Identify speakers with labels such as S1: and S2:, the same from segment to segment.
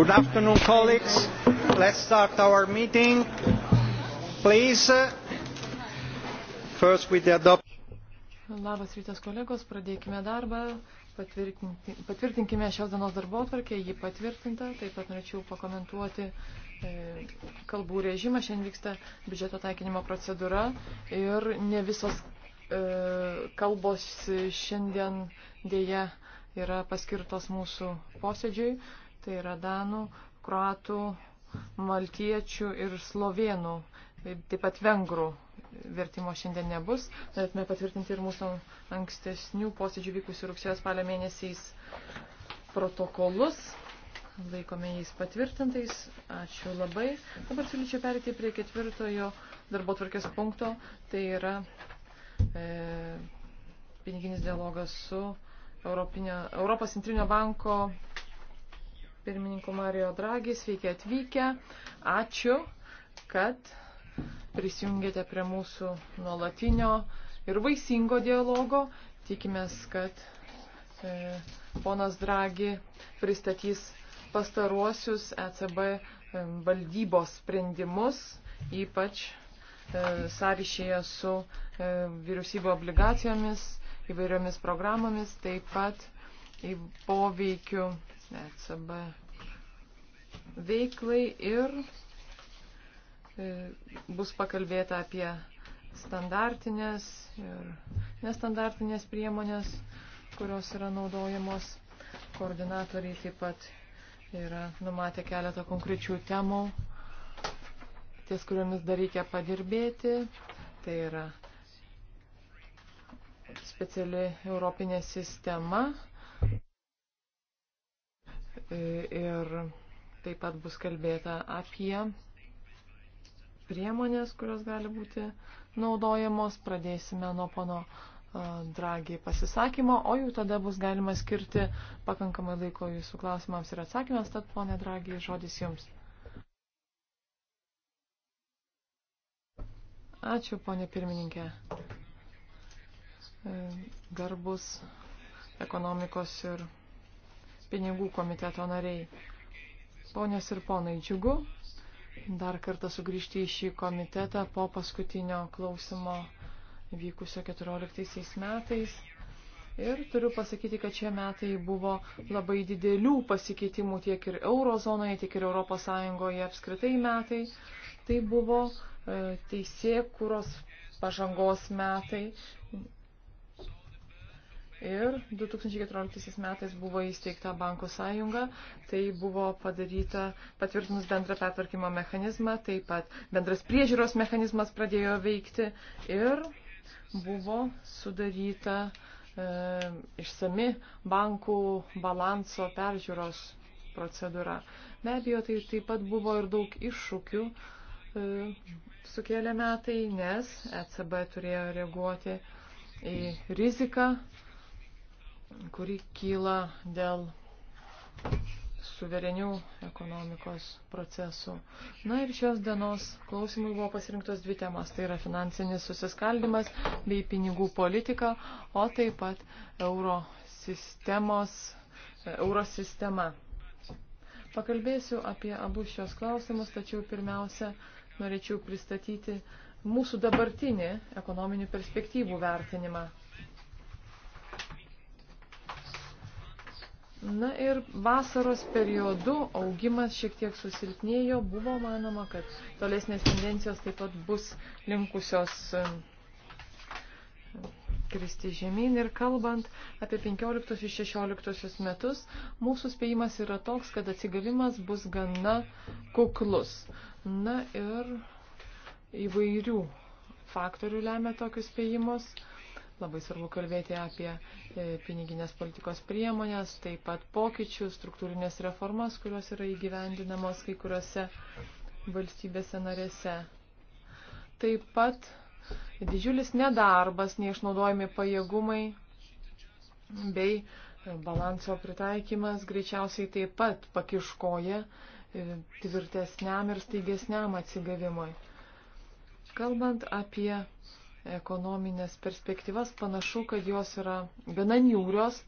S1: Good afternoon, colleagues. Let's start our meeting. Please. Uh, first with the adoption.
S2: Labas rytas, kolegos. Pradėkime darbą. Patvirtinkime šios dienos darbo atvarkę. Ji patvirtinta. Taip pat norėčiau pakomentuoti e, kalbų režimą. Šiandien vyksta biudžeto taikinimo procedūra ir ne visos e, kalbos šiandien dėja yra paskirtos mūsų posėdžiui tai yra danų, kroatų, maltiečių ir slovėnų, tai taip pat vengrų vertimo šiandien nebus. Norėtume patvirtinti ir mūsų ankstesnių posėdžių vykusių rugsėjo spalio mėnesiais protokolus. Laikome jais patvirtintais. Ačiū labai. Dabar siūlyčiau perėti prie ketvirtojo darbo tvarkės punkto. Tai yra e, piniginis dialogas su Europinio, Europos centrinio banko pirmininku Mario Draghi. Sveiki atvykę. Ačiū, kad prisijungėte prie mūsų nuolatinio ir vaisingo dialogo. Tikimės, kad e, ponas Draghi pristatys pastaruosius ECB e, valdybos sprendimus, ypač e, sąryšėje su e, vyriausybių obligacijomis, įvairiomis programomis, taip pat į poveikių ECB veiklai ir e, bus pakalbėta apie standartinės ir nestandartinės priemonės, kurios yra naudojamos. Koordinatoriai taip pat yra numatę keletą konkrečių temų, ties kuriomis dar reikia padirbėti. Tai yra speciali europinė sistema Ir taip pat bus kalbėta apie priemonės, kurios gali būti naudojamos. Pradėsime nuo pono Dragi pasisakymo, o jau tada bus galima skirti pakankamai laiko jūsų klausimams ir atsakymams. Tad, ponė Dragi, žodis jums. Ačiū, ponė pirmininkė. E, garbus ekonomikos ir pinigų komiteto nariai. Ponios ir ponai, džiugu dar kartą sugrįžti į šį komitetą po paskutinio klausimo vykusio 14 metais. Ir turiu pasakyti, kad šie metai buvo labai didelių pasikeitimų tiek ir eurozonoje, tiek ir ES apskritai metai. Tai buvo e, teisė, kuros pažangos metai, Ir 2014 metais buvo įsteigta bankų sąjunga, tai buvo padaryta patvirtinus bendrą pertvarkymo mechanizmą, taip pat bendras priežiūros mechanizmas pradėjo veikti ir buvo sudaryta e, išsami bankų balanso peržiūros procedūra. Be abejo, tai taip pat buvo ir daug iššūkių e, sukėlė metai, nes ECB turėjo reaguoti į riziką kuri kyla dėl suverenių ekonomikos procesų. Na ir šios dienos klausimui buvo pasirinktos dvi temas. Tai yra finansinis susiskaldimas bei pinigų politika, o taip pat euro sistemos, e, euro sistema. Pakalbėsiu apie abu šios klausimus, tačiau pirmiausia norėčiau pristatyti mūsų dabartinį ekonominių perspektyvų vertinimą. Na ir vasaros periodu augimas šiek tiek susilpnėjo, buvo manoma, kad tolesnės tendencijos taip pat bus linkusios kristi žemyn ir kalbant apie 15-16 metus, mūsų spėjimas yra toks, kad atsigavimas bus gana kuklus. Na ir įvairių faktorių lemia tokius spėjimus. Labai svarbu kalbėti apie e, piniginės politikos priemonės, taip pat pokyčių, struktūrinės reformas, kurios yra įgyvendinamos kai kuriuose valstybėse narėse. Taip pat didžiulis nedarbas, neišnaudojami pajėgumai bei balanso pritaikymas greičiausiai taip pat pakiškoja e, tvirtesniam ir staigesniam atsigavimui. Kalbant apie ekonominės perspektyvas, panašu, kad jos yra gana niūrios,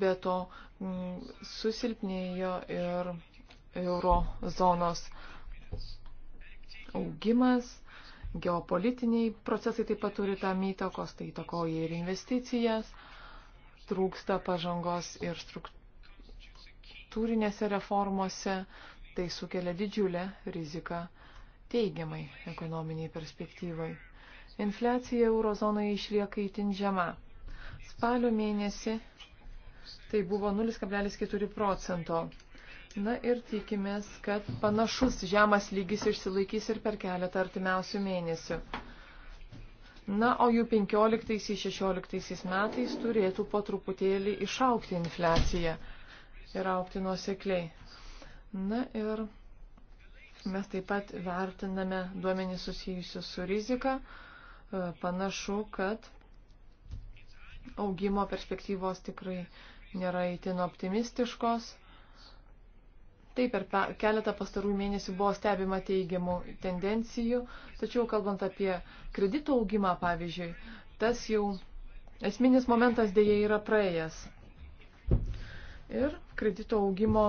S2: be to mm, susilpnėjo ir euro zonos augimas, geopolitiniai procesai taip pat turi tam įtakos, tai įtakoja ir investicijas, trūksta pažangos ir struktūrinėse reformose, tai sukelia didžiulę riziką teigiamai ekonominiai perspektyvai. Infliacija eurozonoje išlieka įtin žema. Spalio mėnesį tai buvo 0,4 procento. Na ir tikimės, kad panašus žemas lygis išsilaikys ir per keletą artimiausių mėnesių. Na, o jų 15-16 metais turėtų po truputėlį išaukti infliaciją ir aukti nuosekliai. Na ir Mes taip pat vertiname duomenį susijusiu su rizika. E, panašu, kad augimo perspektyvos tikrai nėra įtin optimistiškos. Taip, per keletą pastarųjų mėnesių buvo stebima teigiamų tendencijų, tačiau kalbant apie kredito augimą, pavyzdžiui, tas jau esminis momentas dėja yra praėjęs. Ir kredito augimo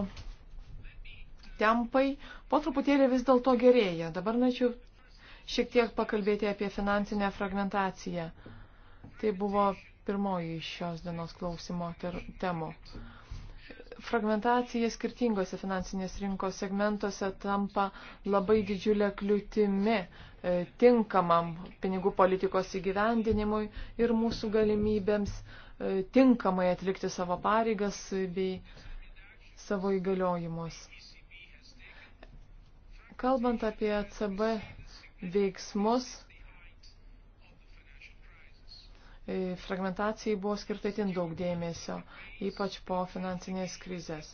S2: tempai po truputėlį vis dėlto gerėja. Dabar norėčiau šiek tiek pakalbėti apie finansinę fragmentaciją. Tai buvo pirmoji šios dienos klausimo temų. Fragmentacija skirtingose finansinės rinkos segmentuose tampa labai didžiulė kliūtimi e, tinkamam pinigų politikos įgyvendinimui ir mūsų galimybėms e, tinkamai atlikti savo pareigas bei savo įgaliojimus. Kalbant apie CB veiksmus, e, fragmentacijai buvo skirta itin daug dėmesio, ypač po finansinės krizės.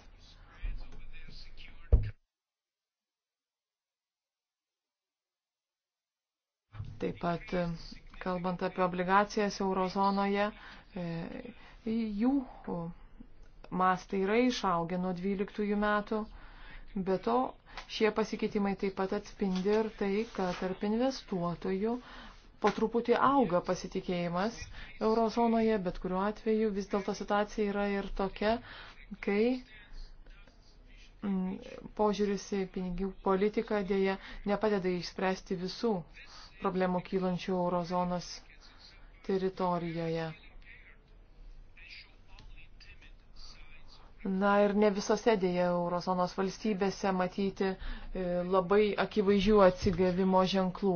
S2: Taip pat, e, kalbant apie obligacijas eurozonoje, e, jų mastai yra išaugę nuo 12 metų, be to Šie pasikeitimai taip pat atspindi ir tai, kad tarp investuotojų po truputį auga pasitikėjimas eurozonoje, bet kuriuo atveju vis dėlto situacija yra ir tokia, kai mm, požiūris į pinigų politiką dėja nepadeda išspręsti visų problemų kylančių eurozonos teritorijoje. Na ir ne visose dėja eurozonos valstybėse matyti e, labai akivaizdžių atsigavimo ženklų.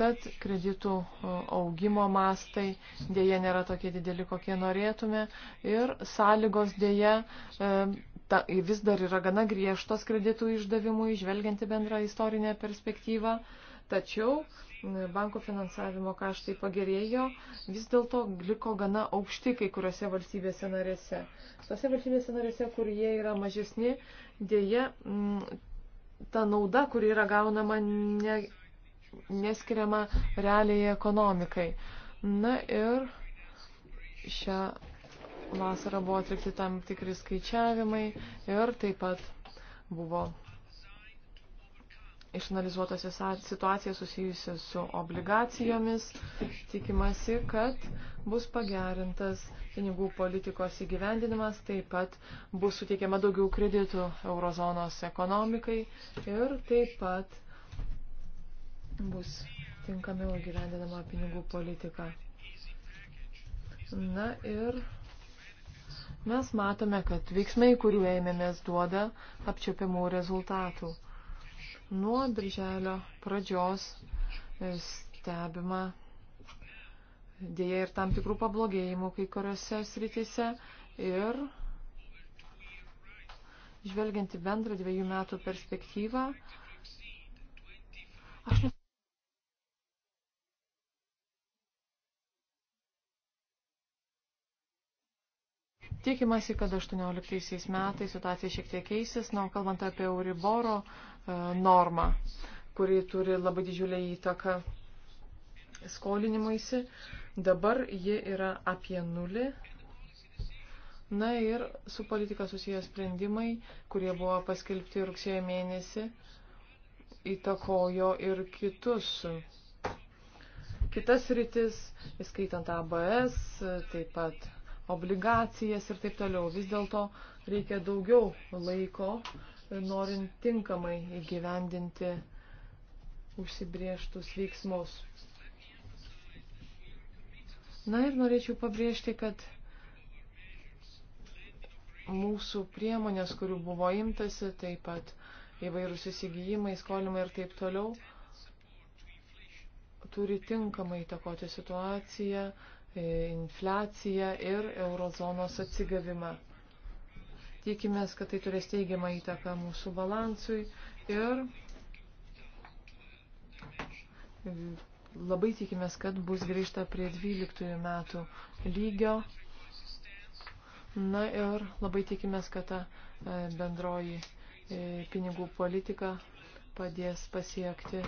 S2: Tad kreditų e, augimo mastai dėja nėra tokie dideli, kokie norėtume ir sąlygos dėja e, ta, vis dar yra gana griežtos kreditų išdavimui, žvelgianti bendrą istorinę perspektyvą. Tačiau banko finansavimo kaštai pagerėjo, vis dėlto liko gana aukšti kai kuriuose valstybėse narėse. Tose valstybėse narėse, kur jie yra mažesni, dėje mm, ta nauda, kuri yra gaunama, ne, neskiriama realiai ekonomikai. Na ir šią vasarą buvo atlikti tam tikri skaičiavimai ir taip pat buvo išanalizuotas visą situaciją susijusią su obligacijomis. Tikimasi, kad bus pagerintas pinigų politikos įgyvendinimas, taip pat bus suteikiama daugiau kreditų eurozonos ekonomikai ir taip pat bus tinkamiau įgyvendinama pinigų politika. Na ir mes matome, kad veiksmai, kurių ėmėmės, duoda apčiopiamų rezultatų. Nuo birželio pradžios e, stebima dėja ir tam tikrų pablogėjimų kai kuriuose srityse ir žvelgianti bendrą dviejų metų perspektyvą. Aš Tikimasi, kad 18 metais situacija šiek tiek keisis, na, kalbant apie Euriboro E, normą, kuri turi labai didžiulę įtaką skolinimuisi. Dabar ji yra apie nulį. Na ir su politika susiję sprendimai, kurie buvo paskelbti rugsėjo mėnesį, įtakojo ir kitus. Kitas rytis, įskaitant ABS, taip pat obligacijas ir taip toliau. Vis dėlto reikia daugiau laiko norint tinkamai įgyvendinti užsibrieštus veiksmus. Na ir norėčiau pabrėžti, kad mūsų priemonės, kurių buvo imtasi, taip pat įvairūs įsigijimai, skolimai ir taip toliau, turi tinkamai įtakoti situaciją, e, infliaciją ir eurozonos atsigavimą. Tikimės, kad tai turės teigiamą įtaką mūsų balansui ir labai tikimės, kad bus grįžta prie 12 metų lygio. Na ir labai tikimės, kad ta e, bendroji e, pinigų politika padės pasiekti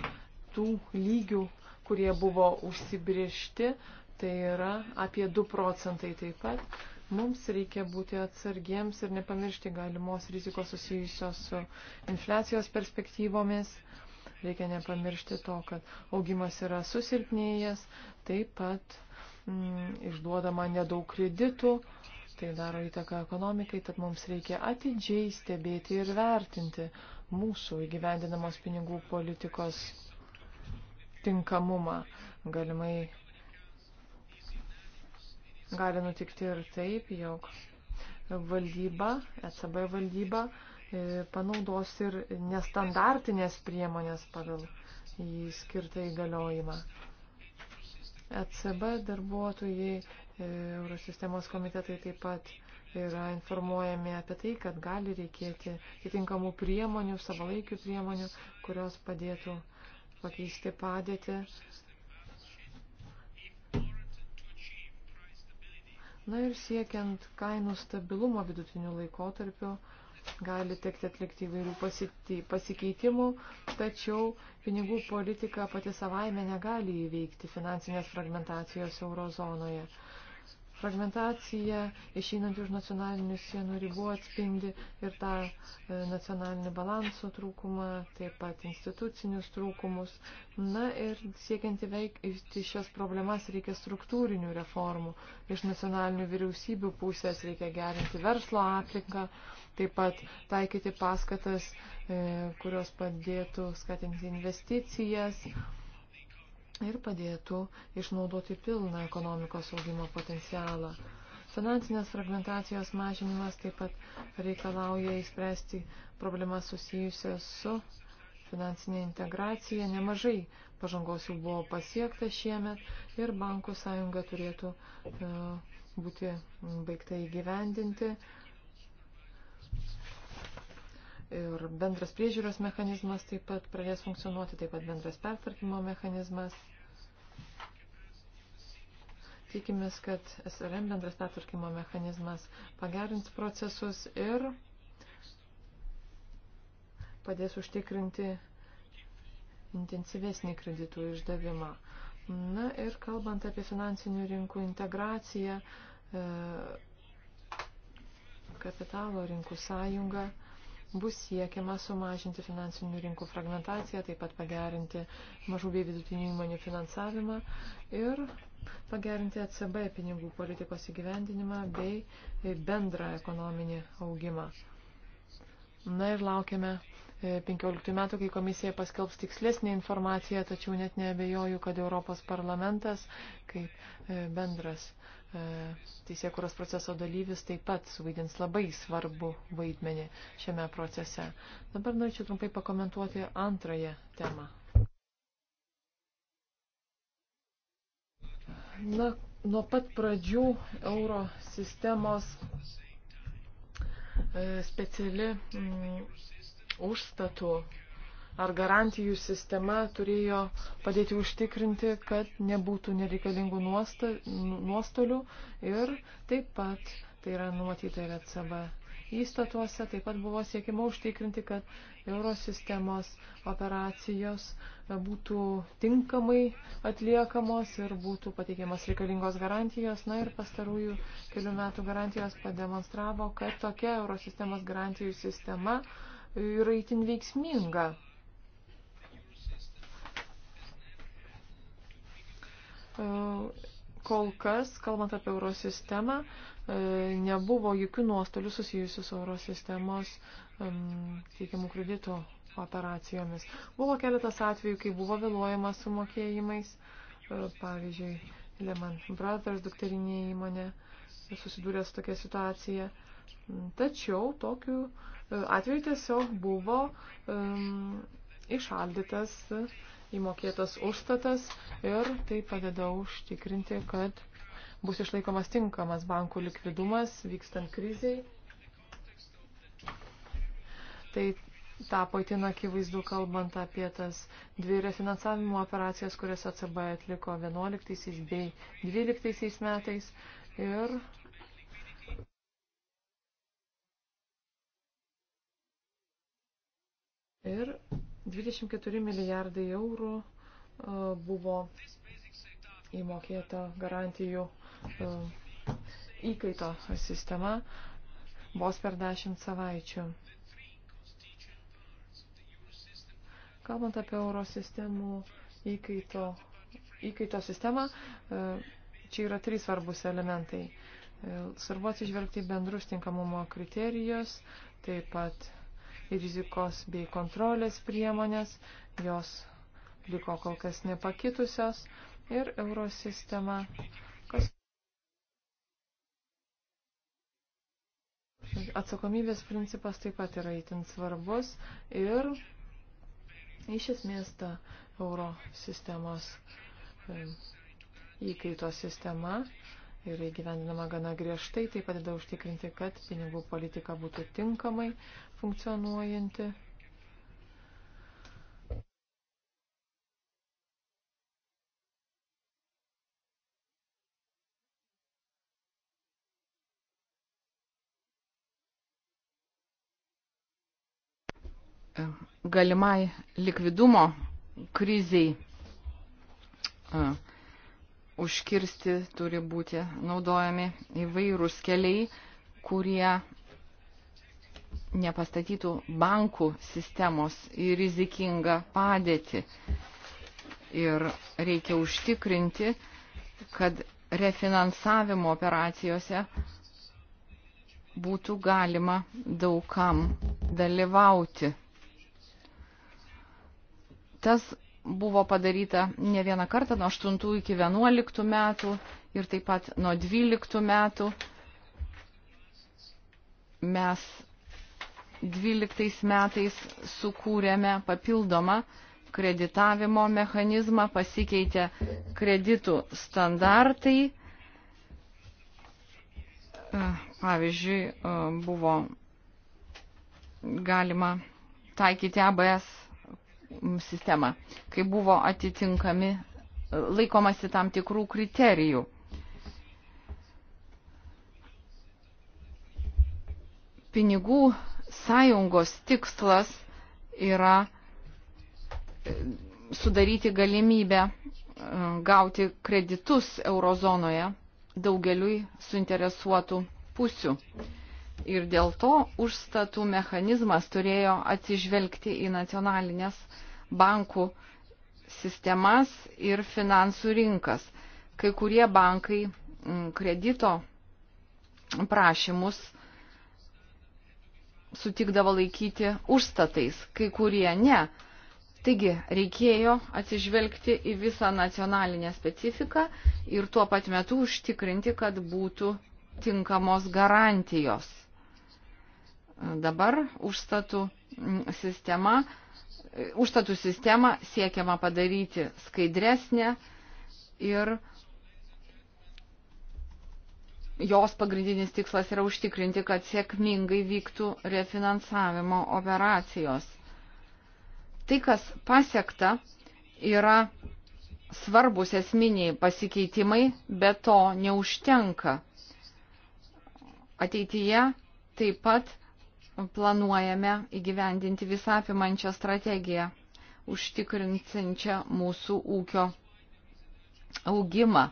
S2: tų lygių, kurie buvo užsibriežti, tai yra apie 2 procentai taip pat. Mums reikia būti atsargiems ir nepamiršti galimos rizikos susijusios su infliacijos perspektyvomis. Reikia nepamiršti to, kad augimas yra susilpnėjęs, taip pat mm, išduodama nedaug kreditų, tai daro įtaką ekonomikai, tad mums reikia atidžiai stebėti ir vertinti mūsų įgyvendinamos pinigų politikos tinkamumą. Galimai gali nutikti ir taip, jog valdyba, ECB valdyba e, panaudos ir nestandartinės priemonės pagal jį skirtą įgaliojimą. ECB darbuotojai, e, Eurosistemos komitetai taip pat yra informuojami apie tai, kad gali reikėti atitinkamų priemonių, savalaikių priemonių, kurios padėtų pakeisti padėtį Na ir siekiant kainų stabilumo vidutiniu laikotarpiu gali tekti atlikti įvairių pasikeitimų, tačiau pinigų politika pati savaime negali įveikti finansinės fragmentacijos eurozonoje. Fragmentacija išeinant už nacionalinių sienų ribų atspindi ir tą e, nacionalinį balanso trūkumą, taip pat institucinius trūkumus. Na ir siekiant įveikti šias problemas reikia struktūrinių reformų. Iš nacionalinių vyriausybių pusės reikia gerinti verslo aplinką, taip pat taikyti paskatas, e, kurios padėtų skatinti investicijas ir padėtų išnaudoti pilną ekonomikos augimo potencialą. Finansinės fragmentacijos mažinimas taip pat reikalauja įspręsti problemas susijusias su finansinė integracija. Nemažai pažangos jau buvo pasiekta šiemet ir bankų sąjunga turėtų e, būti baigta įgyvendinti ir bendras priežiūros mechanizmas taip pat pradės funkcionuoti, taip pat bendras pertvarkymo mechanizmas. Tikimės, kad SRM bendras pertvarkymo mechanizmas pagerins procesus ir padės užtikrinti intensyvesnį kreditų išdavimą. Na ir kalbant apie finansinių rinkų integraciją, e, kapitalo rinkų sąjungą, bus siekiama sumažinti finansinių rinkų fragmentaciją, taip pat pagerinti mažų bei vidutinių įmonių finansavimą ir pagerinti ECB pinigų politikos įgyvendinimą bei bendrą ekonominį augimą. Na ir laukiame 15 e, metų, kai komisija paskelbs tikslesnį informaciją, tačiau net neabejoju, kad Europos parlamentas kaip e, bendras E, teisėkuros proceso dalyvis taip pat suvaidins labai svarbu vaidmenį šiame procese. Dabar norėčiau trumpai pakomentuoti antrąją temą. Na, nuo pat pradžių euro sistemos e, speciali mm, užstatų ar garantijų sistema turėjo padėti užtikrinti, kad nebūtų nereikalingų nu, nuostolių ir taip pat tai yra numatyta ir ECB įstatuose, taip pat buvo siekima užtikrinti, kad eurosistemos operacijos būtų tinkamai atliekamos ir būtų pateikiamas reikalingos garantijos. Na ir pastarųjų kelių metų garantijos pademonstravo, kad tokia eurosistemos garantijų sistema yra itin veiksminga. E, kol kas, kalbant apie eurosistemą, e, nebuvo jokių nuostolių susijusių su eurosistemos teikiamų kreditų operacijomis. Buvo keletas atvejų, kai buvo vėluojama su mokėjimais, e, pavyzdžiui, Lehman Brothers dukterinė įmonė susidūrė su tokia situacija. Mm, tačiau tokiu atveju tiesiog buvo um, išaldytas uh, įmokėtas užstatas ir tai padeda užtikrinti, kad bus išlaikomas tinkamas bankų likvidumas vykstant kriziai. Tai tapo itin akivaizdu, kalbant apie tas dvi refinansavimo operacijas, kurias ECB atliko 11 bei 12 metais. Ir Ir 24 milijardai eurų e, buvo įmokėta garantijų e, įkaito sistema vos per 10 savaičių. Kalbant apie eurosistemų įkaito, įkaito sistemą, e, čia yra trys svarbus elementai. Svarbu atsižvelgti bendrus tinkamumo kriterijus, taip pat rizikos bei kontrolės priemonės, jos liko kol kas nepakitusios ir eurosistema. Kas Atsakomybės principas taip pat yra itin svarbus ir iš esmės ta euro sistemos e, įkaito sistema yra įgyvendinama gana griežtai, taip pat da užtikrinti, kad pinigų politika būtų tinkamai funkcionuojanti.
S3: galimai likvidumo kriziai uh, užkirsti turi būti naudojami įvairūs keliai, kurie nepastatytų bankų sistemos į rizikingą padėtį. Ir reikia užtikrinti, kad refinansavimo operacijose būtų galima daugam dalyvauti. Tas buvo padaryta ne vieną kartą nuo 8 iki 11 metų ir taip pat nuo 12 metų mes 2012 metais sukūrėme papildomą kreditavimo mechanizmą, pasikeitė kreditų standartai. E, pavyzdžiui, e, buvo galima taikyti ABS sistemą, kai buvo atitinkami e, laikomasi tam tikrų kriterijų. Pinigų sąjungos tikslas yra e, sudaryti galimybę e, gauti kreditus eurozonoje daugeliui suinteresuotų pusių. Ir dėl to užstatų mechanizmas turėjo atsižvelgti į nacionalinės bankų sistemas ir finansų rinkas. Kai kurie bankai kredito prašymus sutikdavo laikyti užstatais, kai kurie ne. Taigi reikėjo atsižvelgti į visą nacionalinę specifiką ir tuo pat metu užtikrinti, kad būtų tinkamos garantijos. Dabar užstatų sistema, užstatų sistema siekiama padaryti skaidresnė ir uh, jos pagrindinis tikslas yra užtikrinti, kad sėkmingai vyktų refinansavimo operacijos. Tai, kas pasiekta, yra svarbus esminiai pasikeitimai, bet to neužtenka. Ateityje taip pat planuojame įgyvendinti visą apimančią strategiją, užtikrinsinčią mūsų ūkio augimą.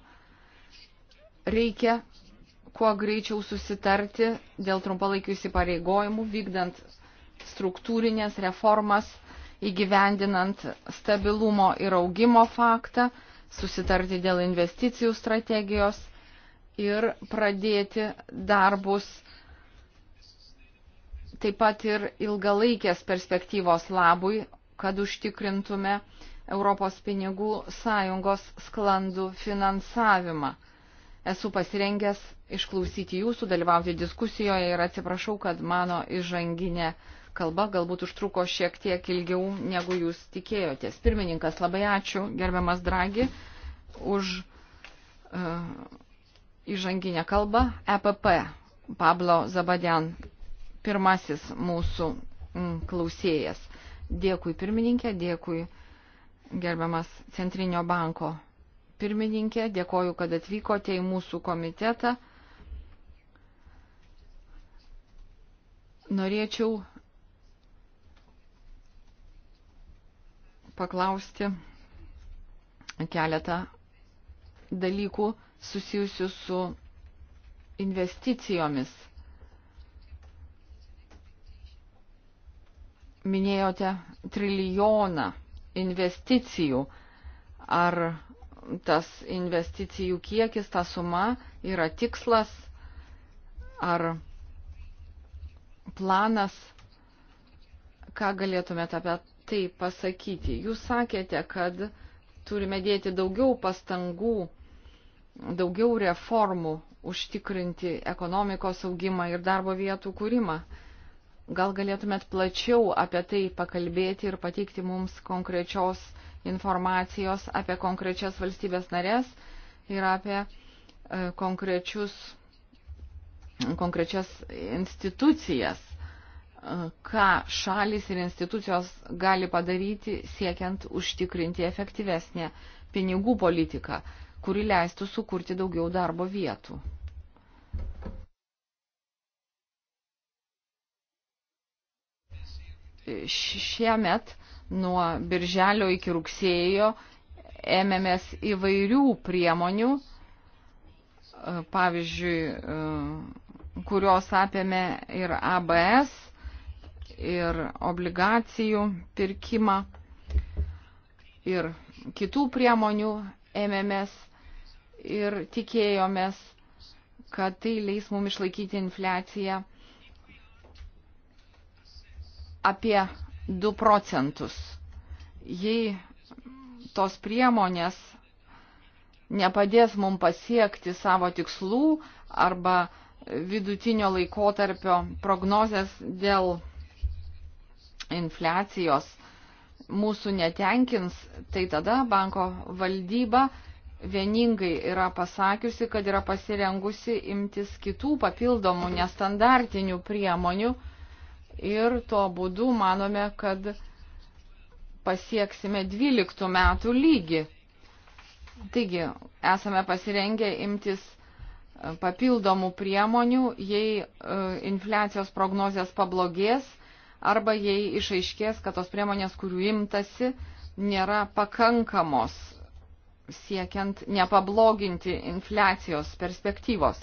S3: Reikia kuo greičiau susitarti dėl trumpalaikių įsipareigojimų, vykdant struktūrinės reformas, įgyvendinant stabilumo ir augimo faktą, susitarti dėl investicijų strategijos ir pradėti darbus taip pat ir ilgalaikės perspektyvos labui, kad užtikrintume Europos pinigų sąjungos sklandų finansavimą. Esu pasirengęs išklausyti jūsų, dalyvauti diskusijoje ir atsiprašau, kad mano įžanginė kalba galbūt užtruko šiek tiek ilgiau, negu jūs tikėjotės. Pirmininkas, labai ačiū, gerbiamas Dragi, už uh, įžanginę kalbą. EPP Pablo Zabadian, pirmasis mūsų mm, klausėjas. Dėkui pirmininkė, dėkui gerbiamas Centrinio banko pirmininkė, dėkoju, kad atvykote į mūsų komitetą. Norėčiau paklausti keletą dalykų susijusių su investicijomis. Minėjote trilijoną investicijų. Ar tas investicijų kiekis, ta suma yra tikslas ar planas, ką galėtumėte apie tai pasakyti. Jūs sakėte, kad turime dėti daugiau pastangų, daugiau reformų užtikrinti ekonomikos augimą ir darbo vietų kūrimą. Gal galėtumėt plačiau apie tai pakalbėti ir pateikti mums konkrečios informacijos apie konkrečias valstybės narės ir apie e, konkrečius, konkrečias institucijas, e, ką šalis ir institucijos gali padaryti siekiant užtikrinti efektyvesnę pinigų politiką, kuri leistų sukurti daugiau darbo vietų. Šiemet nuo birželio iki rugsėjo ėmėmės įvairių priemonių, e, pavyzdžiui, e, kurios apėmė ir ABS, ir obligacijų pirkimą, ir kitų priemonių ėmėmės ir tikėjomės, kad tai leis mums išlaikyti infliaciją apie 2 procentus. Jei tos priemonės nepadės mums pasiekti savo tikslų arba vidutinio laikotarpio prognozės dėl infliacijos mūsų netenkins, tai tada banko valdyba vieningai yra pasakiusi, kad yra pasirengusi imtis kitų papildomų nestandartinių priemonių, ir tuo būdu manome, kad pasieksime 12 metų lygį. Taigi, esame pasirengę imtis e, papildomų priemonių, jei e, infliacijos prognozijas pablogės arba jei išaiškės, kad tos priemonės, kurių imtasi, nėra pakankamos siekiant nepabloginti infliacijos perspektyvos.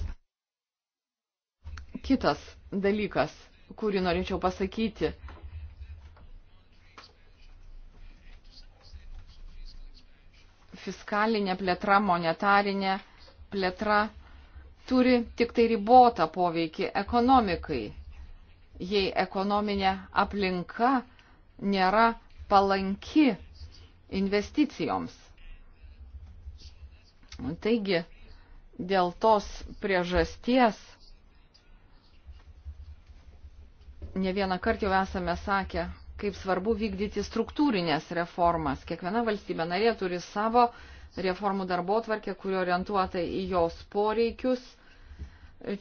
S3: Kitas dalykas kurį norėčiau pasakyti. Fiskalinė plėtra, monetarinė plėtra turi tik tai ribotą poveikį ekonomikai. Jei ekonominė aplinka nėra palanki investicijoms. Taigi, dėl tos priežasties ne vieną kartą jau esame sakę, kaip svarbu vykdyti struktūrinės reformas. Kiekviena valstybė narė turi savo reformų darbo tvarkę, kuri orientuota į jos poreikius.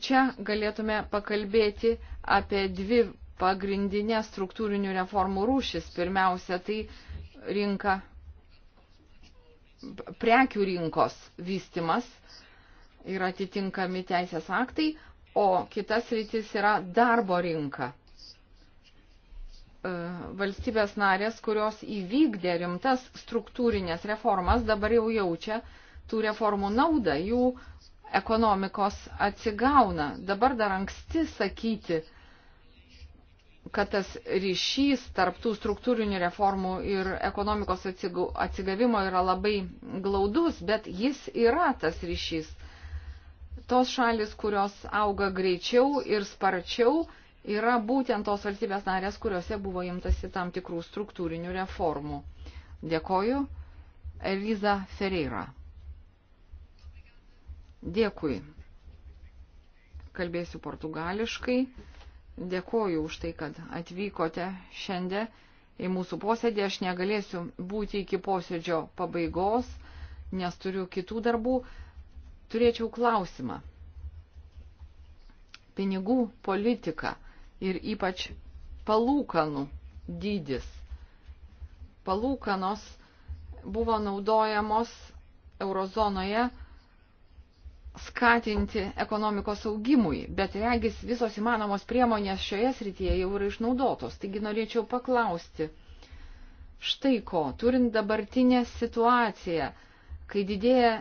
S3: Čia galėtume pakalbėti apie dvi pagrindinės struktūrinių reformų rūšis. Pirmiausia, tai rinka, prekių rinkos vystimas ir atitinkami teisės aktai, o kitas rytis yra darbo rinka E, valstybės narės, kurios įvykdė rimtas struktūrinės reformas, dabar jau jaučia tų reformų naudą, jų ekonomikos atsigauna. Dabar dar anksti sakyti, kad tas ryšys tarp tų struktūrinių reformų ir ekonomikos atsigavimo yra labai glaudus, bet jis yra tas ryšys. Tos šalis, kurios auga greičiau ir sparčiau, yra būtent tos valstybės narės, kuriuose buvo imtasi tam tikrų struktūrinių reformų. Dėkoju. Eliza Ferreira. Dėkui. Kalbėsiu portugališkai. Dėkoju už tai, kad atvykote šiandien į mūsų posėdį. Aš negalėsiu būti iki posėdžio pabaigos, nes turiu kitų darbų. Turėčiau klausimą. Pinigų politika ir ypač palūkanų dydis. Palūkanos buvo naudojamos eurozonoje skatinti ekonomikos augimui, bet regis visos įmanomos priemonės šioje srityje jau yra išnaudotos. Taigi norėčiau paklausti, štai ko, turint dabartinę situaciją, kai didėja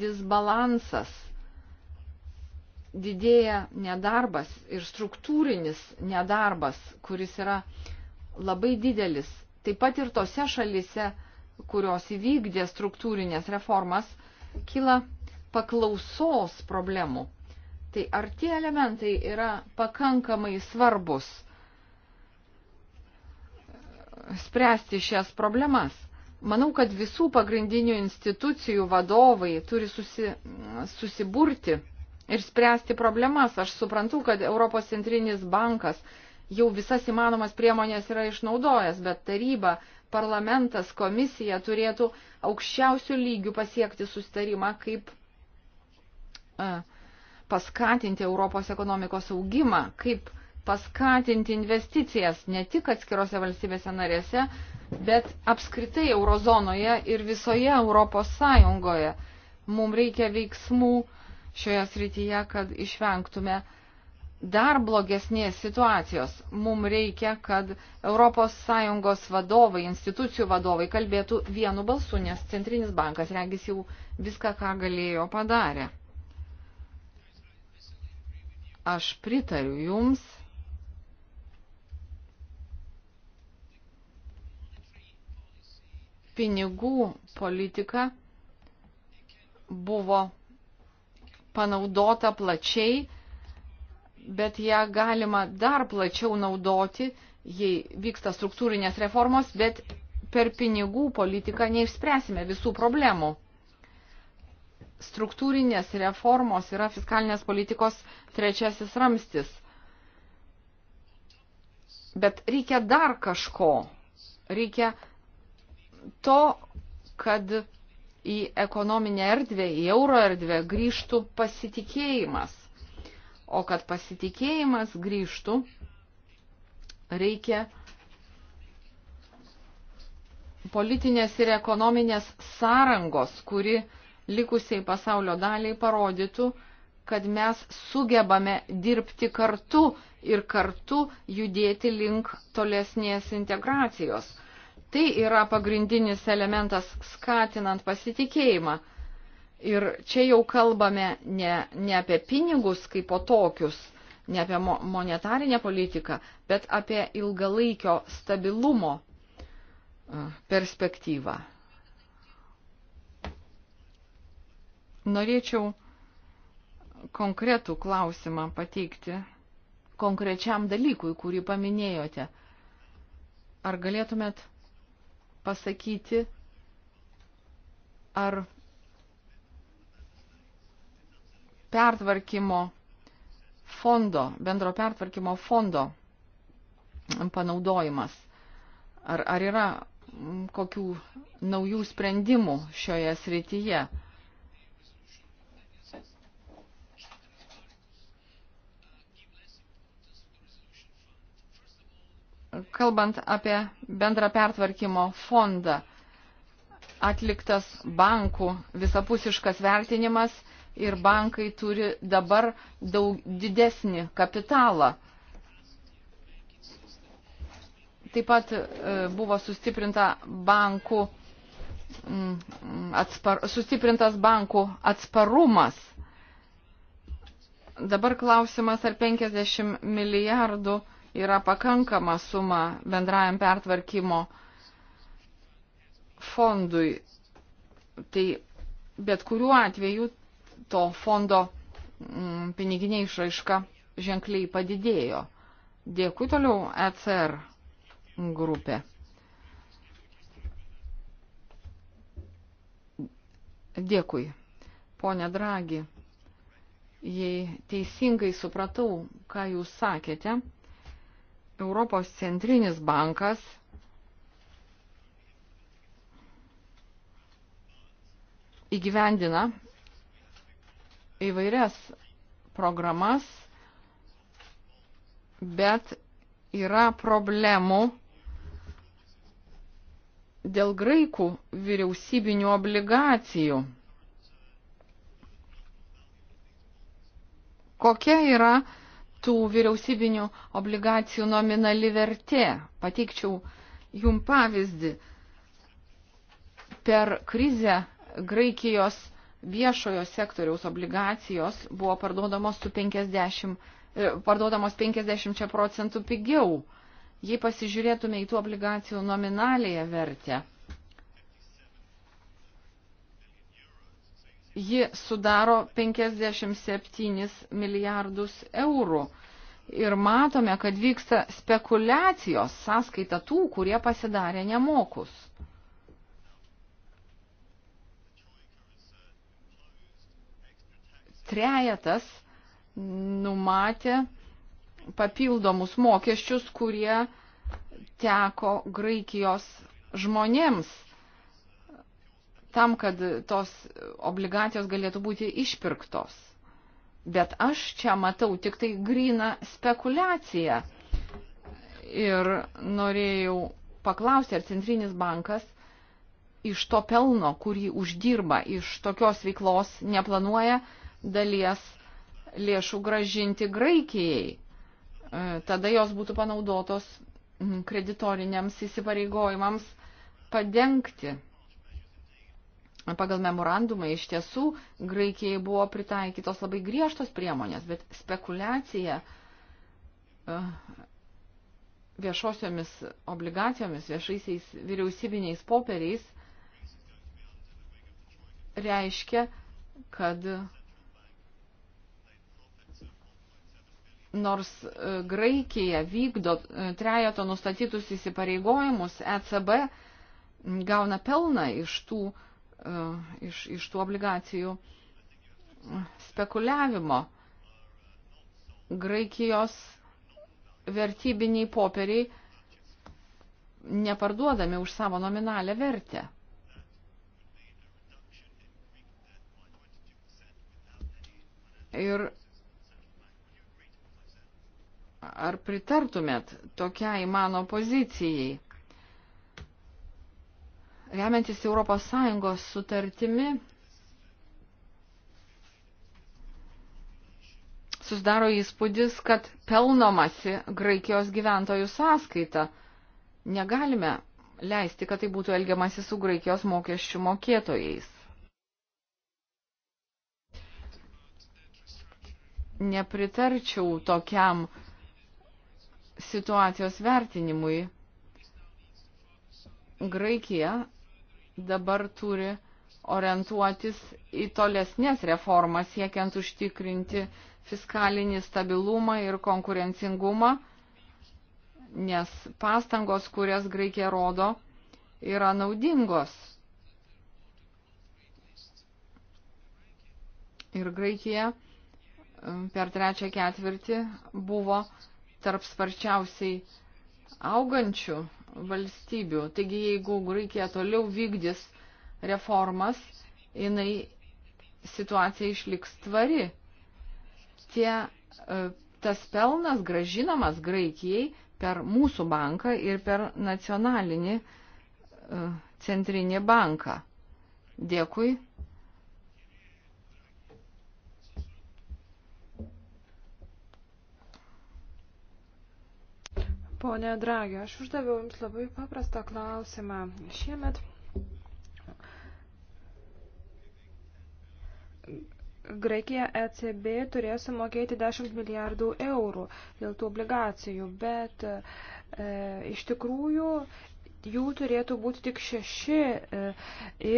S3: disbalansas didėja nedarbas ir struktūrinis nedarbas, kuris yra labai didelis. Taip pat ir tose šalise, kurios įvykdė struktūrinės reformas, kyla paklausos problemų. Tai ar tie elementai yra pakankamai svarbus spręsti šias problemas? Manau, kad visų pagrindinių institucijų vadovai turi susi, susiburti ir spręsti problemas. Aš suprantu, kad Europos centrinis bankas jau visas įmanomas priemonės yra išnaudojęs, bet taryba, parlamentas, komisija turėtų aukščiausių lygių pasiekti sustarimą, kaip a, e, paskatinti Europos ekonomikos augimą, kaip paskatinti investicijas ne tik atskirose valstybėse narėse, bet apskritai eurozonoje ir visoje Europos Sąjungoje. Mums reikia veiksmų uh, šioje srityje, kad išvengtume dar blogesnės situacijos. Mums reikia, kad ES vadovai, institucijų vadovai kalbėtų vienu balsu, nes Centrinis bankas regis jau viską, ką galėjo padarė. Aš pritariu Jums. Pinigų politika buvo panaudota plačiai, bet ją galima dar plačiau naudoti, jei vyksta struktūrinės reformos, bet per pinigų politiką neišspręsime visų problemų. Struktūrinės reformos yra fiskalinės politikos trečiasis ramstis. Bet reikia dar kažko. Reikia to, kad į ekonominę erdvę, į euro erdvę grįžtų pasitikėjimas. O kad pasitikėjimas grįžtų, reikia politinės ir ekonominės sąrangos, kuri likusiai pasaulio daliai parodytų, kad mes sugebame dirbti kartu ir kartu judėti link tolesnės integracijos tai yra pagrindinis elementas skatinant pasitikėjimą. Ir čia jau kalbame ne, ne apie pinigus kaip po tokius, ne apie monetarinę politiką, bet apie ilgalaikio stabilumo e, perspektyvą. Norėčiau konkretų klausimą pateikti konkrečiam dalykui, kurį paminėjote. Ar galėtumėt pasakyti, ar pertvarkymo fondo, bendro pertvarkymo fondo panaudojimas, ar, ar yra kokių naujų sprendimų šioje srityje. Kalbant apie bendrą pertvarkymo fondą, atliktas bankų visapusiškas vertinimas ir bankai turi dabar daug didesnį kapitalą. Taip pat e, buvo sustiprinta bankų, atspar, sustiprintas bankų atsparumas. Dabar klausimas, ar 50 milijardų eurų yra pakankama suma bendrajam pertvarkymo fondui. Tai bet kuriuo atveju to fondo mm, piniginė išraiška ženkliai padidėjo. Dėkui toliau ECR grupė. Dėkui. Pone Dragi, jei teisingai supratau, ką jūs sakėte, Europos centrinis bankas įgyvendina įvairias programas, bet yra problemų dėl graikų vyriausybinių obligacijų. Kokia yra tų vyriausybinių obligacijų nominali vertė. Pateikčiau jum pavyzdį. Per krizę Graikijos viešojo sektoriaus obligacijos buvo parduodamos, 50, e, parduodamos 50 procentų pigiau. Jei pasižiūrėtume į tų obligacijų nominalėje vertę, ji sudaro 57 milijardus eurų. Ir matome, kad vyksta spekulacijos sąskaita tų, kurie pasidarė nemokus. Trejetas numatė papildomus mokesčius, kurie teko Graikijos žmonėms tam, kad tos obligacijos galėtų būti išpirktos. Bet aš čia matau tik tai grįną spekulaciją. Ir norėjau paklausti, ar centrinis bankas iš to pelno, kurį uždirba iš tokios veiklos, neplanuoja dalies lėšų gražinti Graikijai. E, tada jos būtų panaudotos kreditoriniams įsipareigojimams padengti Pagal memorandumą iš tiesų Graikijai buvo pritaikytos labai griežtos priemonės, bet spekulacija uh, viešosiomis obligacijomis, viešaisiais vyriausybiniais popieriais reiškia, kad nors uh, Graikija vykdo uh, trejato nustatytus įsipareigojimus, ECB gauna pelną iš tų E, iš, iš tų obligacijų spekuliavimo. Graikijos vertybiniai popieriai neparduodami už savo nominalę vertę. Ir ar pritartumėt tokiai mano pozicijai? remiantis ES sutartimi, susidaro įspūdis, kad pelnomasi Graikijos gyventojų sąskaita. Negalime leisti, kad tai būtų elgiamasi su Graikijos mokesčių mokėtojais. Nepritarčiau tokiam situacijos vertinimui. Graikija dabar turi orientuotis į tolesnės reformas, siekiant užtikrinti fiskalinį stabilumą ir konkurencingumą, nes pastangos, kurias Graikija rodo, yra naudingos. Ir Graikija um, per trečią ketvirtį buvo tarp sparčiausiai augančių valstybių. Taigi jeigu Graikija toliau vykdys reformas, jinai situacija išliks tvari. Tie, e, tas pelnas gražinamas Graikijai per mūsų banką ir per nacionalinį e, centrinį banką. Dėkui. Pone Dragi,
S4: aš uždaviau Jums labai paprastą klausimą. Šiemet Graikija ECB turės sumokėti 10 milijardų eurų dėl tų obligacijų, bet e, iš tikrųjų jų turėtų būti tik šeši e,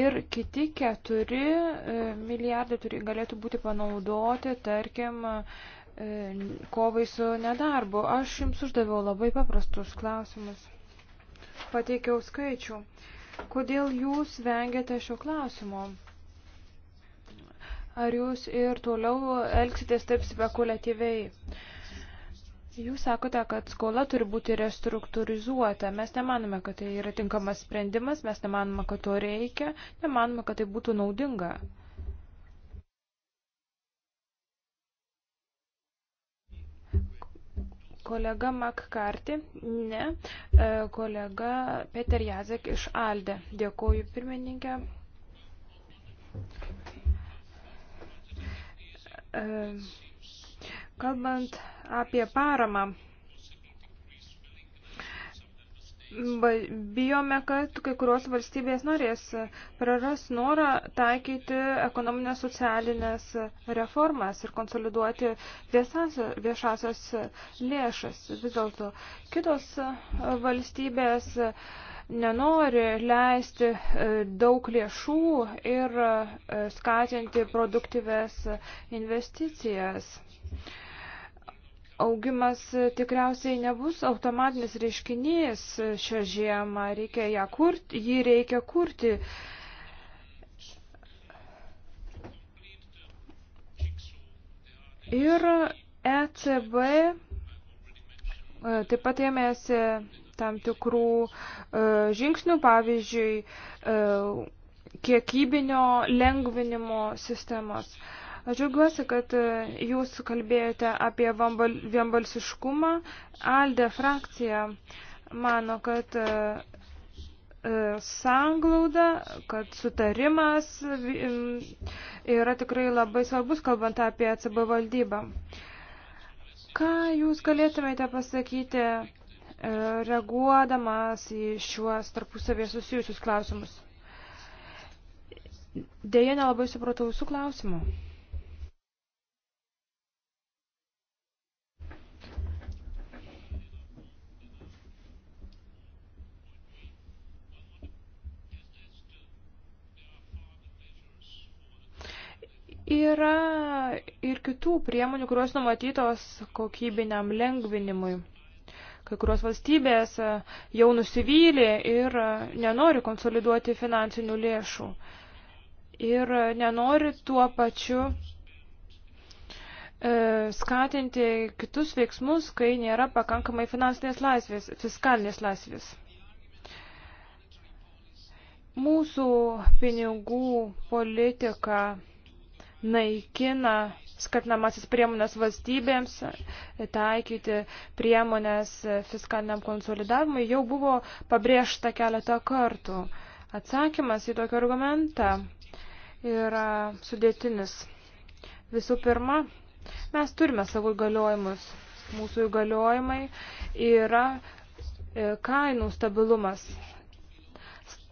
S4: ir kiti keturi e, milijardai turi, galėtų būti panaudoti, tarkim, E, kovai su nedarbu. Aš jums uždaviau labai paprastus klausimus. Pateikiau skaičių. Kodėl jūs vengiate šio klausimo? Ar jūs ir toliau elgsitės taip spekuliatyviai? Jūs sakote, kad skola turi būti restruktūrizuota. Mes nemanome, kad tai yra tinkamas sprendimas, mes nemanome, kad to reikia, nemanome, kad tai būtų naudinga. Kolega Makkarti, ne. E, kolega Peter Jazek iš Alde. Dėkuoju pirmininkė. E, kalbant apie paramą Bijome, kad kai kurios valstybės norės praras norą taikyti ekonominės socialinės reformas ir konsoliduoti viesas, viešasias lėšas. Vis dėlto kitos valstybės nenori leisti e, daug lėšų ir e, skatinti produktyves investicijas augimas tikriausiai nebus automatinis reiškinys šią žiemą, reikia ją kurti, jį reikia kurti. Ir ECB e, taip pat ėmėsi tam tikrų e, žingsnių, pavyzdžiui, e, kiekybinio lengvinimo sistemos. Aš džiaugiuosi, kad e, jūs kalbėjote apie vienbalsiškumą. Alde frakcija mano, kad e, e, sanglauda, kad sutarimas mm, yra tikrai labai svarbus, kalbant apie ECB valdybą. Ką jūs galėtumėte pasakyti, reaguodamas į šiuos tarpusavės susijusius klausimus? Deja, nelabai supratau jūsų klausimų. Yra ir kitų priemonių, kurios numatytos kokybiniam lengvinimui. Kai kurios valstybės jau nusivylė ir nenori konsoliduoti finansinių lėšų. Ir nenori tuo pačiu e, skatinti kitus veiksmus, kai nėra pakankamai finansinės laisvės, fiskalinės laisvės mūsų pinigų politika naikina skatinamasis priemonės valstybėms taikyti priemonės fiskaliniam konsolidavimui jau buvo pabrėžta keletą kartų. Atsakymas į tokį argumentą yra sudėtinis. Visų pirma, mes turime savo įgaliojimus. Mūsų įgaliojimai yra e, kainų stabilumas,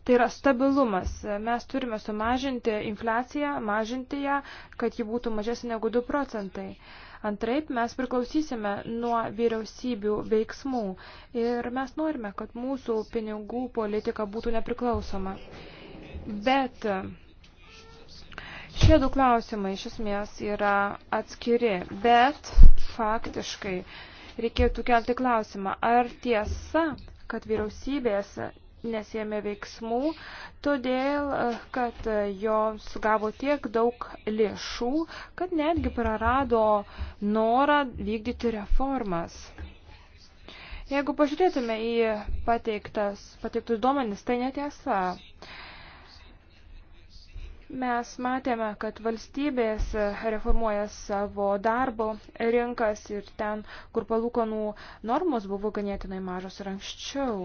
S4: Tai yra stabilumas. Mes turime sumažinti infliaciją, mažinti ją, kad ji būtų mažesnė negu 2 procentai. Antraip mes priklausysime nuo vyriausybių veiksmų ir mes norime, kad mūsų pinigų politika būtų nepriklausoma. Bet šie du klausimai iš esmės yra atskiri, bet faktiškai reikėtų kelti klausimą, ar tiesa, kad vyriausybės nesėmė veiksmų, todėl, e, kad e, jos gavo tiek daug lėšų, kad netgi prarado norą vykdyti reformas. Jeigu pažiūrėtume į pateiktas, pateiktus duomenis, tai netiesa. Mes matėme, kad valstybės reformuoja savo darbo rinkas ir ten, kur palūkanų normos buvo ganėtinai mažos ir anksčiau.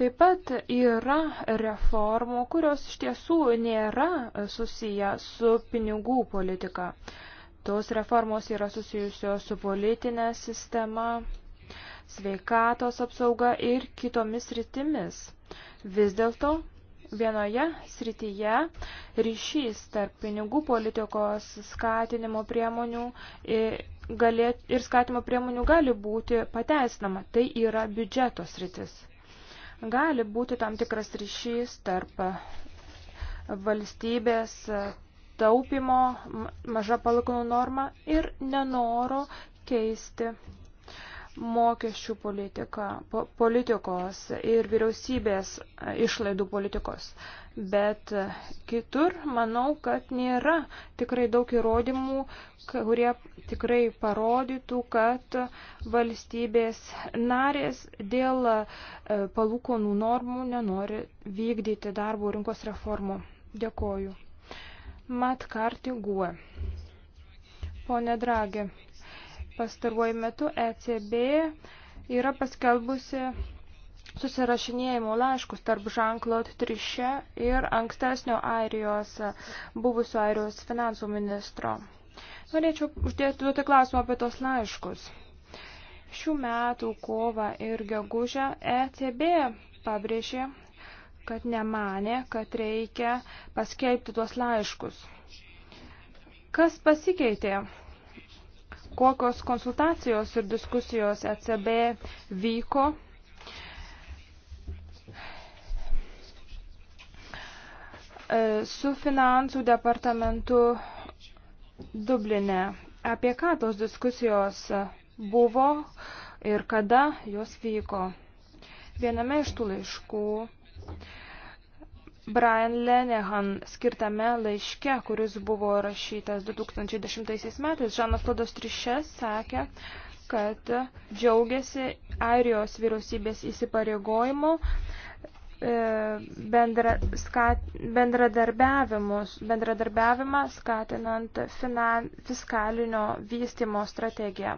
S4: Taip pat yra reformų, kurios iš tiesų nėra susiję su pinigų politika. Tos reformos yra susijusios su politinė sistema, sveikatos apsauga ir kitomis rytimis. Vis dėlto vienoje srityje ryšys tarp pinigų politikos skatinimo priemonių ir skatimo priemonių gali būti pateisinama. Tai yra biudžeto sritis gali būti tam tikras ryšys tarp valstybės taupimo maža palūkanų norma ir nenoro keisti mokesčių politika, po, politikos ir vyriausybės e, išlaidų politikos. Bet e, kitur manau, kad nėra tikrai daug įrodymų, kurie tikrai parodytų, kad valstybės narės dėl e, palūkonų normų nenori vykdyti darbo rinkos reformų. Dėkoju. Mat karti guo. Pone Dragi, Pastaruoju metu ECB yra paskelbusi susirašinėjimo laiškus tarp Jean-Claude Trichet ir ankstesnio Airijos, buvusio Airijos finansų ministro. Norėčiau uždėti duoti klausimą apie tos laiškus. Šių metų kovą ir gegužę ECB pabrėžė, kad nemanė, kad reikia paskelbti tuos laiškus. Kas pasikeitė kokios konsultacijos ir diskusijos ECB vyko. E, su finansų departamentu Dublinė. Apie ką tos diskusijos buvo ir kada jos vyko. Viename iš tų laiškų Brian Lenehan skirtame laiške, kuris buvo rašytas 2010 metais, Žanas Klodas Trišės sakė, kad džiaugiasi Airijos vyriausybės įsipareigojimu e, bendra, skat, bendradarbiavimą skatinant finan, fiskalinio vystimo strategiją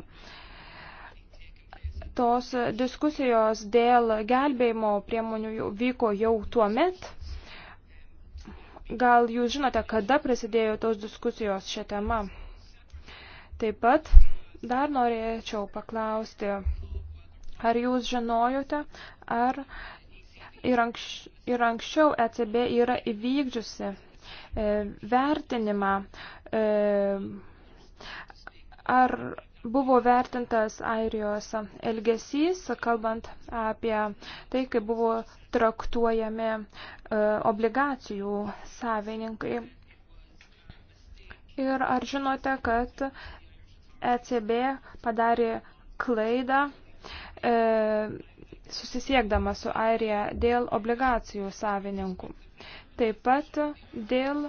S4: tos diskusijos dėl gelbėjimo priemonių vyko jau tuo met Gal jūs žinote, kada prasidėjo tos diskusijos šią temą? Taip pat dar norėčiau paklausti, ar jūs žinojote, ar ir, anks, ir anksčiau ECB yra įvykdžiusi e, vertinimą, e, ar buvo vertintas Airijos elgesys, kalbant apie tai, kaip buvo traktuojami e, obligacijų savininkai. Ir ar žinote, kad ECB padarė klaidą e, susisiekdama su Airija dėl obligacijų savininkų. Taip pat dėl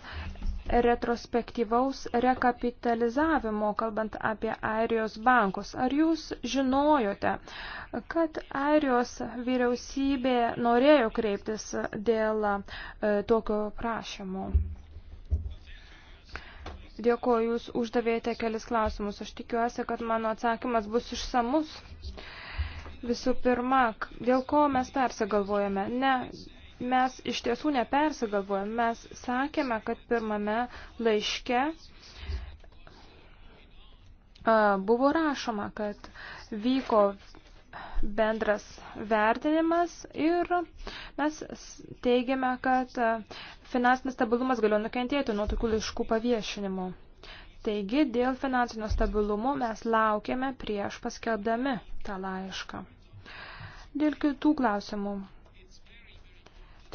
S4: retrospektyvaus rekapitalizavimo, kalbant apie Airijos bankus. Ar jūs žinojote, kad Airijos vyriausybė norėjo kreiptis dėl e, tokio prašymo? Dėkuoju, jūs uždavėte kelis klausimus. Aš tikiuosi, kad mano atsakymas bus išsamus. Visų pirma, dėl ko mes persigalvojame? Ne mes iš tiesų nepersigalvojom. Mes sakėme, kad pirmame laiške buvo rašoma, kad vyko bendras vertinimas ir mes teigiame, kad finansinis stabilumas galėjo nukentėti nuo tokių laiškų paviešinimų. Taigi, dėl finansinio stabilumo mes laukiame prieš paskelbdami tą laišką. Dėl kitų klausimų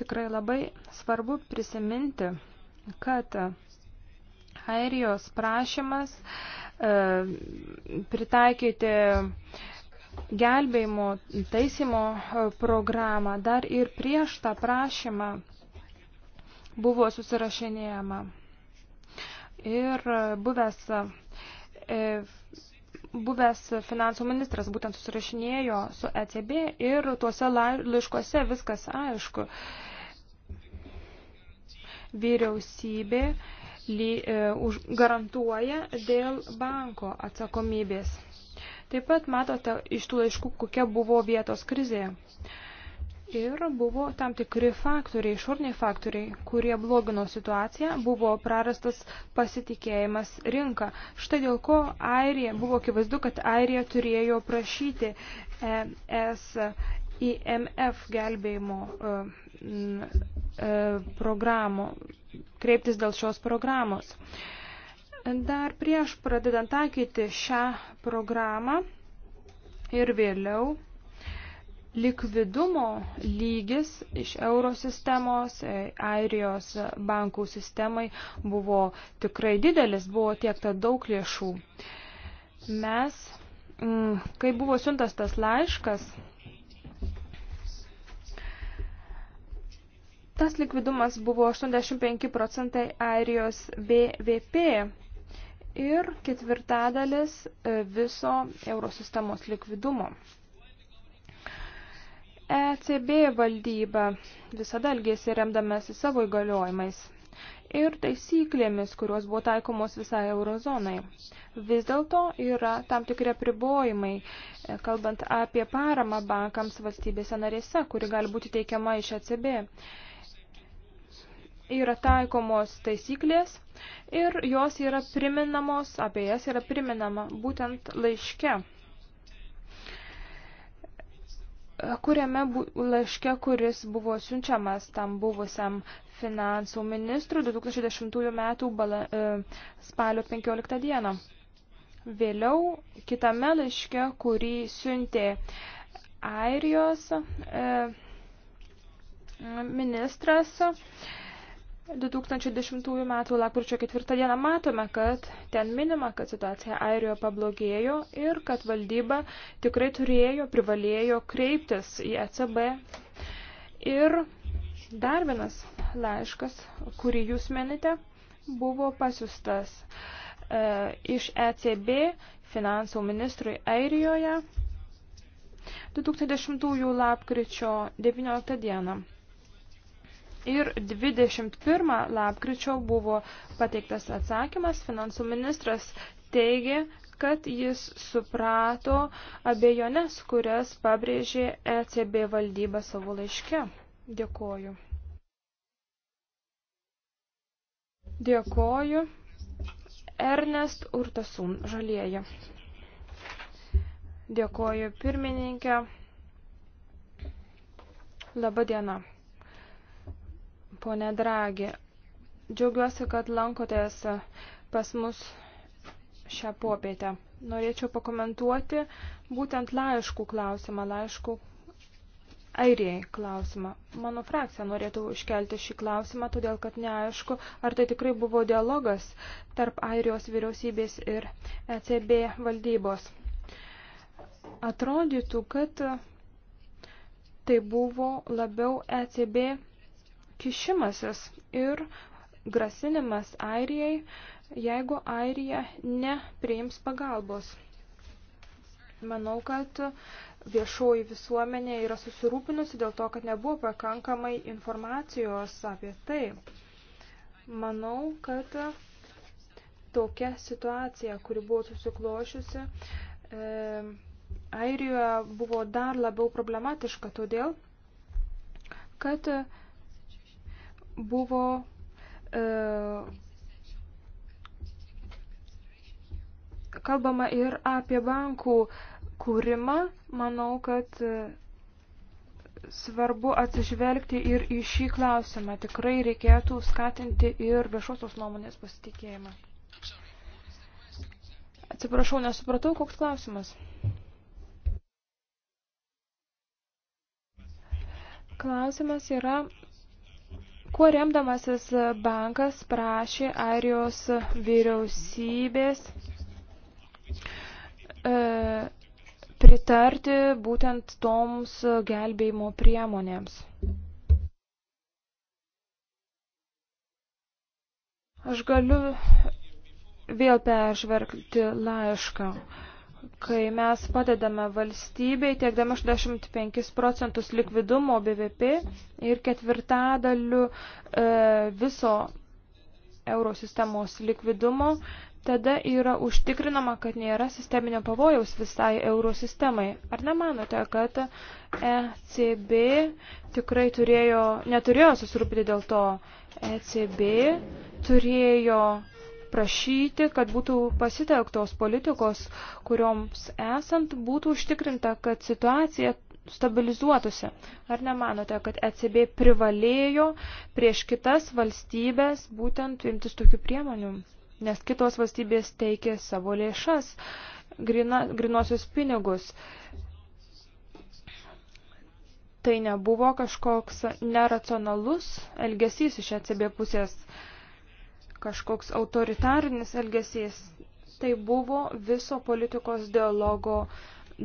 S4: Tikrai labai svarbu prisiminti, kad Airijos prašymas e, pritaikyti gelbėjimo taisymo e, programą dar ir prieš tą prašymą buvo susirašinėjama. Ir buvęs, e, buvęs finansų ministras būtent susirašinėjo su ECB ir tuose laiškuose viskas aišku vyriausybė e, garantuoja dėl banko atsakomybės. Taip pat matote iš tų laiškų, kokia buvo vietos krizė. Ir buvo tam tikri faktoriai, išorniai faktoriai, kurie blogino situaciją, buvo prarastas pasitikėjimas rinka. Štai dėl ko Airija, buvo akivaizdu, kad Airija turėjo prašyti ES IMF gelbėjimo e, e, programų, kreiptis dėl šios programos. Dar prieš pradedant taikyti šią programą ir vėliau likvidumo lygis iš euro sistemos, e, airijos bankų sistemai buvo tikrai didelis, buvo tiekta daug lėšų. Mes, mm, kai buvo siuntas tas laiškas, Tas likvidumas buvo 85 procentai Airijos BVP ir ketvirtadalis e, viso eurosistemos likvidumo. ECB valdyba visada elgėsi remdamasi savo įgaliojimais ir taisyklėmis, kurios buvo taikomos visai eurozonai. Vis dėlto yra tam tikri pribojimai, e, kalbant apie paramą bankams valstybėse narėse, kuri gali būti teikiama iš ECB yra taikomos taisyklės ir jos yra priminamos, apie jas yra priminama būtent laiške, kuriame bu, laiške, kuris buvo siunčiamas tam buvusiam finansų ministrui 2010 m. Bala, e, spalio 15 dieną. Vėliau kitame laiške, kurį siuntė Airijos e, ministras, e, 2010 m. lapkričio 4 d. matome, kad ten minima, kad situacija Airijoje pablogėjo ir kad valdyba tikrai turėjo, privalėjo kreiptis į ECB. Ir dar vienas laiškas, kurį jūs menite, buvo pasiustas e, iš ECB finansų ministrui Airijoje 2010 lapkričio 19 dieną. Ir 21 lapkričio buvo pateiktas atsakymas, finansų ministras teigė, kad jis suprato abejones, kurias pabrėžė ECB valdyba savo laiške. Dėkoju. Dėkoju. Ernest Urtasun, žalieji. Dėkoju pirmininkė. Labadiena ponė Dragi. Džiaugiuosi, kad lankotės pas mus šią popietę. Norėčiau pakomentuoti būtent laiškų klausimą, laiškų airijai klausimą. Mano frakcija norėtų iškelti šį klausimą, todėl kad neaišku, ar tai tikrai buvo dialogas tarp airijos vyriausybės ir ECB valdybos. Atrodytų, kad tai buvo labiau ECB kišimasis ir grasinimas Airijai, jeigu Airija nepriims pagalbos. Manau, kad viešoji visuomenė yra susirūpinusi dėl to, kad nebuvo pakankamai informacijos apie tai. Manau, kad tokia situacija, kuri buvo susiklošiusi, e, Airijoje buvo dar labiau problematiška todėl, kad e, buvo e, kalbama ir apie bankų kūrimą. Manau, kad e, svarbu atsižvelgti ir į šį klausimą. Tikrai reikėtų skatinti ir viešosios nuomonės pasitikėjimą. Atsiprašau, nesupratau, koks klausimas. Klausimas yra, Kuo remdamasis bankas prašė Airijos vyriausybės e, pritarti būtent toms gelbėjimo priemonėms. Aš galiu vėl peržvelgti laišką. E, kai mes padedame valstybei, tiekdami 85 procentus likvidumo BVP ir ketvirtadaliu e, viso eurosistemos likvidumo, tada yra užtikrinama, kad nėra sisteminio pavojaus visai eurosistemai. Ar nemanote, kad ECB tikrai turėjo, neturėjo susirūpinti dėl to? ECB turėjo prašyti, kad būtų pasitelktos politikos, kurioms esant būtų užtikrinta, kad situacija stabilizuotųsi. Ar nemanote, kad ECB privalėjo prieš kitas valstybės būtent imtis tokių priemonių? Nes kitos valstybės teikė savo lėšas, grina, grinuosius pinigus. Tai nebuvo kažkoks neracionalus elgesys iš ECB pusės. Uh, kažkoks autoritarinis elgesys. Tai buvo viso politikos dialogo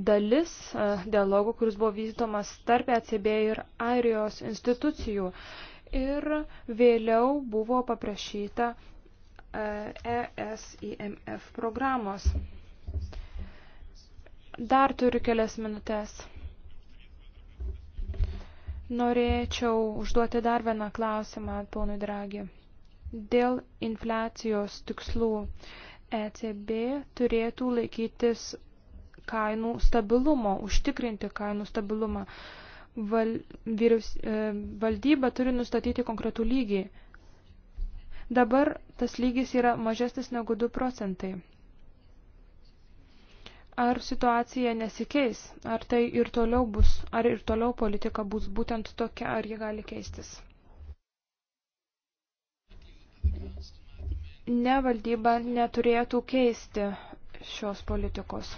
S4: dalis, e, dialogo, kuris buvo vykdomas tarp ECB ir Airijos institucijų. Ir vėliau buvo paprašyta ESIMF e programos. Dar turiu kelias minutės. Norėčiau užduoti dar vieną klausimą ponui Dragi. Dėl infliacijos tikslų ECB turėtų laikytis kainų stabilumo, užtikrinti kainų stabilumą. Val, vyriaus, e, valdyba turi nustatyti konkretų lygį. Dabar tas lygis yra mažesnis negu 2 procentai. Ar situacija nesikeis? Ar tai ir toliau bus? Ar ir toliau politika bus būtent tokia? Ar ji gali keistis? ne valdyba neturėtų keisti šios politikos.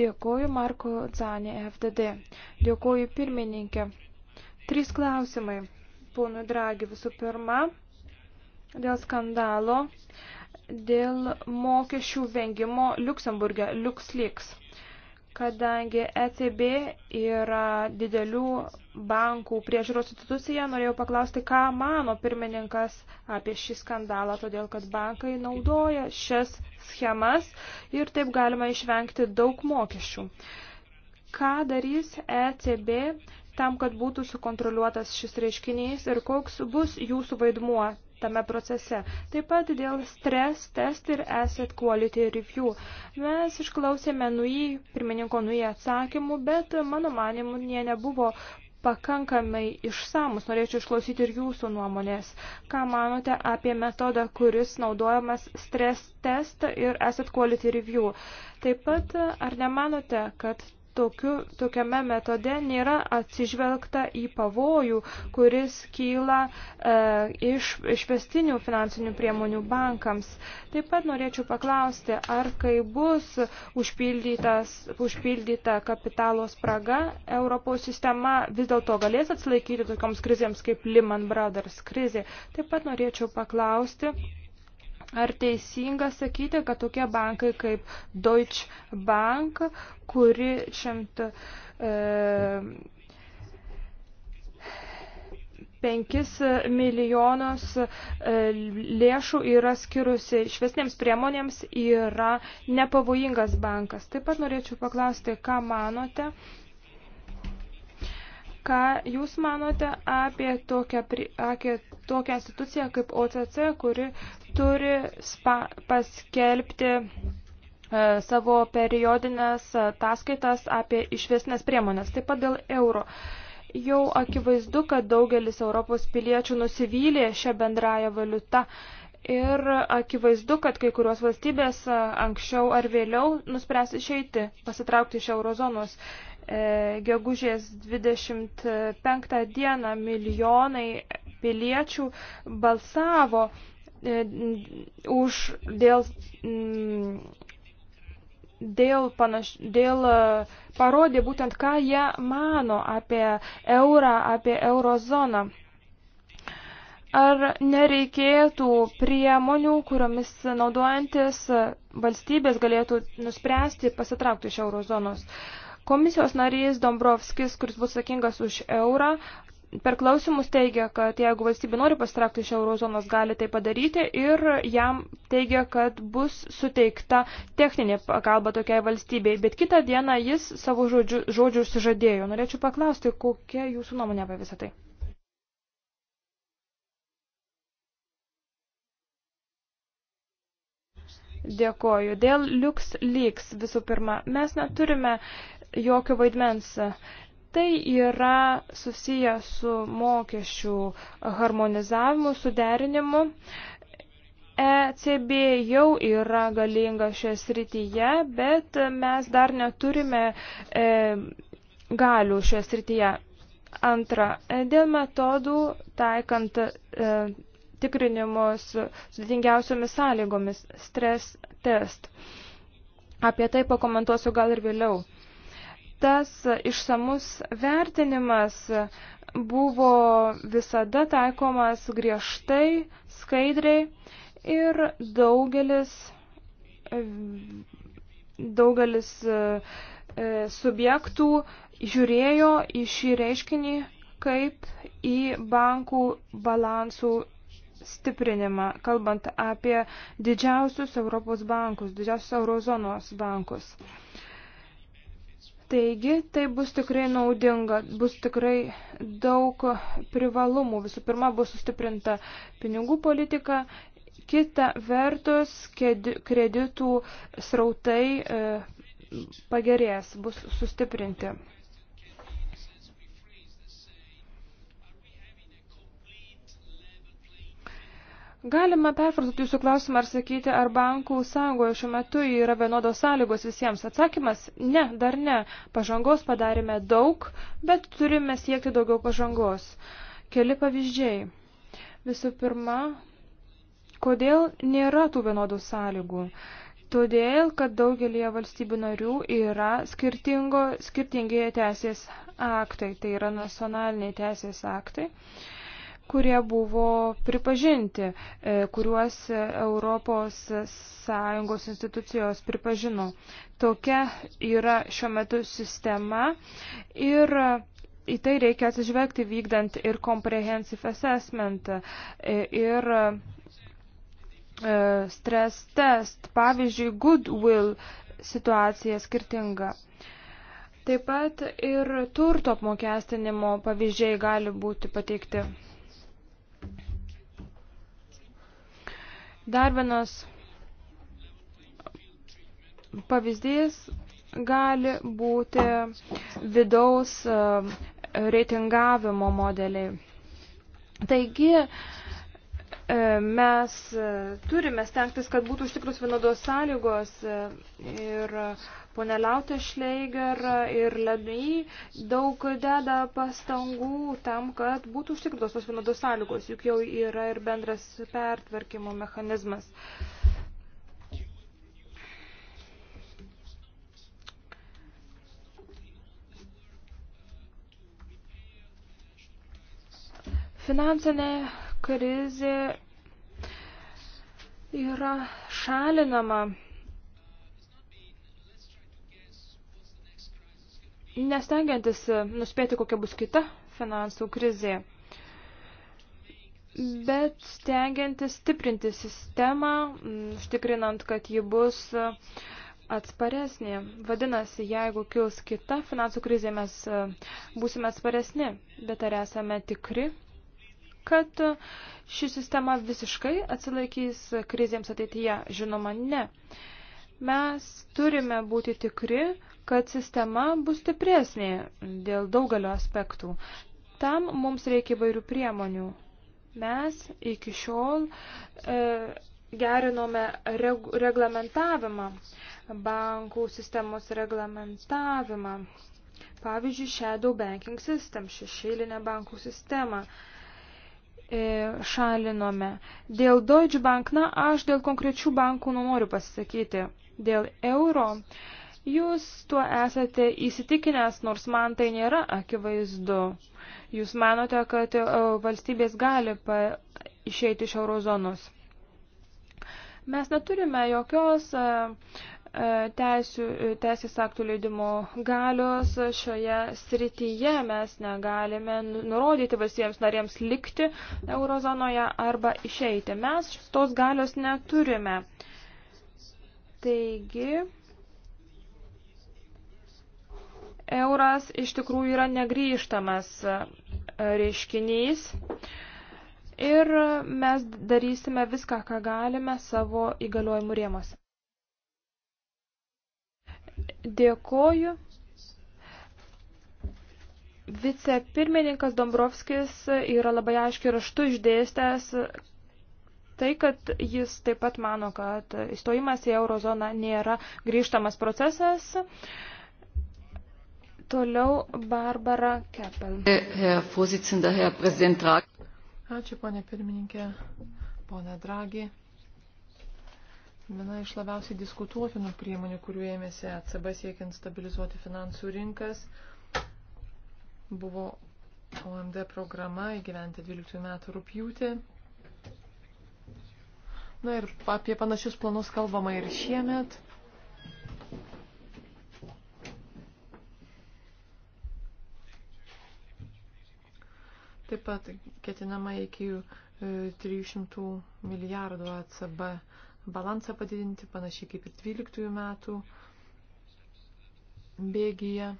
S4: Dėkuoju Marko Zanė FDD. Dėkuoju pirmininkė. Trys klausimai. Ponui Dragi visų pirma, dėl skandalo, dėl mokesčių vengimo Luksemburgė, LuxLeaks. Kadangi ECB yra didelių bankų priežiūros institucija, norėjau paklausti, ką mano pirmininkas apie šį skandalą, todėl kad bankai naudoja šias schemas ir taip galima išvengti daug mokesčių. Ką darys ECB tam, kad būtų sukontroliuotas šis reiškinys ir koks bus jūsų vaidmuo tame procese. Taip pat dėl stress test ir asset quality review. Mes išklausėme NUI, pirmininko NUI atsakymų, bet mano manimu, jie nebuvo pakankamai išsamus. Norėčiau išklausyti ir jūsų nuomonės. Ką manote apie metodą, kuris naudojamas stress test ir asset quality review? Taip pat, ar nemanote, kad tokiu, tokiame metode nėra atsižvelgta į pavojų, kuris kyla e, iš išvestinių finansinių priemonių bankams. Taip pat norėčiau paklausti, ar kai bus užpildyta kapitalo spraga, Europos sistema vis dėlto galės atsilaikyti tokioms krizėms kaip Lehman Brothers krizė. Taip pat norėčiau paklausti, Ar teisinga sakyti, kad tokie bankai kaip Deutsche Bank, kuri šimt e, 5 milijonus e, lėšų yra skirusi švesnėms priemonėms, yra nepavojingas bankas. Taip pat norėčiau paklausti, ką manote Ką Jūs manote apie tokią, apie tokią instituciją kaip OCC, kuri turi spa, paskelbti e, savo periodinės ataskaitas apie išvesnės priemonės, taip pat dėl euro. Jau akivaizdu, kad daugelis Europos piliečių nusivylė šią bendrąją valiutą ir akivaizdu, kad kai kurios valstybės e, anksčiau ar vėliau nuspręs išeiti, pasitraukti iš eurozonos. E, gegužės 25 dieną milijonai piliečių balsavo e, už dėl, mm, dėl, panaš, dėl e, parodė būtent, ką jie mano apie eurą, apie eurozoną. Ar nereikėtų priemonių, kuriomis naudojantis valstybės galėtų nuspręsti pasitraukti iš eurozonos? Uh, Komisijos narys Dombrovskis, kuris bus sakingas už eurą, per klausimus teigia, kad jeigu valstybė nori pastraukti iš eurozonos, gali tai padaryti ir jam teigia, kad bus suteikta techninė pagalba tokiai valstybei. Bet kitą dieną jis savo žodžių, žodžių sužadėjo. Norėčiau paklausti, kokia jūsų nuomonė apie visą tai? Dėkoju. Dėl liuks lygs visų pirma. Mes neturime jokio vaidmens. Tai yra susiję su mokesčių harmonizavimu, suderinimu. ECB jau yra galinga šioje srityje, bet mes dar neturime e, galių šioje srityje. Antra, dėl metodų taikant e, tikrinimus sudėtingiausiomis sąlygomis - stres test. Apie tai pakomentuosiu gal ir vėliau tas išsamus vertinimas buvo visada taikomas griežtai, skaidriai ir daugelis, daugelis e, subjektų žiūrėjo į šį reiškinį kaip į bankų balansų stiprinimą, kalbant apie didžiausius Europos bankus, didžiausius eurozonos bankus. Taigi, tai bus tikrai naudinga, bus tikrai daug privalumų. Visų pirma, bus sustiprinta pinigų politika, kita vertus, kreditų srautai e, pagerės, bus sustiprinti. Galima perfrazuoti jūsų klausimą ar sakyti, ar bankų sąjungoje šiuo metu yra vienodos sąlygos visiems. Atsakymas - ne, dar ne. Pažangos padarėme daug, bet turime siekti daugiau pažangos. Keli pavyzdžiai. Visų pirma, kodėl nėra tų vienodų sąlygų? Todėl, kad daugelie valstybių narių yra skirtingi teisės aktai, tai yra nacionaliniai teisės aktai. Uh, kurie buvo pripažinti, e, kuriuos ES institucijos pripažino. Tokia yra šiuo metu sistema ir į tai reikia atsižvelgti vykdant ir comprehensive assessment e, ir e, stress test, pavyzdžiui, goodwill situacija skirtinga. Taip pat ir turto apmokestinimo pavyzdžiai gali būti pateikti. Dar vienas pavyzdys gali būti vidaus e, reitingavimo modeliai. Taigi, e, mes e, turime stengtis, kad būtų užtikrus vienodos sąlygos ir Pone Lautė Šleiger ir Lenui daug deda pastangų tam, kad būtų užtikrintos tos vienodos sąlygos, juk jau yra ir bendras pertvarkymo mechanizmas. Finansinė krizė yra šalinama nestengiantis e, nuspėti, kokia bus kita finansų krizė, bet stengiantis stiprinti sistemą, užtikrinant, kad ji bus e, atsparesnė. Vadinasi, jeigu kils kita finansų krizė, mes e, būsime atsparesni, bet ar esame tikri, kad ši sistema visiškai atsilaikys krizėms ateityje? Žinoma, ne. Mes turime būti tikri, kad sistema bus stipresnė dėl daugelio aspektų. Tam mums reikia įvairių priemonių. Mes iki šiol e, gerinome reg, reglamentavimą, bankų sistemos reglamentavimą. Pavyzdžiui, Shadow Banking System, šešėlinę bankų sistemą e, šalinome. Dėl Deutsche Bank, na, aš dėl konkrečių bankų nenoriu nu pasisakyti. Dėl euro. E, Jūs tuo esate įsitikinęs, nors man tai nėra akivaizdu. Jūs manote, kad e, valstybės gali išeiti iš eurozonos. Mes neturime jokios e, e, teisių, teisės aktų leidimo galios šioje srityje. Mes negalime nurodyti valstybėms narėms likti eurozonoje arba išeiti. Mes tos galios neturime. Taigi, Euras iš tikrųjų yra negryžtamas e, reiškinys ir mes darysime viską, ką galime savo įgaliojimų rėmose. Dėkoju. Vicepirmininkas Dombrovskis yra labai aiškiai raštu išdėstęs tai, kad jis taip pat mano, kad įstojimas į eurozoną nėra grįžtamas procesas. Uh, Toliau Barbara Keppel.
S2: Ačiū, ponė pirmininkė, ponė Dragi. Viena iš labiausiai diskutuotinų priemonių, kurių ėmėsi ECB siekiant stabilizuoti finansų rinkas, buvo OMD programa įgyventi 12 metų rūpjūtį. Na ir apie panašius planus kalbama ir šiemet. Taip pat ketinama iki 300 e, milijardų ACB balansą padidinti, panašiai kaip ir 12 metų bėgyje.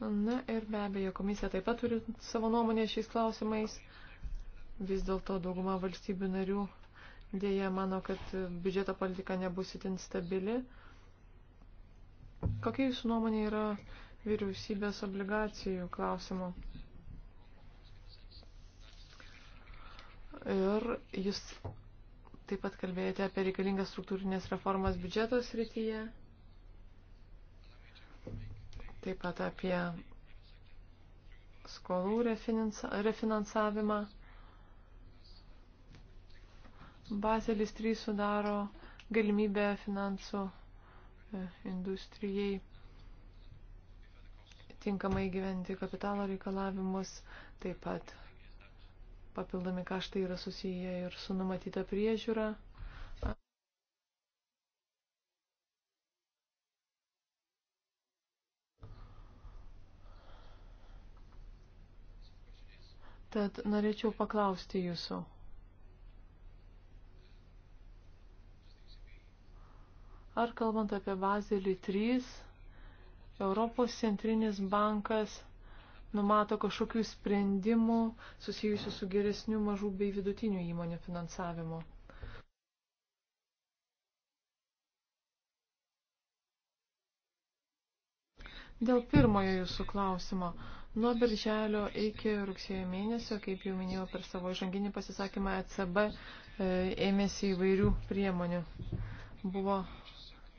S2: Na ir be abejo, komisija taip pat turi savo nuomonę šiais klausimais. Vis dėlto dauguma valstybių narių dėja mano, kad biudžeto politika nebus itin stabili. Kokia jūsų nuomonė yra vyriausybės obligacijų klausimo. Ir jūs taip pat kalbėjote apie reikalingas struktūrinės reformas biudžeto srityje, taip pat apie skolų refinansavimą. Bazelis 3 sudaro galimybę finansų e, industrijai tinkamai gyventi kapitalo reikalavimus, taip pat papildomi kaštai yra susiję ir su numatyta priežiūra. Tad norėčiau paklausti jūsų. Ar kalbant apie Bazelį 3, Europos centrinis bankas numato kažkokių sprendimų susijusių su geresniu mažų bei vidutinių įmonių finansavimu. Dėl pirmojo jūsų klausimo. Nuo birželio iki rugsėjo mėnesio, kaip jau minėjau per savo žanginį pasisakymą, ECB e, ėmėsi įvairių priemonių. Buvo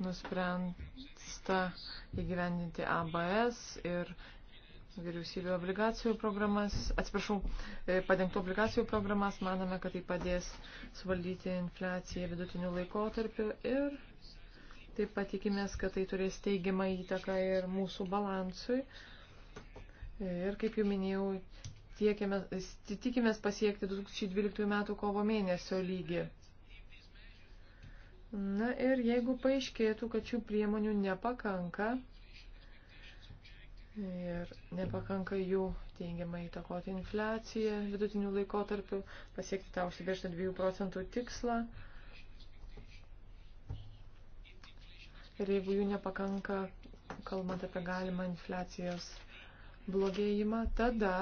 S2: nusprendsta įgyvendinti ABS ir vyriausybių obligacijų programas, atsiprašau, e, padengtų obligacijų programas, manome, kad tai padės suvaldyti infliaciją vidutiniu laikotarpiu ir taip pat tikimės, kad tai turės teigiamą įtaką ir mūsų balansui. E, ir kaip jau minėjau, tiekėmės, tikimės pasiekti 2012 m. kovo mėnesio lygį. Na ir jeigu paaiškėtų, kad šių priemonių nepakanka ir nepakanka jų teigiamai įtakoti infliaciją vidutinių laikotarpių, pasiekti tą užsibrėžtą 2 procentų tikslą. Ir jeigu jų nepakanka, kalbant apie galimą infliacijos blogėjimą, tada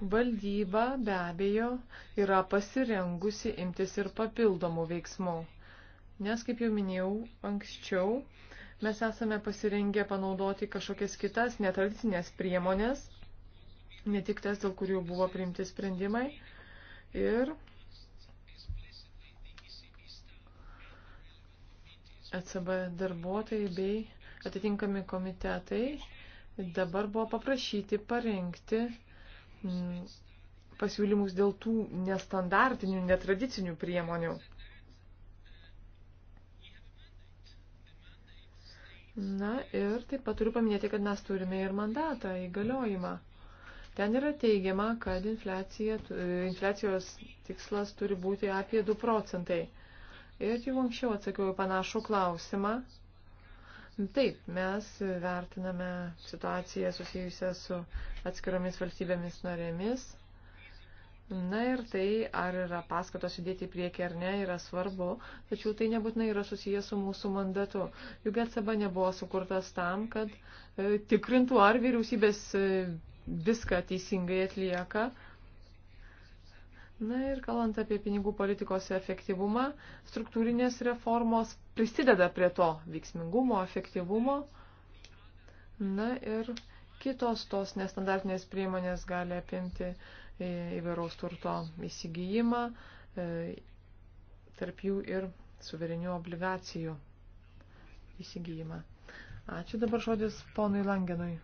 S2: Valdyba be abejo yra pasirengusi imtis ir papildomų veiksmų, nes, kaip jau minėjau anksčiau, mes esame pasirengę panaudoti kažkokias kitas netradicinės priemonės, ne tik tas, dėl kurių buvo priimti sprendimai. Ir ECB darbuotojai bei atitinkami komitetai dabar buvo paprašyti parengti Mm, pasiūlymus dėl tų nestandartinių, netradicinių priemonių. Na ir taip pat turiu paminėti, kad mes turime ir mandatą, įgaliojimą. Ten yra teigiama, kad infliacijos tikslas turi būti apie 2 procentai. Ir jau anksčiau atsakiau panašų klausimą. Taip, mes vertiname situaciją susijusią su atskiromis valstybėmis narėmis. Na ir tai, ar yra paskatos judėti į priekį ar ne, yra svarbu, tačiau tai nebūtinai yra susijęs su mūsų mandatu. Juk ECB nebuvo sukurtas tam, kad e, tikrintų, ar vyriausybės e, viską teisingai atlieka. Na ir kalbant apie pinigų politikos efektyvumą, struktūrinės reformos prisideda prie to veiksmingumo, efektyvumo. Na ir kitos tos nestandartinės priemonės gali apimti įvairaus turto įsigijimą, e, tarp jų ir suverenių obligacijų įsigijimą. Ačiū dabar žodis ponui Langenui.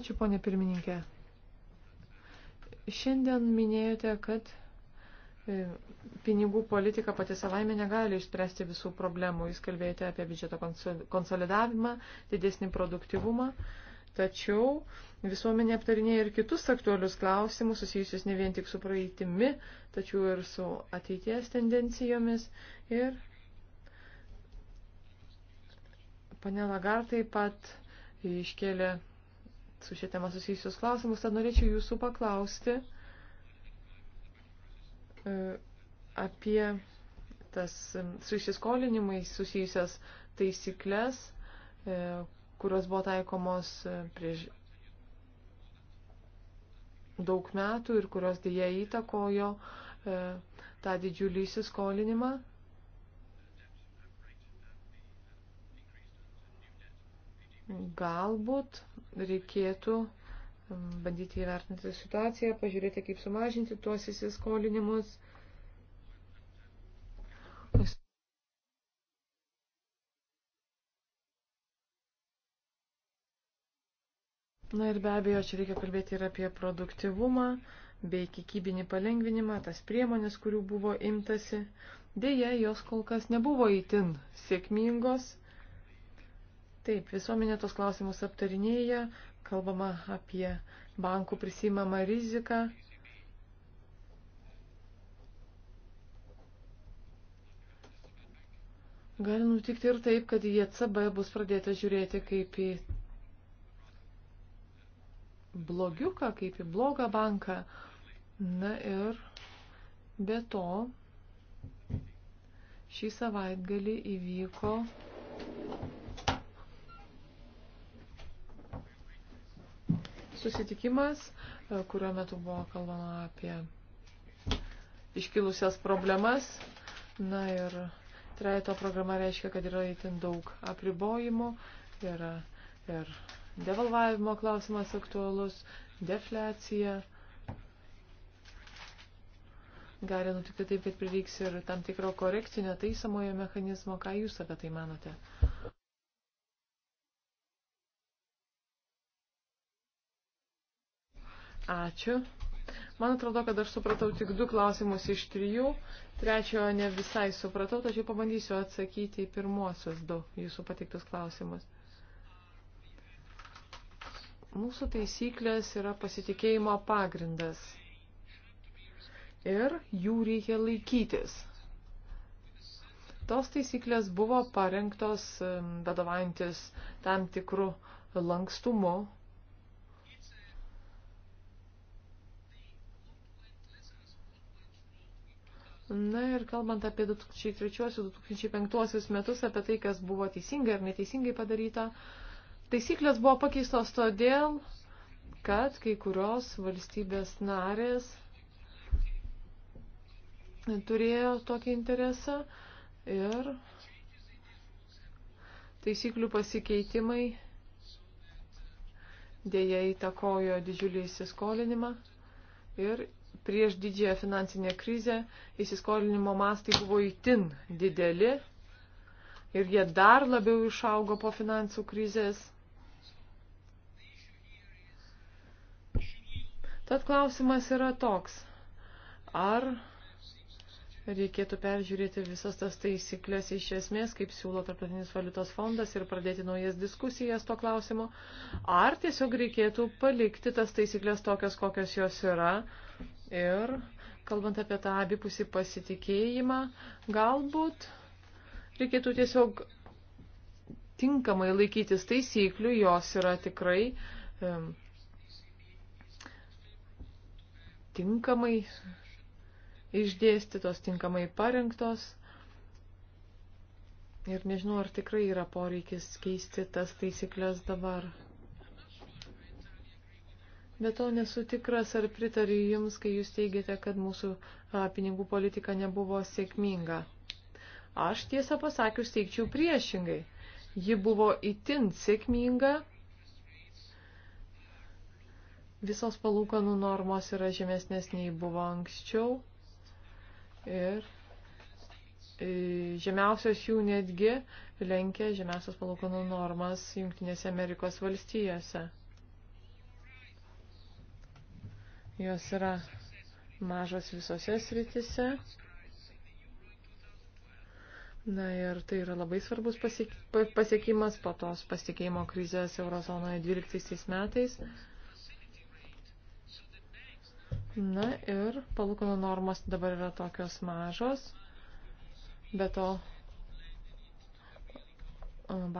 S2: Ačiū, ponė pirmininkė. Šiandien minėjote, kad e, pinigų politika pati savaime negali išspręsti visų problemų. Jūs kalbėjote apie biudžeto konsolidavimą, didesnį produktivumą. Tačiau visuomenė aptarinėja ir kitus aktualius klausimus, susijusius ne vien tik su praeitimi, tačiau ir su ateities tendencijomis. Ir panė Lagar taip pat iškėlė su šia tema susijusius klausimus, tad norėčiau jūsų paklausti e, apie tas su įsiskolinimais susijusias taisyklės, e, kurios buvo taikomos e, prieš daug metų ir kurios dėja įtakojo tą didžiulį įsiskolinimą. Galbūt reikėtų um, bandyti įvertinti situaciją, pažiūrėti, kaip sumažinti tuos įsiskolinimus. Na ir be abejo, čia reikia kalbėti ir apie produktivumą bei kiekybinį palengvinimą, tas priemonės, kurių buvo imtasi. Deja, jos kol kas nebuvo įtin sėkmingos. Taip, visuomenė tos klausimus aptarinėja, kalbama apie bankų prisimamą riziką. Gali nutikti ir taip, kad į ECB bus pradėta žiūrėti kaip į blogiuką, kaip į blogą banką. Na ir be to šį savaitgalį įvyko susitikimas, e, kurio metu buvo kalbama apie iškilusias problemas. Na ir trejato programa reiškia, kad yra įtin daug apribojimų, yra ir devalvavimo klausimas aktualus, deflecija. Gali nutikti taip, kad prireiks ir tam tikro korekcinio taisamojo mechanizmo. Ką Jūs apie tai manote? Ačiū. Man atrodo, kad aš supratau tik du klausimus iš trijų. Trečiojo ne visai supratau, tačiau pabandysiu atsakyti į pirmosius du jūsų patiktus klausimus. Mūsų taisyklės yra pasitikėjimo pagrindas. Ir jų reikia laikytis. Tos taisyklės buvo parengtos vadovantis tam tikrų lankstumu, Na ir kalbant apie 2003-2005 metus, apie tai, kas buvo teisingai ar neteisingai padaryta, taisyklės buvo pakeistos todėl, kad kai kurios valstybės narės turėjo tokį interesą ir taisyklių pasikeitimai dėja įtakojo didžiulį įsiskolinimą ir Prieš didžiąją finansinę krizę įsiskolinimo mastai buvo įtin dideli ir jie dar labiau išaugo po finansų krizės. Tad klausimas yra toks. Ar reikėtų peržiūrėti visas tas taisyklės iš esmės, kaip siūlo Tarptautinis valiutos fondas ir pradėti naujas diskusijas to klausimu, ar tiesiog reikėtų palikti tas taisyklės tokias, kokios jos yra Ir kalbant apie tą abipusį pasitikėjimą, galbūt reikėtų tiesiog tinkamai laikytis taisyklių, jos yra tikrai um, tinkamai išdėstytos, tinkamai parinktos. Ir nežinau, ar tikrai yra poreikis keisti tas taisyklės dabar. Bet to nesu tikras, ar pritariu Jums, kai Jūs teigiate, kad mūsų pinigų politika nebuvo sėkminga. Aš tiesą pasakius teikčiau priešingai. Ji buvo itin sėkminga. Visos palūkanų normos yra žemesnės nei buvo anksčiau. Ir e, žemiausios jų netgi lenkia žemiausios palūkanų normas Junktinėse Amerikos valstijose. Jos yra mažos visose sritise. Na ir tai yra labai svarbus pasiekimas po tos pasitikėjimo krizės eurozonoje 12 metais. Na ir palūkanų normos dabar yra tokios mažos, bet to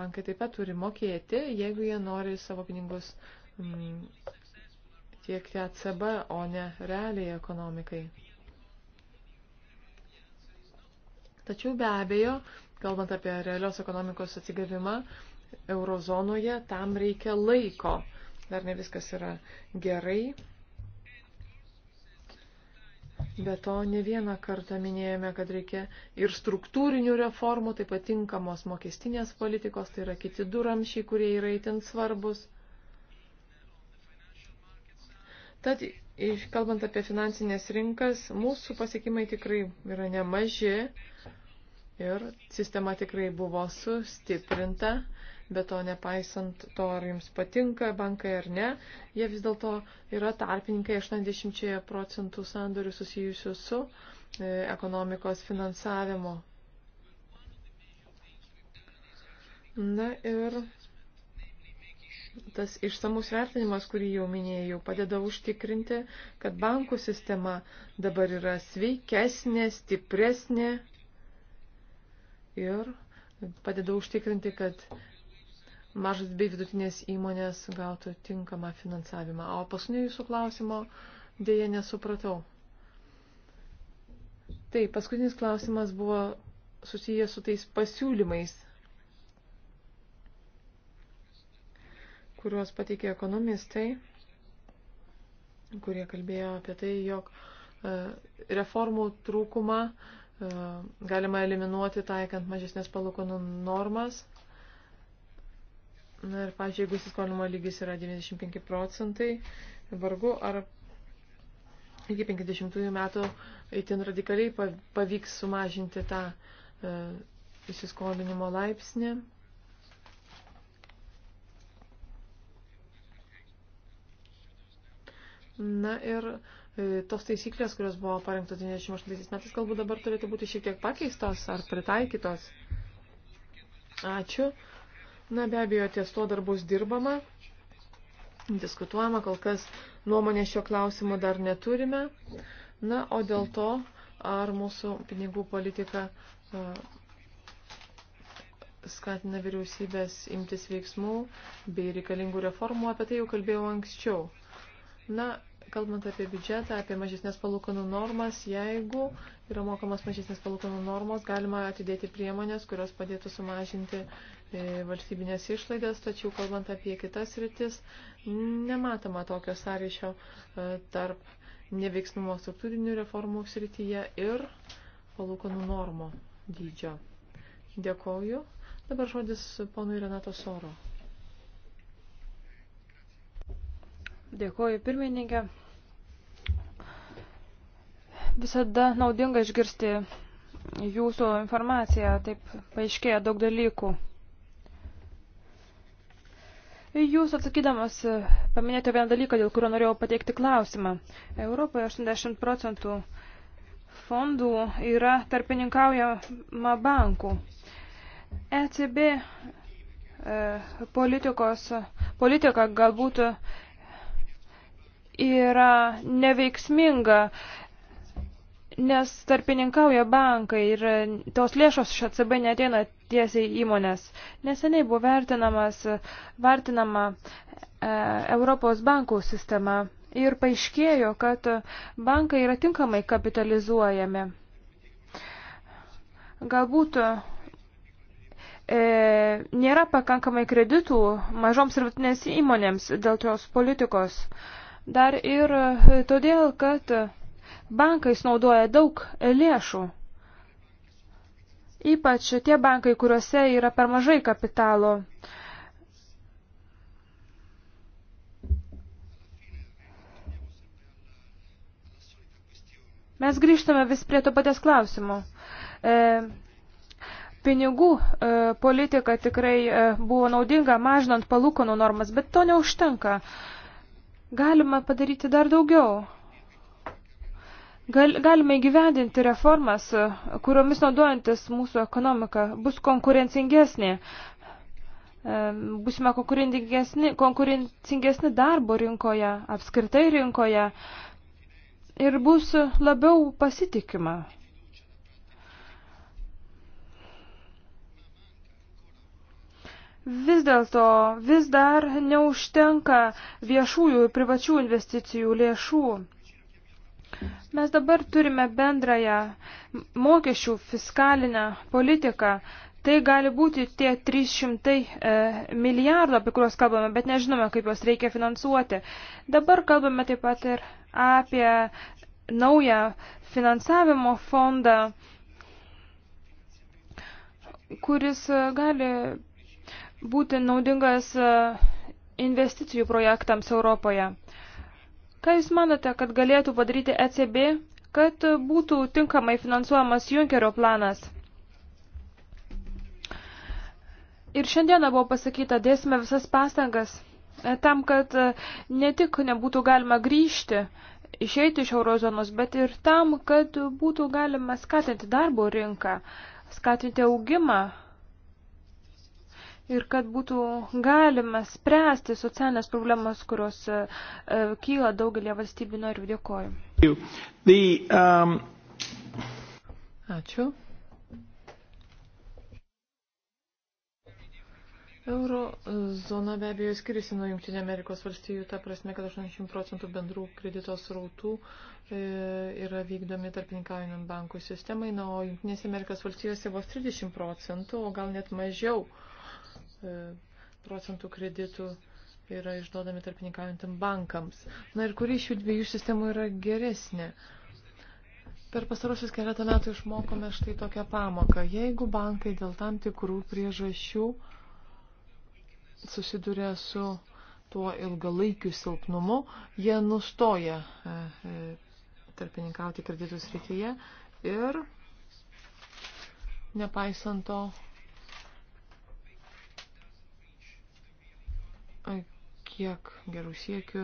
S2: bankai taip pat turi mokėti, jeigu jie nori savo pinigus mm, tiekti ECB, o ne realiai ekonomikai. Tačiau be abejo, kalbant apie realios ekonomikos atsigavimą, eurozonoje tam reikia laiko. Dar ne viskas yra gerai. Be to, ne vieną kartą minėjome, kad reikia ir struktūrinių reformų, taip pat tinkamos mokestinės politikos, tai yra kiti du ramšiai, kurie yra itin svarbus. Tad, kalbant apie finansinės rinkas, mūsų pasiekimai tikrai yra nemaži ir sistema tikrai buvo sustiprinta, bet to nepaisant to, ar jums patinka bankai ar ne, jie vis dėlto yra tarpininkai 80 procentų sandorių susijusių su e, ekonomikos finansavimu. Na ir tas išsamus vertinimas, kurį jau minėjau, padeda užtikrinti, kad bankų sistema dabar yra sveikesnė, stipresnė ir padeda užtikrinti, kad mažas bei vidutinės įmonės gautų tinkamą finansavimą. O paskutinio jūsų klausimo dėje nesupratau. Taip, paskutinis klausimas buvo susijęs su tais pasiūlymais kuriuos pateikė ekonomistai, kurie kalbėjo apie tai, jog e, reformų trūkumą e, galima eliminuoti taikant mažesnės palūkanų normas. Na ir, pažiūrėjau, jeigu įsiskolinimo lygis yra 95 procentai, vargu ar iki 50 metų itin radikaliai pavyks sumažinti tą e, įsiskolinimo laipsnį. Na ir e, tos taisyklės, kurios buvo parengtos 98 metais, galbūt dabar turėtų būti šiek tiek pakeistos ar pritaikytos. Ačiū. Na, be abejo, ties to dar bus dirbama, diskutuojama, kol kas nuomonė šio klausimo dar neturime. Na, o dėl to, ar mūsų pinigų politika e, skatina vyriausybės imtis veiksmų bei reikalingų reformų, apie tai jau kalbėjau anksčiau. Na, kalbant apie biudžetą, apie mažesnės palūkanų normas, jeigu yra mokamas mažesnės palūkanų normos, galima atidėti priemonės, kurios padėtų sumažinti e, valstybinės išlaidas, tačiau kalbant apie kitas rytis, nematoma tokio sąryšio e, tarp neveiksnumo struktūrinių reformų srityje ir palūkanų normo dydžio. Dėkoju. Dabar žodis ponui Renato Soro.
S4: Dėkuoju pirmininkė. Visada naudinga išgirsti jūsų informaciją, taip paaiškėja daug dalykų. Jūs atsakydamas paminėjote vieną dalyką, dėl kurio norėjau pateikti klausimą. Europoje 80 procentų fondų yra tarpininkaujama bankų. ECB e, politikos, politika galbūt yra neveiksminga, nes tarpininkauja bankai ir tos lėšos iš ACB neteina tiesiai įmonės. Neseniai buvo vertinamas, vertinama e, Europos bankų sistema ir paaiškėjo, kad bankai yra tinkamai kapitalizuojami. Galbūt e, nėra pakankamai kreditų mažoms ir vidutinės įmonėms dėl tos politikos. E, Dar ir e, todėl, kad bankais naudoja daug lėšų. Ypač tie bankai, kuriuose yra per mažai kapitalo. Mes grįžtame vis prie to paties klausimo. E, pinigų e, politika tikrai e, buvo naudinga mažinant palūkanų normas, bet to neužtenka. E, Galima padaryti dar daugiau. Gal, galime įgyvendinti reformas, kuriomis naudojantis mūsų ekonomika bus konkurencingesnė. Busime konkurencingesni, konkurencingesni darbo rinkoje, apskritai rinkoje ir bus labiau pasitikima. Vis dėlto vis dar neužtenka viešųjų ir privačių investicijų lėšų. Mes dabar turime bendrąją mokesčių fiskalinę politiką. Tai gali būti tie 300 e, milijardų, apie kuriuos kalbame, bet nežinome, kaip juos reikia finansuoti. Dabar kalbame taip pat ir apie naują finansavimo fondą, kuris e, gali būti naudingas e, investicijų projektams Europoje. Ką Jūs manote, kad galėtų padaryti ECB, kad būtų tinkamai finansuojamas Junkerio planas? Ir šiandieną buvo pasakyta, dėsime visas pastangas e, tam, kad e, ne tik nebūtų galima grįžti, išeiti iš eurozonos, bet ir tam, kad būtų galima skatinti darbo rinką, skatinti augimą, ir kad būtų galima spręsti socialinės problemas, kurios uh, kyla daugelį valstybių narių. Dėkoju.
S2: The, um... Ačiū. Euro zona be abejo skiriasi nuo Junktinė Amerikos valstijų, ta prasme, kad 80 procentų bendrų kredito srautų e, yra vykdomi tarpininkaujant bankų sistemai, na, o Junktinėse Amerikos valstijose vos 30 procentų, o gal net mažiau. Uh, E, procentų kreditų yra išduodami tarpininkaujantam bankams. Na ir kuri iš šių dviejų sistemų yra geresnė? Per pastarosius keletą metų išmokome štai tokią pamoką. Jeigu bankai dėl tam tikrų priežasčių susiduria su tuo ilgalaikiu silpnumu, jie nustoja e, e, tarpininkauti kreditų srityje ir nepaisant to kiek gerų siekių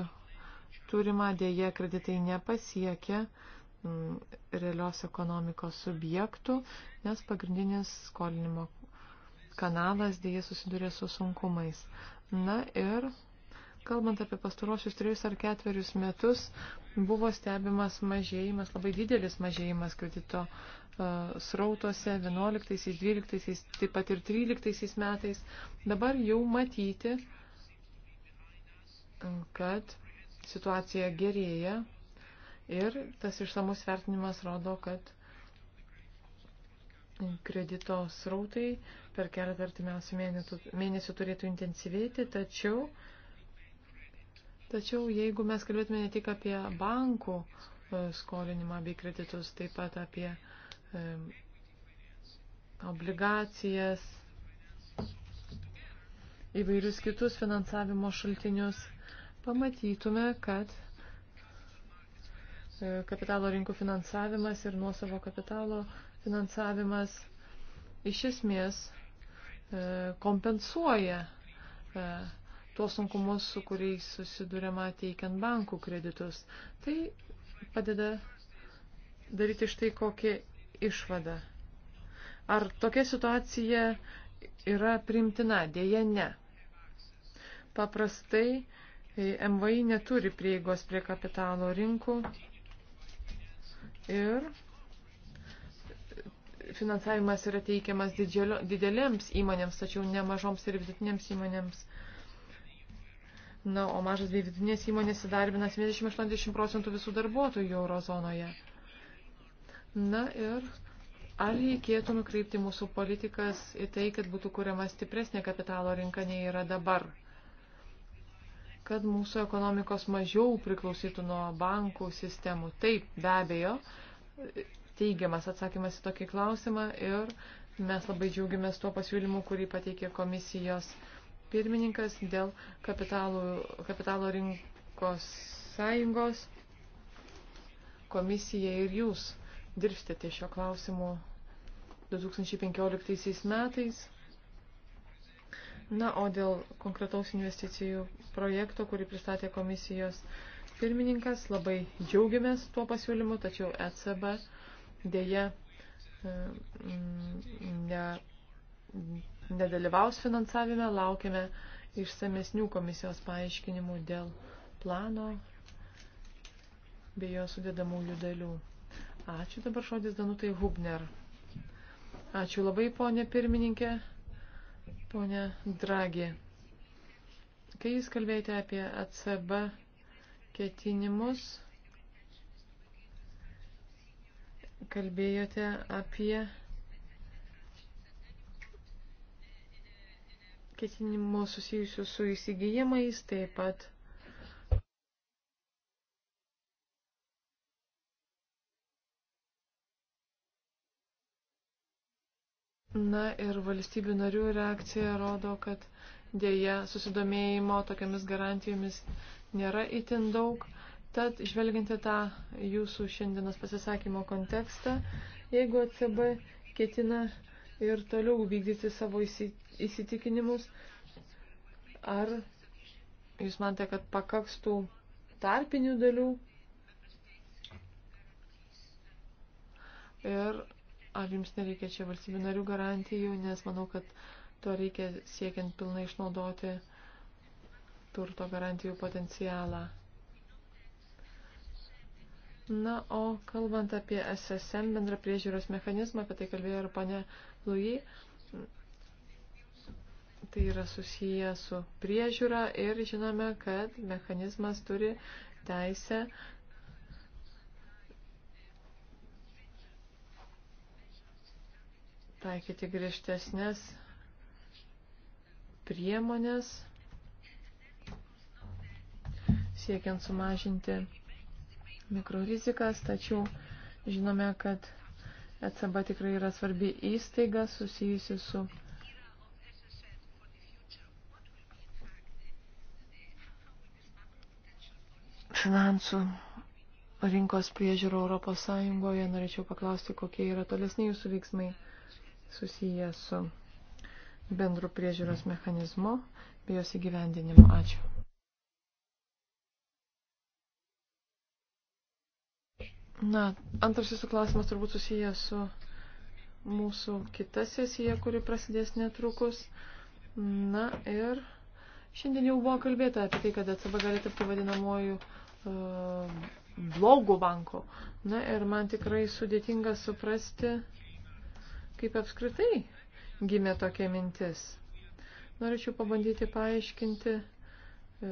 S2: turima, dėje kreditai nepasiekia mm, realios ekonomikos subjektų, nes pagrindinis skolinimo kanalas dėje susidurė su sunkumais. Na ir kalbant apie pastarosius trejus ar ketverius metus, buvo stebimas mažėjimas, labai didelis mažėjimas kredito uh, srautuose 11, 12, taip pat ir 13 metais. Dabar jau matyti, uh, kad situacija gerėja ir tas išsamus vertinimas rodo, kad kredito srautai per keletą artimiausių mėnesių turėtų intensyvėti, tačiau, tačiau jeigu mes kalbėtume ne tik apie bankų e, skolinimą bei kreditus, taip pat apie e, obligacijas, įvairius kitus finansavimo šaltinius, pamatytume, kad e, kapitalo rinkų finansavimas ir nuosavo kapitalo finansavimas iš esmės e, kompensuoja e, tuos sunkumus, su kuriais susidurėma teikiant bankų kreditus. Tai padeda daryti štai kokią išvadą. Ar tokia situacija yra primtina? Dėja ne. Paprastai MVI neturi prieigos prie kapitalo rinkų ir finansavimas yra teikiamas didžiulio, didelėms įmonėms, tačiau ne mažoms ir vidutinėms įmonėms. Na, o mažas bei vidutinės įmonės įdarbina 70-80 procentų visų darbuotojų eurozonoje. Na ir ar reikėtų nukreipti mūsų politikas į tai, kad būtų kuriama stipresnė kapitalo rinka nei yra dabar? kad mūsų ekonomikos mažiau priklausytų nuo bankų sistemų. Taip, be abejo, teigiamas atsakymas į tokį klausimą ir mes labai džiaugiamės tuo pasiūlymu, kurį pateikė komisijos pirmininkas dėl kapitalų, kapitalo rinkos sąjungos. Komisija ir jūs dirbstėte šio klausimu 2015 metais. Na, o dėl konkretaus investicijų projekto, kurį pristatė komisijos pirmininkas, labai džiaugiamės tuo pasiūlymu, tačiau ECB dėja e, ne, nedalyvaus finansavime, laukiame išsamesnių komisijos paaiškinimų dėl plano bei jo sudėdamųjų dalių. Ačiū dabar žodis Danutai Hubner. Ačiū labai, ponė pirmininkė. Pone Dragi, kai jūs kalbėjote apie ACB ketinimus, kalbėjote apie ketinimus susijusius su įsigijimais, taip pat Na ir valstybių narių reakcija rodo, kad dėja susidomėjimo tokiamis garantijomis nėra itin daug. Tad, žvelginti tą jūsų šiandienos pasisakymo kontekstą, jeigu ECB ketina ir toliau vykdyti savo įsitikinimus, ar jūs manote, kad pakaks tų tarpinių dalių ir Ar jums nereikia čia valstybių narių garantijų, nes manau, kad to reikia siekiant pilnai išnaudoti turto garantijų potencialą. Na, o kalbant apie SSM bendrą priežiūros mechanizmą, apie tai kalbėjo ir pane Lui, tai yra susiję su priežiūra ir žinome, kad mechanizmas turi teisę taikyti griežtesnės priemonės, siekiant sumažinti mikrorizikas, tačiau žinome, kad ECB tikrai yra svarbi įstaiga susijusi su finansų rinkos priežiūro Europos Sąjungoje. Norėčiau paklausti, kokie yra tolesni jūsų veiksmai susiję su bendru priežiūros mechanizmu bei jos įgyvendinimu. Ačiū. Na, antras jūsų klausimas turbūt susijęs su mūsų kita sesija, kuri prasidės netrukus. Na ir šiandien jau buvo kalbėta apie tai, kad ECB gali tapti vadinamoju uh, e, blogų banko. Na ir man tikrai sudėtinga suprasti, uh, kaip apskritai gimė tokia mintis. Norėčiau pabandyti paaiškinti, e,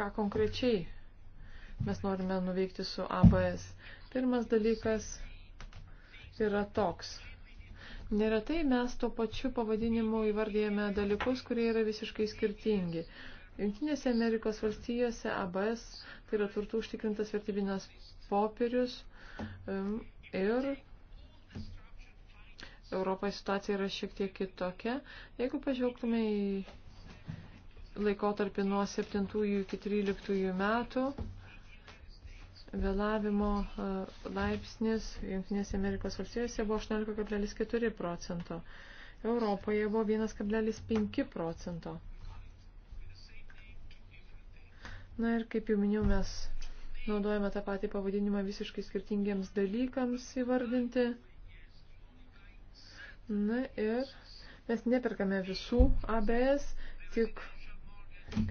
S2: ką konkrečiai mes norime nuveikti su ABS. Pirmas dalykas yra toks. Neretai mes tuo pačiu pavadinimu įvardėjame dalykus, kurie yra visiškai skirtingi. Junktinėse Amerikos valstijose ABS tai yra turtų užtikrintas vertybinės popierius e, ir Europoje situacija yra šiek tiek kitokia. Jeigu pažvelgtume į laikotarpį nuo 7 iki 13 metų, vėlavimo e, laipsnis Junktinėse Amerikos valstijose buvo 18,4 procento. Europoje buvo 1,5 procento. Na ir kaip jau minėjau, mes naudojame tą patį pavadinimą visiškai skirtingiems dalykams įvardinti. Na ir mes neperkame visų ABS, tik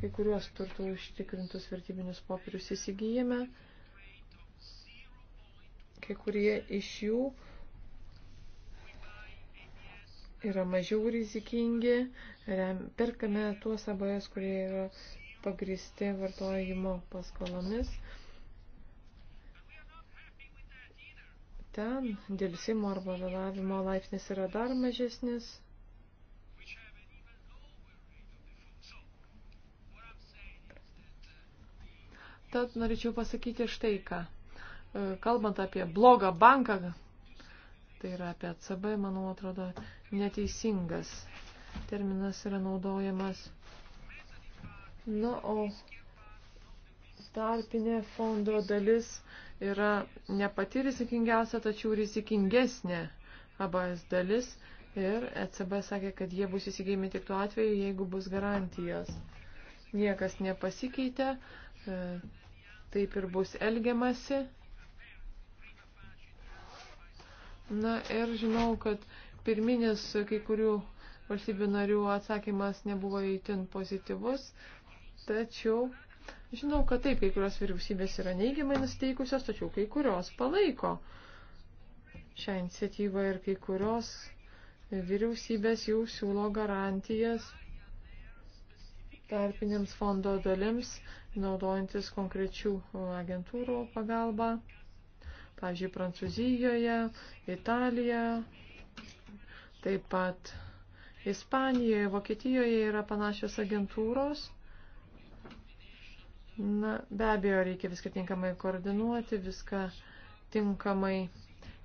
S2: kai kuriuos turtų užtikrintus vertybinius popierius įsigijame. Kai kurie iš jų yra mažiau rizikingi, perkame tuos ABS, kurie yra pagristi vartojimo paskolomis. ten dėlsimo arba vėlavimo laipsnis yra dar mažesnis. Tad norėčiau pasakyti štai ką. E, kalbant apie blogą banką, tai yra apie CB, manau, atrodo, neteisingas terminas yra naudojamas. Na, nu, o tarpinė fondo dalis yra ne pati rizikingiausia, tačiau rizikingesnė ABS dalis ir ECB sakė, kad jie bus įsigijami tik tuo atveju, jeigu bus garantijos. Niekas nepasikeitė, e, taip ir bus elgiamasi. Na ir žinau, kad pirminis kai kurių valstybių narių atsakymas nebuvo įtin pozityvus, tačiau Žinau, kad taip, kai kurios vyriausybės yra neigiamai nusteikusios, tačiau kai kurios palaiko šią iniciatyvą ir kai kurios vyriausybės jau siūlo garantijas tarpinėms fondo dalims, naudojantis konkrečių agentūrų pagalbą. Pavyzdžiui, Prancūzijoje, Italija, taip pat Ispanijoje, Vokietijoje yra panašios agentūros. Na, be abejo, reikia viską tinkamai koordinuoti, viską tinkamai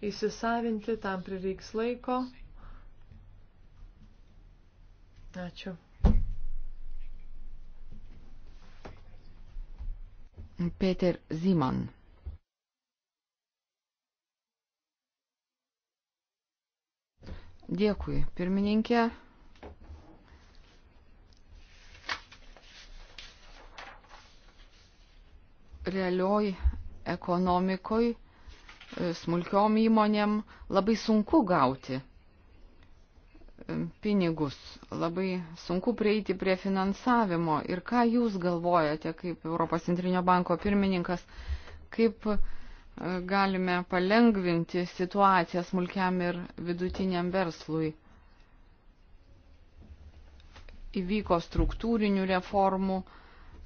S2: įsisavinti, tam prireiks laiko. Ačiū.
S3: Peter Ziman. Dėkui, pirmininkė. realioj ekonomikoj, e, smulkiom įmonėm labai sunku gauti e, pinigus, labai sunku prieiti prie finansavimo. Ir ką Jūs galvojate, kaip Europos centrinio banko pirmininkas, kaip e, galime palengvinti situaciją smulkiam ir vidutiniam verslui? Įvyko struktūrinių reformų,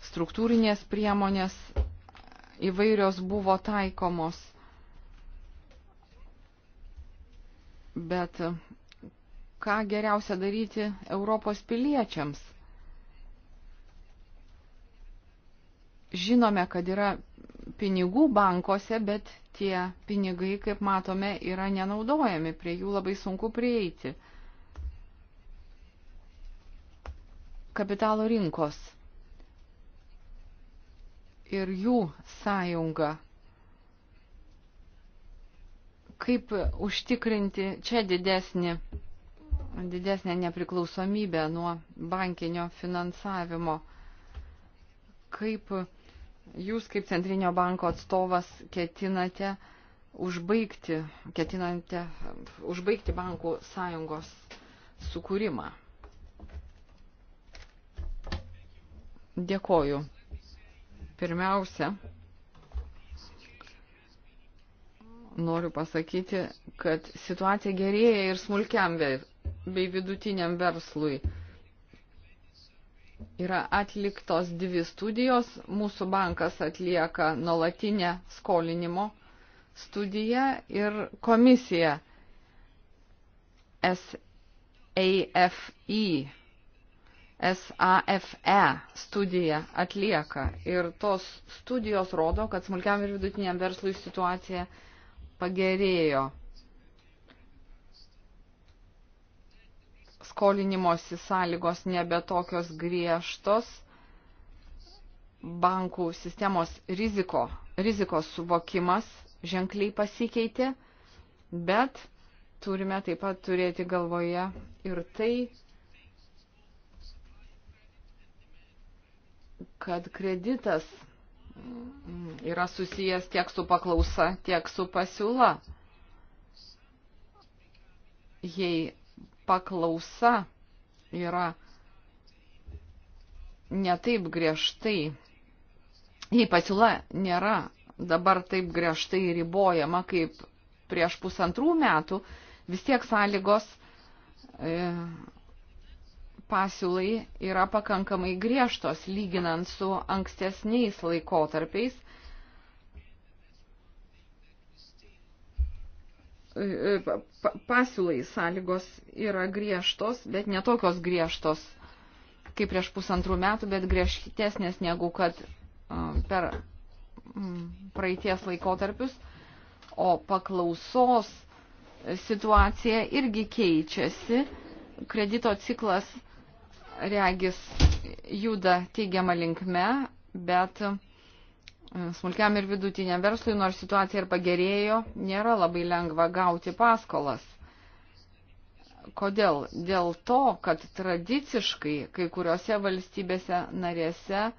S3: struktūrinės priemonės įvairios buvo taikomos. Bet e, ką geriausia daryti Europos piliečiams? Žinome, kad yra pinigų bankuose, bet tie pinigai, kaip matome, yra nenaudojami, prie jų labai sunku prieiti. Kapitalo rinkos ir jų sąjunga. Kaip užtikrinti čia didesnį, didesnę nepriklausomybę nuo bankinio finansavimo? Kaip jūs kaip Centrinio banko atstovas ketinate užbaigti, ketinate užbaigti bankų sąjungos sukūrimą? Dėkoju. Pirmiausia, noriu pasakyti, kad situacija gerėja ir smulkiam bei vidutiniam verslui. Yra atliktos dvi studijos, mūsų bankas atlieka nuolatinę skolinimo studiją ir komisija SAFI e SAFE studija atlieka ir tos studijos rodo, kad smulkiam ir vidutiniam verslui situacija pagerėjo. Skolinimosi sąlygos nebe tokios griežtos, bankų sistemos riziko, rizikos suvokimas ženkliai pasikeitė, bet turime taip pat turėti galvoje ir tai, kad kreditas yra susijęs tiek su paklausa, tiek su pasiūla. Jei paklausa yra netaip griežtai, jei pasiūla nėra dabar taip griežtai ribojama kaip prieš pusantrų metų, vis tiek sąlygos e, pasiūlai yra pakankamai griežtos lyginant su ankstesniais laikotarpiais. Pasiūlai sąlygos yra griežtos, bet netokios griežtos kaip prieš pusantrų metų, bet griežtesnės negu kad per praeities laikotarpius, o paklausos situacija irgi keičiasi. Kredito ciklas regis juda teigiama linkme, bet e, smulkiam ir vidutiniam verslui, nors situacija ir pagerėjo, nėra labai lengva gauti paskolas. Kodėl? Dėl to, kad tradiciškai kai kuriuose valstybėse narėse e,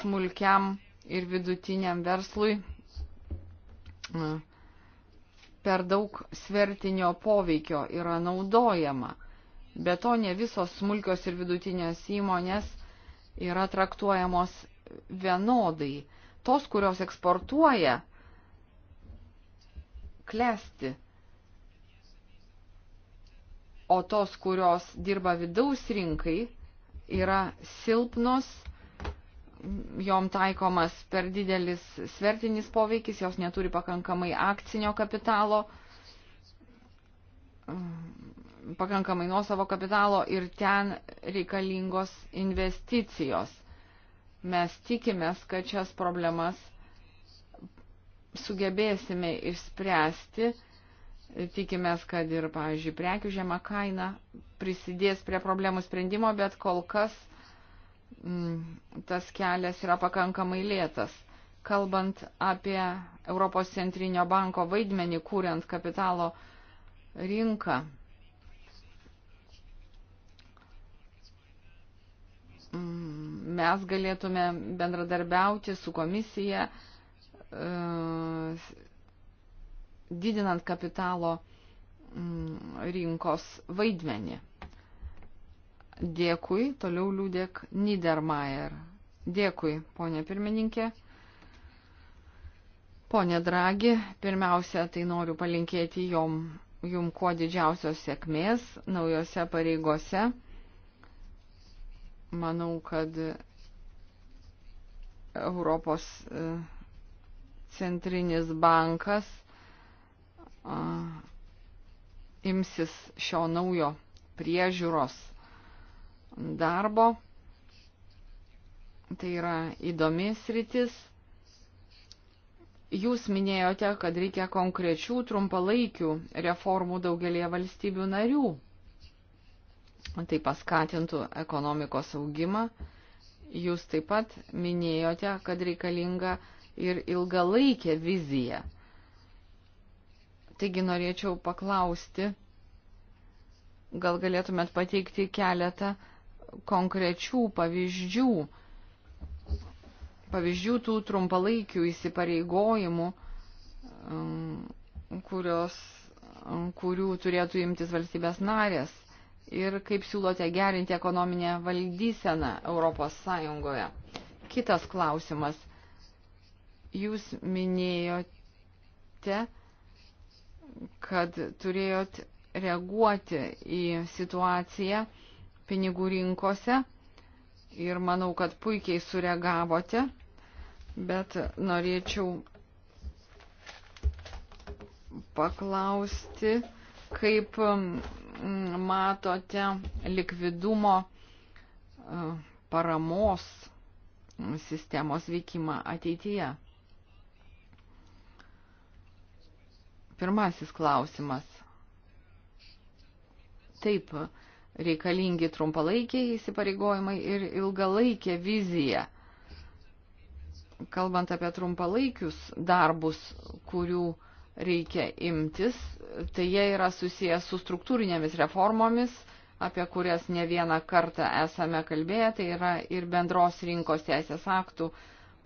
S3: smulkiam ir vidutiniam verslui e, per daug svertinio poveikio yra naudojama. Be to, ne visos smulkios ir vidutinės įmonės yra traktuojamos vienodai. Tos, kurios eksportuoja, klesti. O tos, kurios dirba vidaus rinkai, yra silpnos, jom taikomas per didelis svertinis poveikis, jos neturi pakankamai akcinio kapitalo pakankamai nuosavo kapitalo ir ten reikalingos investicijos. Mes tikimės, kad šias problemas sugebėsime išspręsti. Tikimės, kad ir, pavyzdžiui, prekių žema kaina prisidės prie problemų sprendimo, bet kol kas mm, tas kelias yra pakankamai lėtas. Kalbant apie Europos centrinio banko vaidmenį, kūriant kapitalo rinką, Mm, mes galėtume bendradarbiauti su komisija, e, didinant kapitalo mm, rinkos vaidmenį. Dėkui, toliau liūdėk Niedermayer. Dėkui, ponė pirmininkė. Pone Dragi, pirmiausia, tai noriu palinkėti jom, jum kuo didžiausios sėkmės naujose pareigose. Manau, kad Europos e, centrinis bankas imsis šio naujo priežiūros darbo. Tai yra įdomi sritis. Jūs minėjote, kad reikia konkrečių trumpalaikių reformų daugelie valstybių narių tai paskatintų ekonomikos augimą. Jūs taip pat minėjote, kad reikalinga ir ilgalaikė vizija. Taigi norėčiau paklausti, gal galėtumėt pateikti keletą konkrečių pavyzdžių, pavyzdžių tų trumpalaikių įsipareigojimų, um, kurios, um, kurių turėtų imtis valstybės narės ir kaip siūlote gerinti ekonominę valdyseną Europos Sąjungoje. Kitas klausimas. Jūs minėjote, kad turėjot reaguoti į situaciją pinigų rinkose ir manau, kad puikiai sureagavote, bet norėčiau paklausti, kaip Mm, matote likvidumo e, paramos mm, sistemos veikimą ateityje? Pirmasis klausimas. Taip, reikalingi trumpalaikiai įsipareigojimai ir ilgalaikė vizija. Kalbant apie trumpalaikius darbus, kurių uh, reikia imtis, tai jie yra susijęs su struktūrinėmis reformomis, apie kurias ne vieną kartą esame kalbėję, tai yra ir bendros rinkos teisės aktų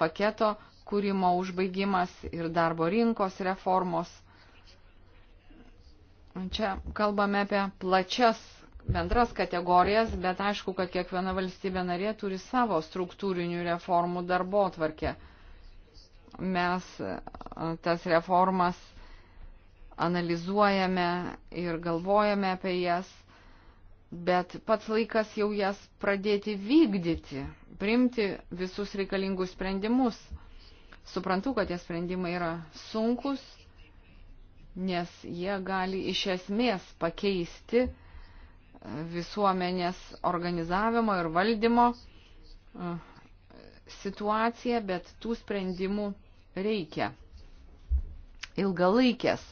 S3: paketo kūrimo užbaigimas ir darbo rinkos reformos. Čia kalbame apie plačias bendras kategorijas, bet aišku, kad kiekviena valstybė narė turi savo struktūrinių reformų darbo atvarkę. Mes tas reformas analizuojame ir galvojame apie jas, bet pats laikas jau jas pradėti vykdyti, priimti visus reikalingus sprendimus. Suprantu, kad tie sprendimai yra sunkus, nes jie gali iš esmės pakeisti e, visuomenės organizavimo ir valdymo e, situaciją, bet tų sprendimų reikia. Ilgalaikės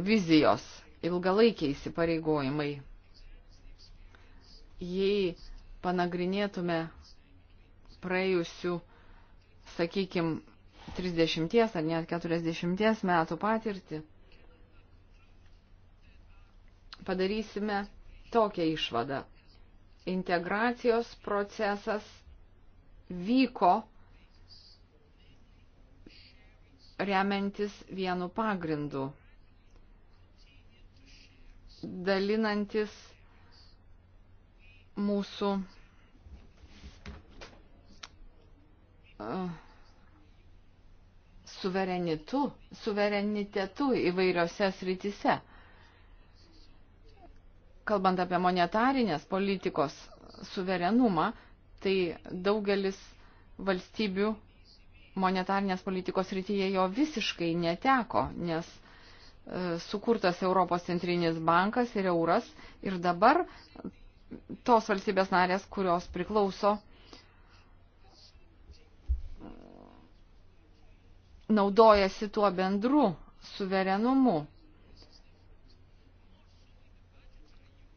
S3: vizijos, ilgalaikiai įsipareigojimai. Jei panagrinėtume praėjusių, sakykime, 30 ar net 40 metų patirtį, padarysime tokią išvadą. Integracijos procesas vyko remiantis vienu pagrindu dalinantis mūsų suverenitu, suverenitetu įvairiose srityse. Kalbant apie monetarinės politikos suverenumą, tai daugelis valstybių monetarinės politikos rytyje jo visiškai neteko, nes uh, sukurtas Europos centrinis bankas ir euras ir dabar tos valstybės narės, kurios priklauso naudojasi tuo bendru suverenumu.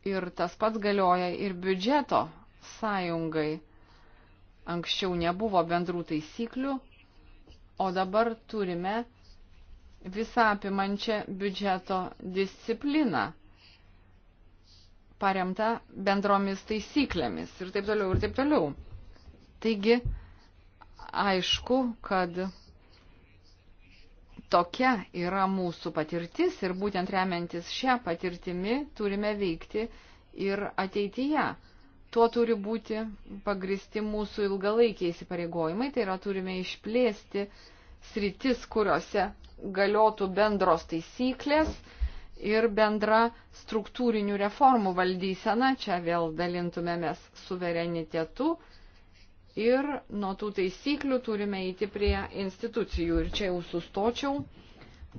S3: Ir tas pats galioja ir biudžeto sąjungai. Anksčiau nebuvo bendrų taisyklių, o dabar turime visą apimančią biudžeto discipliną, paremta bendromis taisyklėmis ir taip toliau ir taip toliau. Taigi, aišku, kad tokia yra mūsų patirtis ir būtent remiantis šią patirtimi turime veikti ir ateityje. Tuo turi būti pagristi mūsų ilgalaikiai įsipareigojimai, tai yra turime išplėsti sritis, kuriuose galiotų bendros taisyklės ir bendra struktūrinių reformų valdysena, čia vėl dalintumėmės suverenitetu ir nuo tų taisyklių turime eiti prie institucijų. Ir čia jau sustočiau,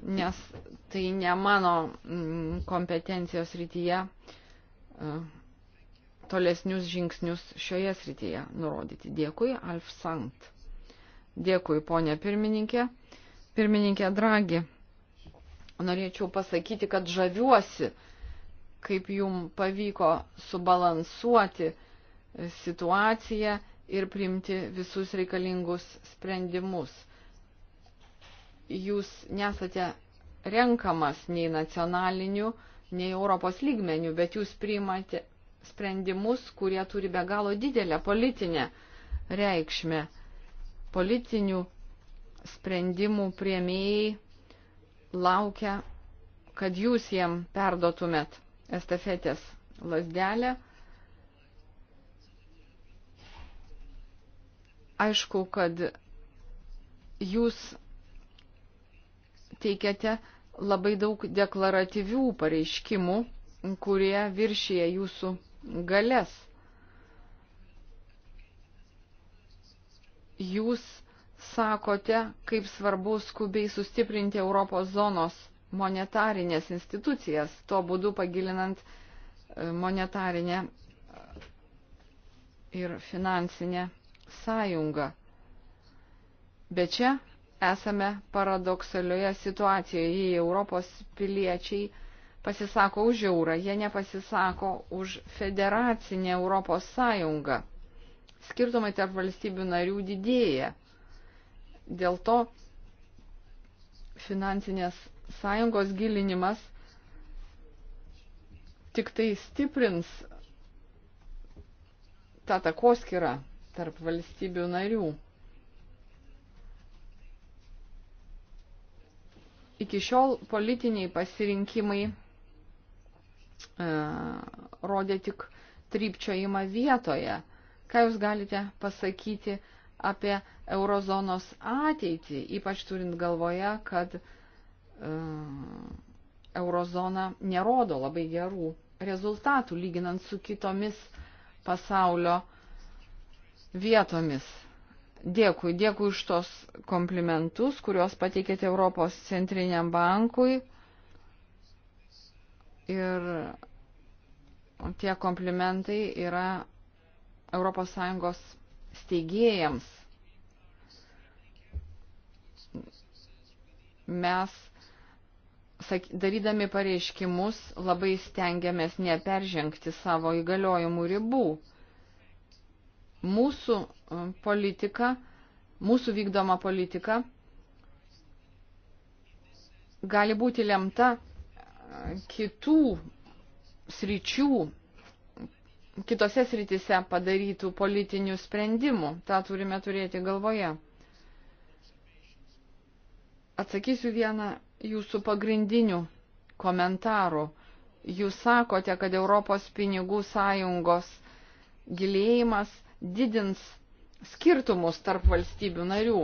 S3: nes tai ne mano mm, kompetencijos rytyje e, tolesnius žingsnius šioje srityje nurodyti. Dėkui, Alf Sant. Dėkui, ponė pirmininkė pirmininkė Dragi, norėčiau pasakyti, kad žaviuosi, kaip jum pavyko subalansuoti situaciją ir priimti visus reikalingus sprendimus. Jūs nesate renkamas nei nacionaliniu, nei Europos lygmeniu, bet jūs priimate sprendimus, kurie turi be galo didelę politinę reikšmę. Politinių sprendimų prieimėjai laukia, kad jūs jiem perdotumėt estafetės lasdelę. Aišku, kad jūs teikiate labai daug deklaratyvių pareiškimų, kurie viršyje jūsų galės. Jūs sakote, kaip svarbu skubiai sustiprinti Europos zonos monetarinės institucijas, tuo būdu pagilinant e, monetarinę ir finansinę sąjungą. Bet čia esame paradoksalioje situacijoje, jei Europos piliečiai pasisako už eurą, jie nepasisako už federacinę Europos sąjungą. Skirtumai tarp valstybių narių didėja. Dėl to finansinės sąjungos gilinimas tik tai stiprins tą takoskirą tarp valstybių narių. Iki šiol politiniai pasirinkimai e, rodė tik trypčiojimą vietoje. Ką Jūs galite pasakyti apie eurozonos ateitį, ypač turint galvoje, kad e, eurozona nerodo labai gerų rezultatų lyginant su kitomis pasaulio vietomis. Dėkui, dėkui už tos komplimentus, kuriuos pateikėte Europos centriniam bankui. Ir tie komplimentai yra ES steigėjams. Mes, darydami pareiškimus, labai stengiamės neperžengti savo įgaliojimų ribų. Mūsų e, politika, mūsų vykdoma politika gali būti lemta e, kitų sričių kitose sritise padarytų politinių sprendimų. Ta turime turėti galvoje. Atsakysiu vieną jūsų pagrindinių komentarų. Jūs sakote, kad Europos pinigų sąjungos gilėjimas didins skirtumus tarp valstybių narių.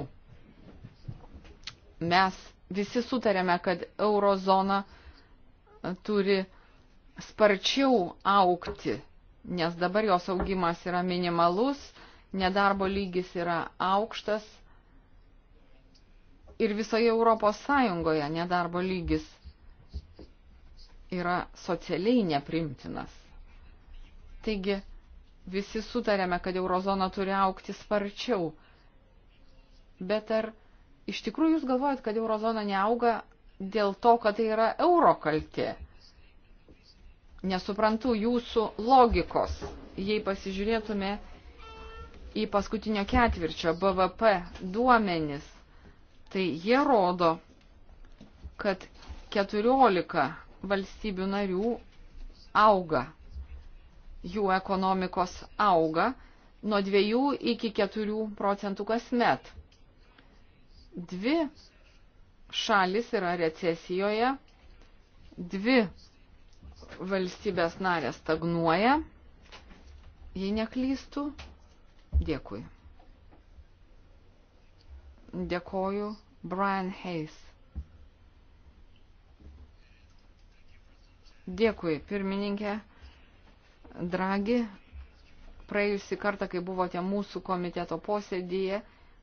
S3: Mes visi sutarėme, kad eurozona turi sparčiau aukti nes dabar jos augimas yra minimalus, nedarbo lygis yra aukštas ir visoje Europos Sąjungoje nedarbo lygis yra socialiai neprimtinas. Taigi visi sutarėme, kad eurozona turi aukti sparčiau. Bet ar iš tikrųjų jūs galvojat, kad eurozona neauga dėl to, kad tai yra euro kaltė? nesuprantu jūsų logikos. Jei pasižiūrėtume į paskutinio ketvirčio BVP duomenis, tai jie rodo, kad 14 valstybių narių auga. Jų ekonomikos auga nuo 2 iki 4 procentų kasmet. Dvi šalis yra recesijoje, dvi valstybės narės stagnuoja, jei neklystų. Dėkui. Dėkoju Brian Hayes. Dėkui, pirmininkė Dragi. Praėjusį kartą, kai buvote mūsų komiteto posėdėje,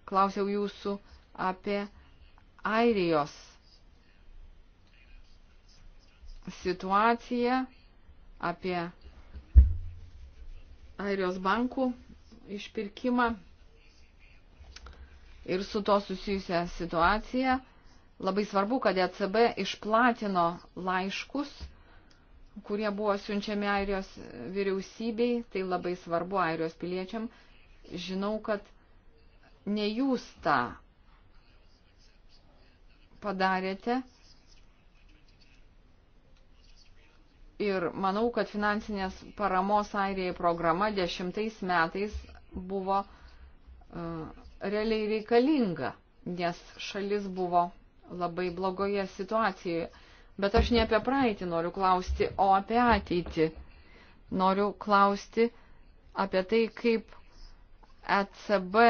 S3: klausiau jūsų apie Airijos situaciją, apie Airijos bankų išpirkimą ir su to susijusią situaciją. Labai svarbu, kad ECB išplatino laiškus, kurie buvo siunčiami Airijos vyriausybei. Tai labai svarbu Airijos piliečiam. Žinau, kad ne jūs tą padarėte. Ir manau, kad finansinės paramos Airijai programa dešimtais metais buvo uh, realiai reikalinga, nes šalis buvo labai blogoje situacijoje. Bet aš ne apie praeitį noriu klausti, o apie ateitį. Noriu klausti apie tai, kaip ECB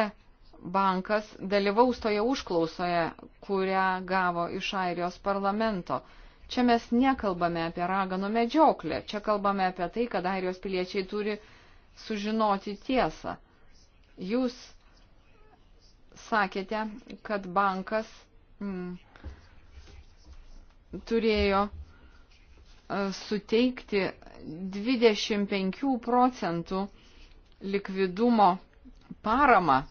S3: bankas dalyvaus toje užklausoje, kurią gavo iš Airijos parlamento. Uh, Čia mes nekalbame apie raganų medžioklę, čia kalbame apie tai, kad airijos piliečiai turi sužinoti tiesą. Jūs sakėte, kad bankas mm, turėjo e, suteikti 25 procentų likvidumo paramą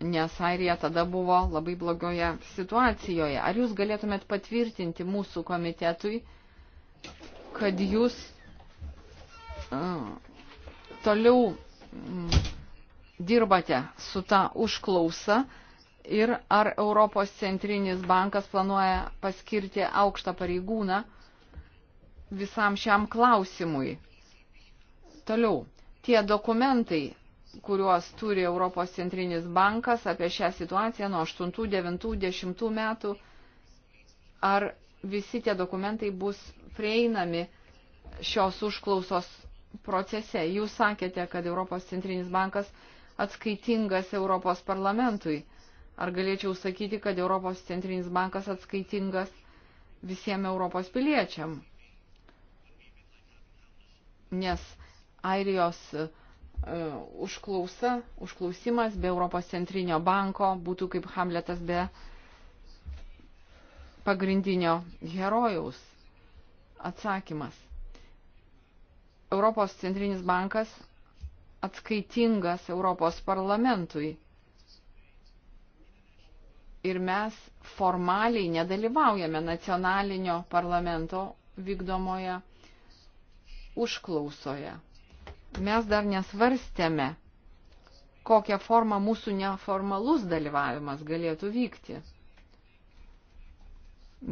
S3: nes Airija tada buvo labai blogoje situacijoje. Ar jūs galėtumėt patvirtinti mūsų komitetui, kad jūs uh, toliau um, dirbate su ta užklausa ir ar Europos centrinis bankas planuoja paskirti aukštą pareigūną visam šiam klausimui? Toliau, tie dokumentai, kuriuos turi Europos centrinis bankas apie šią situaciją nuo 8, 9, 10 metų, ar visi tie dokumentai bus prieinami šios užklausos procese. Jūs sakėte, kad Europos centrinis bankas atskaitingas Europos parlamentui. Ar galėčiau sakyti, kad Europos centrinis bankas atskaitingas visiems Europos piliečiam? Nes Airijos uh, E, užklausa, užklausimas be Europos centrinio banko būtų kaip Hamletas be pagrindinio herojaus. Atsakymas. Europos centrinis bankas atskaitingas Europos parlamentui. Ir mes formaliai nedalyvaujame nacionalinio parlamento vykdomoje užklausoje mes dar nesvarstėme, kokią formą mūsų neformalus dalyvavimas galėtų vykti.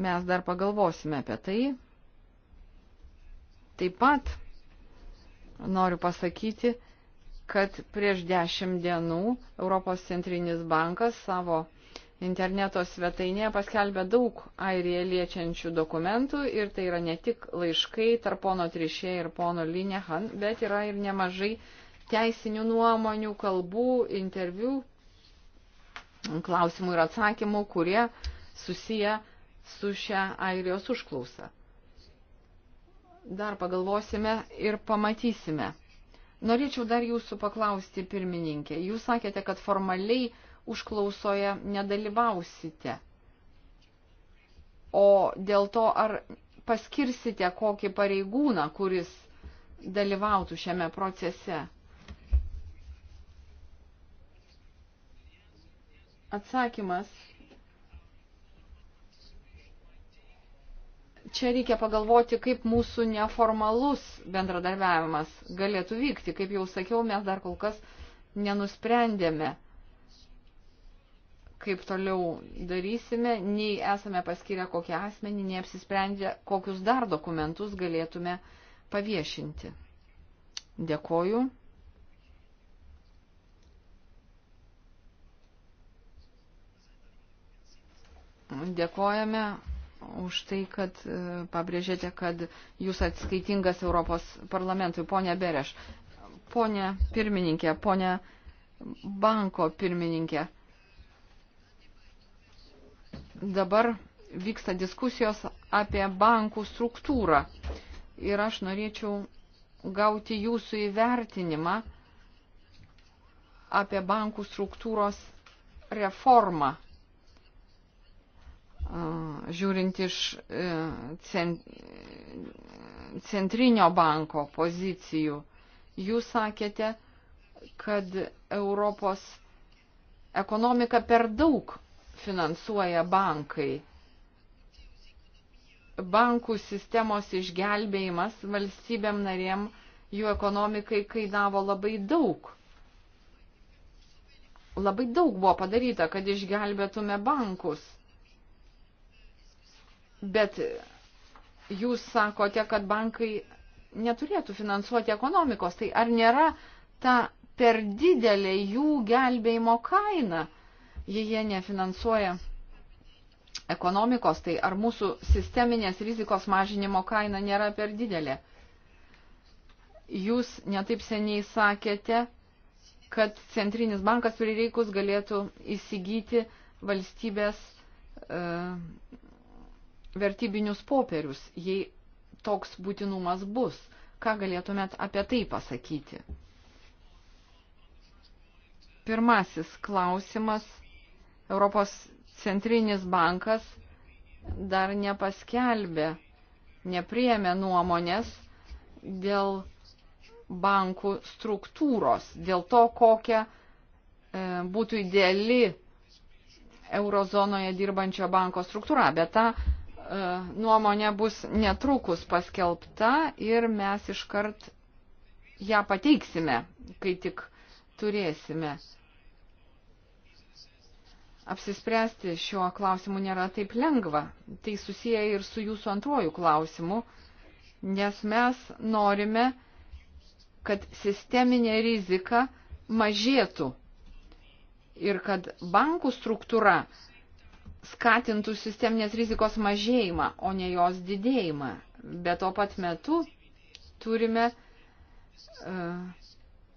S3: Mes dar pagalvosime apie tai. Taip pat noriu pasakyti, kad prieš dešimt dienų Europos centrinis bankas savo interneto svetainėje paskelbė daug airiją liečiančių dokumentų ir tai yra ne tik laiškai tarp pono Trišė ir pono Linehan, bet yra ir nemažai teisinių nuomonių, kalbų, interviu, klausimų ir atsakymų, kurie susiję su šia airijos užklausa. Dar pagalvosime ir pamatysime. Norėčiau dar jūsų paklausti, pirmininkė. Jūs sakėte, kad formaliai užklausoje nedalyvausite. O dėl to, ar paskirsite kokį pareigūną, kuris dalyvautų šiame procese? Atsakymas. Čia reikia pagalvoti, kaip mūsų neformalus bendradarbiavimas galėtų vykti. Kaip jau sakiau, mes dar kol kas nenusprendėme kaip toliau darysime, nei esame paskyrę kokį asmenį, nei apsisprendę, kokius dar dokumentus galėtume paviešinti. Dėkoju. Dėkojame už tai, kad e, pabrėžėte, kad jūs atskaitingas Europos parlamentui. Pone Bereš, ponė pirmininkė, ponė banko pirmininkė dabar vyksta diskusijos apie bankų struktūrą. Ir aš norėčiau gauti jūsų įvertinimą apie bankų struktūros reformą, žiūrint iš e, centrinio banko pozicijų. Jūs sakėte, kad Europos ekonomika per daug finansuoja bankai. Bankų sistemos išgelbėjimas valstybėm narėm jų ekonomikai kainavo labai daug. Labai daug buvo padaryta, kad išgelbėtume bankus. Bet jūs sakote, kad bankai neturėtų finansuoti ekonomikos. Tai ar nėra ta per didelė jų gelbėjimo kaina? jei jie nefinansuoja ekonomikos, tai ar mūsų sisteminės rizikos mažinimo kaina nėra per didelė? Jūs netaip seniai sakėte, kad centrinis bankas prireikus galėtų įsigyti valstybės e, vertybinius popierius, jei toks būtinumas bus. Ką galėtumėt apie tai pasakyti? Pirmasis klausimas Europos centrinis bankas dar nepaskelbė, nepriemė nuomonės dėl bankų struktūros, dėl to, kokia e, būtų ideali eurozonoje dirbančio banko struktūra, bet ta e, nuomonė bus netrukus paskelbta ir mes iškart ją pateiksime, kai tik turėsime apsispręsti šiuo klausimu nėra taip lengva. Tai susiję ir su jūsų antrojų klausimu, nes mes norime, kad sisteminė rizika mažėtų ir kad bankų struktūra skatintų sisteminės rizikos mažėjimą, o ne jos didėjimą. Bet tuo pat metu turime uh,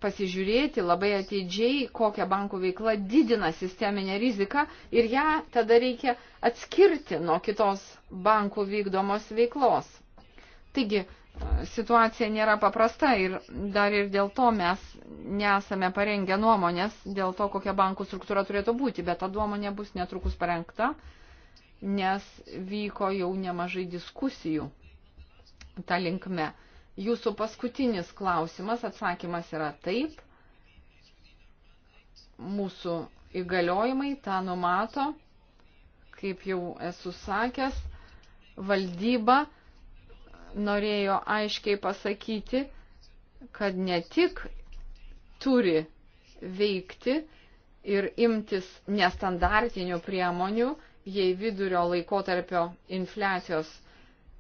S3: pasižiūrėti labai ateidžiai, kokia bankų veikla didina sisteminę riziką ir ją tada reikia atskirti nuo kitos bankų vykdomos veiklos. Taigi, situacija nėra paprasta ir dar ir dėl to mes nesame parengę nuomonės dėl to, kokia bankų struktūra turėtų būti, bet ta nuomonė bus netrukus parengta, nes vyko jau nemažai diskusijų tą linkme. Jūsų paskutinis klausimas, atsakymas yra taip. Mūsų įgaliojimai tą numato, kaip jau esu sakęs, valdyba norėjo aiškiai pasakyti, kad ne tik turi veikti ir imtis nestandartinių priemonių, jei vidurio laikotarpio infliacijos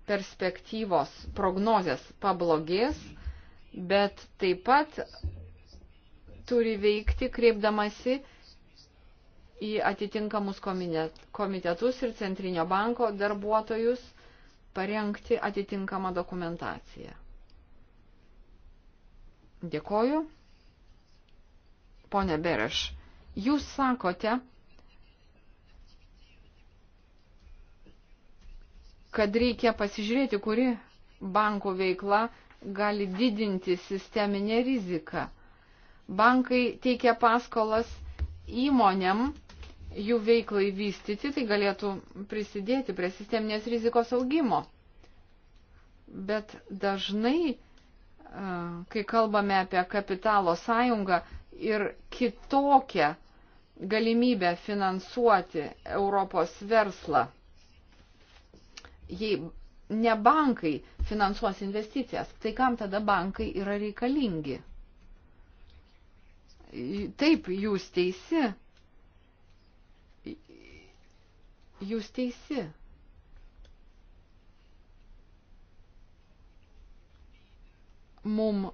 S3: perspektyvos prognozės pablogės, bet taip pat turi veikti kreipdamasi į atitinkamus komitetus ir Centrinio banko darbuotojus parengti atitinkamą dokumentaciją. Dėkoju. Pone Bereš, jūs sakote, kad reikia pasižiūrėti, kuri bankų veikla gali didinti sisteminę riziką. Bankai teikia paskolas įmonėm, jų veiklai vystyti, tai galėtų prisidėti prie sisteminės rizikos augimo. Bet dažnai, kai kalbame apie kapitalo sąjungą ir kitokią galimybę finansuoti Europos verslą, jei ne bankai finansuos investicijas, tai kam tada bankai yra reikalingi? Taip, jūs teisi. Jūs teisi. Mum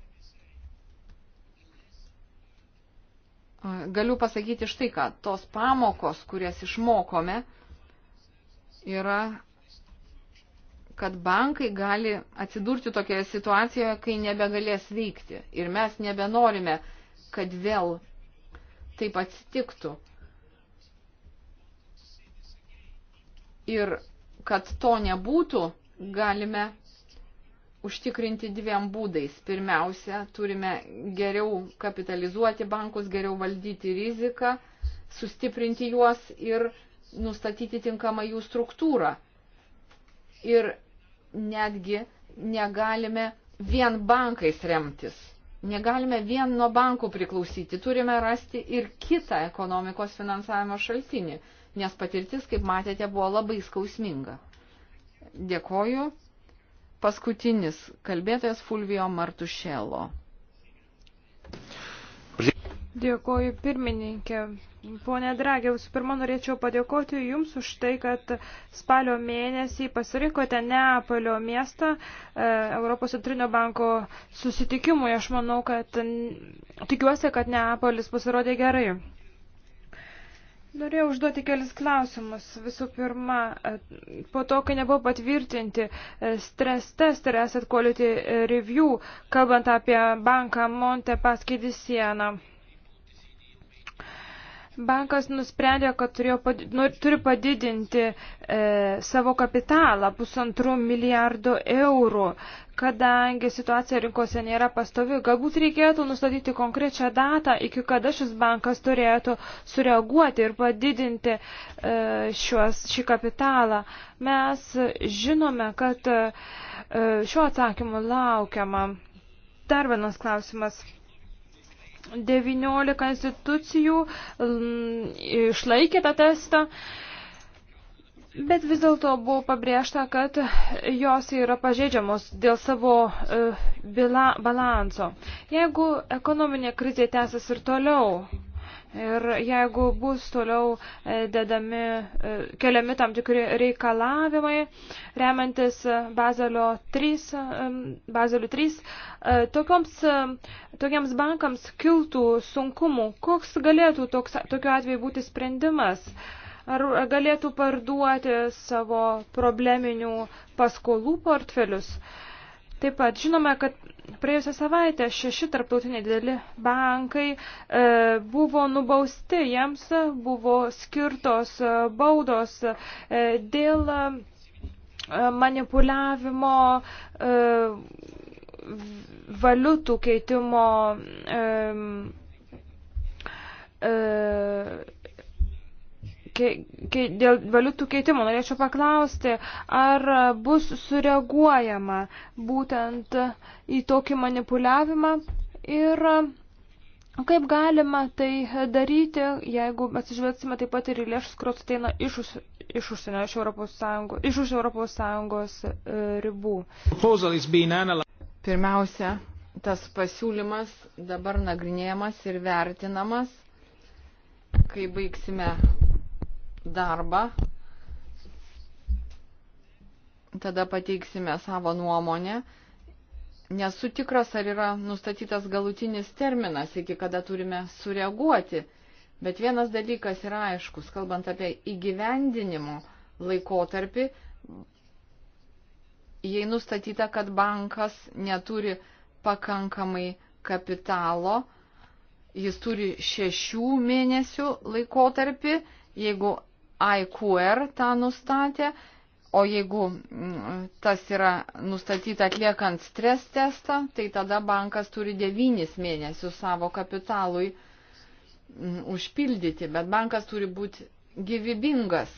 S3: galiu pasakyti štai ką, tos pamokos, kurias išmokome, yra kad bankai gali atsidurti tokioje situacijoje, kai nebegalės veikti. Ir mes nebenorime, kad vėl taip atsitiktų. Ir kad to nebūtų, galime užtikrinti dviem būdais. Pirmiausia, turime geriau kapitalizuoti bankus, geriau valdyti riziką, sustiprinti juos ir nustatyti tinkamą jų struktūrą ir netgi negalime vien bankais remtis. Negalime vien nuo bankų priklausyti, turime rasti ir kitą ekonomikos finansavimo šaltinį, nes patirtis, kaip matėte, buvo labai skausminga. Dėkoju. Paskutinis kalbėtojas Fulvio Martušelo.
S4: Dėkoju pirmininkė. Pone Dragė, visų pirma, norėčiau padėkoti Jums už tai, kad spalio mėnesį pasirinkote Neapolio miestą e, Europos centrinio banko susitikimui. Aš manau, kad tikiuosi, kad Neapolis pasirodė gerai. Norėjau užduoti kelis klausimus. Visų pirma, e, po to, kai nebuvo patvirtinti e, stres tester asset quality review, kalbant apie banką Monte Paskidį sieną bankas nusprendė, kad turėjo, nu, turi padidinti e, savo kapitalą pusantrų milijardų eurų, kadangi situacija rinkose nėra pastovi. Galbūt reikėtų nustatyti konkrečią datą, iki kada šis bankas turėtų sureaguoti ir padidinti e, šiuos, šį kapitalą. Mes žinome, kad e, šiuo atsakymu laukiama. Dar vienas klausimas. 19 institucijų išlaikė tą testą. Bet vis dėlto buvo pabrėžta, kad jos yra pažeidžiamos dėl savo e, bila, balanso. Jeigu ekonominė krizė tęsis ir toliau, Ir jeigu bus toliau e, dedami, e, keliami tam tikri reikalavimai, remiantis e, Bazelio 3, Bazelio 3 tokioms, tokiems bankams kiltų sunkumų. Koks galėtų toks, tokiu atveju būti sprendimas? Ar galėtų parduoti savo probleminių paskolų portfelius? Uh, Taip pat žinome, kad praėjusią savaitę šeši tarptautiniai dideli bankai e, buvo nubausti, jiems buvo skirtos baudos e, dėl e, manipuliavimo e, valiutų keitimo e, e, ke, ke, dėl valiutų keitimo norėčiau paklausti, ar bus sureaguojama būtent į tokį manipuliavimą ir kaip galima tai daryti, jeigu atsižvelgsime taip pat ir į lėšus, kurios ateina iš, iš
S3: užsienio, iš Europos Sąjungos, iš už Europos Sąjungos e, ribų. Pirmiausia, tas pasiūlymas dabar nagrinėjamas ir vertinamas kai baigsime darbą. Tada pateiksime savo nuomonę. Nesu tikras, ar yra nustatytas galutinis terminas, iki kada turime sureaguoti. Bet vienas dalykas yra aiškus, kalbant apie įgyvendinimo laikotarpį, jei nustatyta, kad bankas neturi pakankamai kapitalo, jis turi šešių mėnesių laikotarpį, jeigu IQR tą nustatė, o jeigu mm, tas yra nustatyta atliekant stres testą, tai tada bankas turi devynis mėnesius savo kapitalui mm, užpildyti, bet bankas turi būti gyvybingas.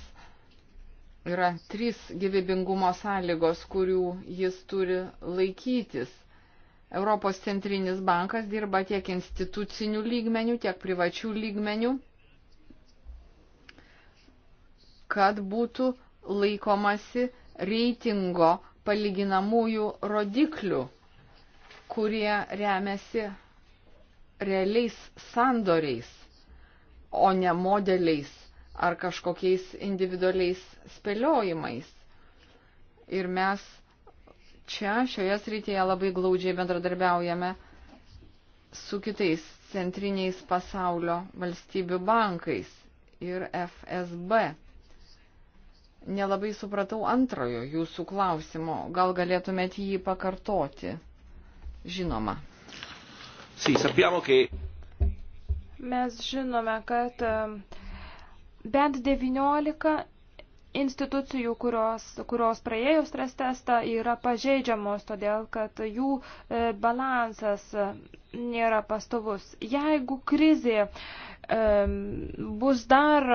S3: Yra trys gyvybingumo sąlygos, kurių jis turi laikytis. Europos centrinis bankas dirba tiek institucinių lygmenių, tiek privačių lygmenių kad būtų laikomasi reitingo palyginamųjų rodiklių, kurie remiasi realiais sandoriais, o ne modeliais ar kažkokiais individualiais spėliojimais. Ir mes čia šioje srityje labai glaudžiai bendradarbiaujame su kitais centriniais pasaulio valstybių bankais ir FSB nelabai supratau antrojo jūsų klausimo. Gal galėtumėt jį pakartoti? Žinoma. Sì, sappiamo che...
S4: Mes žinome, kad bent 19 institucijų, kurios, kurios praėjo stres testą, yra pažeidžiamos, todėl kad jų e, balansas nėra pastovus. Jeigu krizė bus dar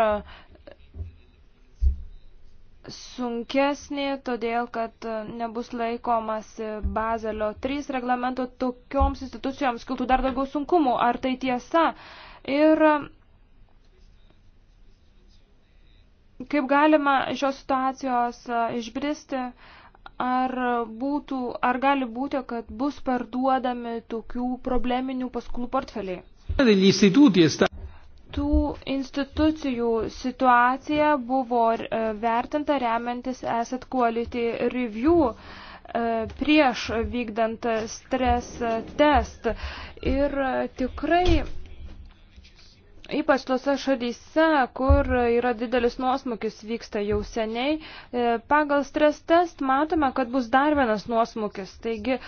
S4: sunkesnė, todėl kad e, nebus laikomas Bazelio 3 reglamento tokioms institucijoms kiltų dar daugiau sunkumų. Ar tai tiesa? Ir kaip galima šios situacijos e, išbristi? Ar, būtų, ar gali būti, kad bus parduodami tokių probleminių paskolų portfeliai? tų institucijų situacija buvo e, vertinta remiantis Asset Quality Review e, prieš vykdant stres test. Ir e, tikrai Ypač tose šalyse, kur yra didelis nuosmukis vyksta jau seniai, e, pagal stres test matome, kad bus dar vienas nuosmukis. Taigi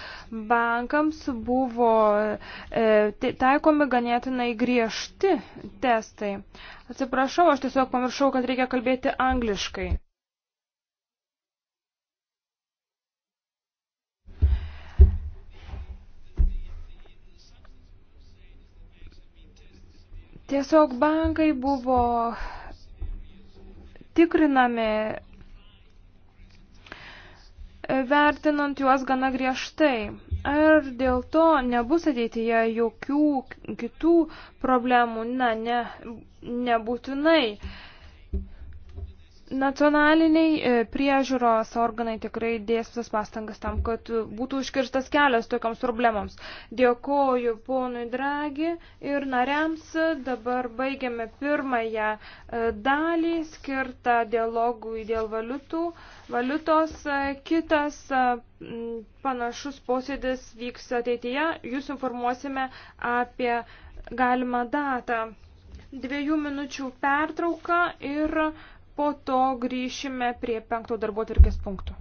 S4: bankams buvo e, taikomi ganėtinai griežti testai. Atsiprašau, aš tiesiog pamiršau, kad reikia kalbėti angliškai. Tiesiog bankai buvo tikrinami, vertinant juos gana griežtai. Ar dėl to nebus ateityje jokių kitų problemų? Na, ne, nebūtinai. Ne Nacionaliniai e, priežiūros organai tikrai dės visas pastangas tam, kad būtų užkirstas kelias tokiams problemams. Dėkoju ponui Dragi ir nariams. Dabar baigiame pirmąją e, dalį skirtą dialogui dėl valiutų. Valiutos e, kitas panašus posėdis vyks ateityje. Jūs informuosime apie galimą datą. Dviejų minučių pertrauką ir po to grįšime prie penkto darbo tvarkės punkto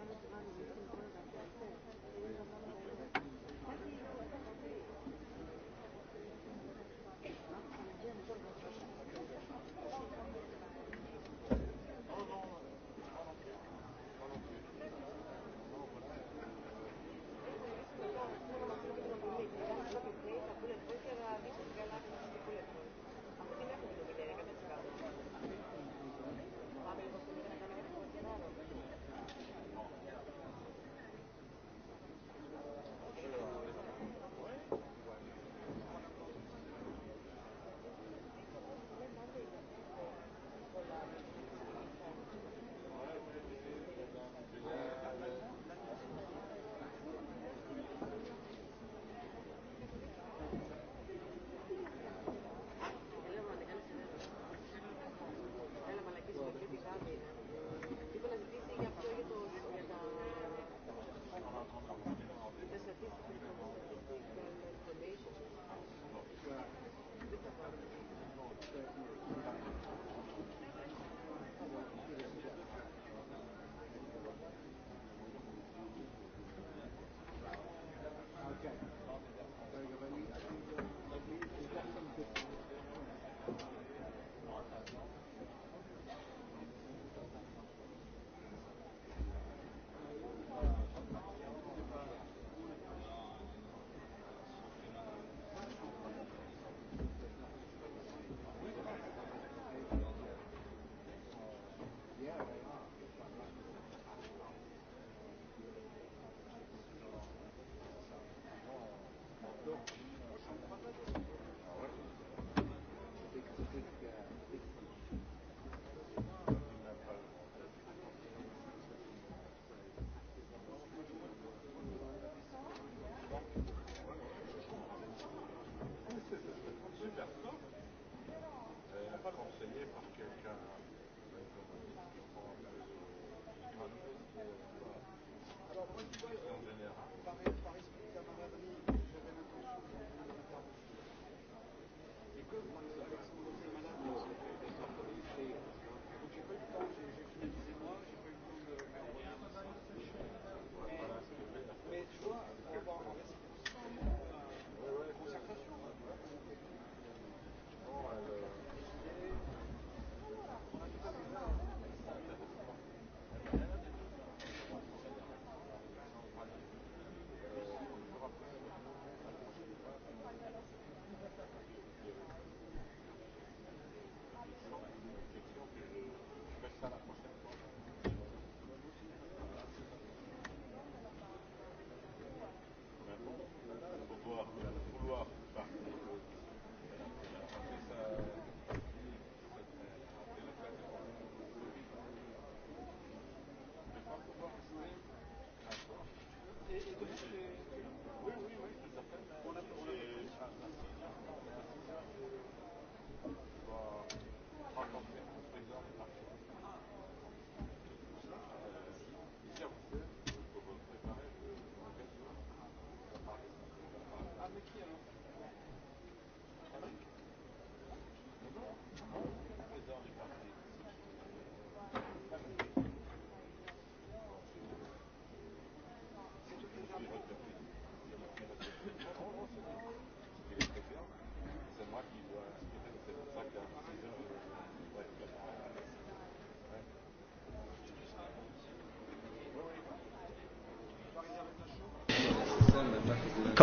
S1: Thank you.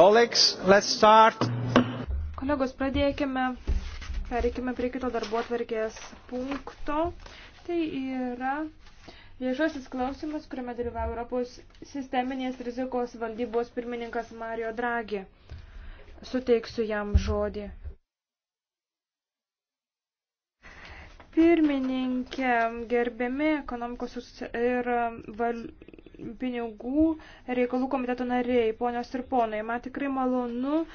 S1: Colleagues,
S5: let's start.
S4: Kolegos, pradėkime, pereikime prie kito darbo atvarkės punkto. Tai yra viešasis klausimas, kuriame dalyvauja Europos sisteminės rizikos valdybos pirmininkas Mario Draghi. Suteiksiu jam žodį. Pirmininkė, gerbiami ekonomikos ir val pinigų reikalų komiteto nariai, ponios ir ponai. Man tikrai malonu e,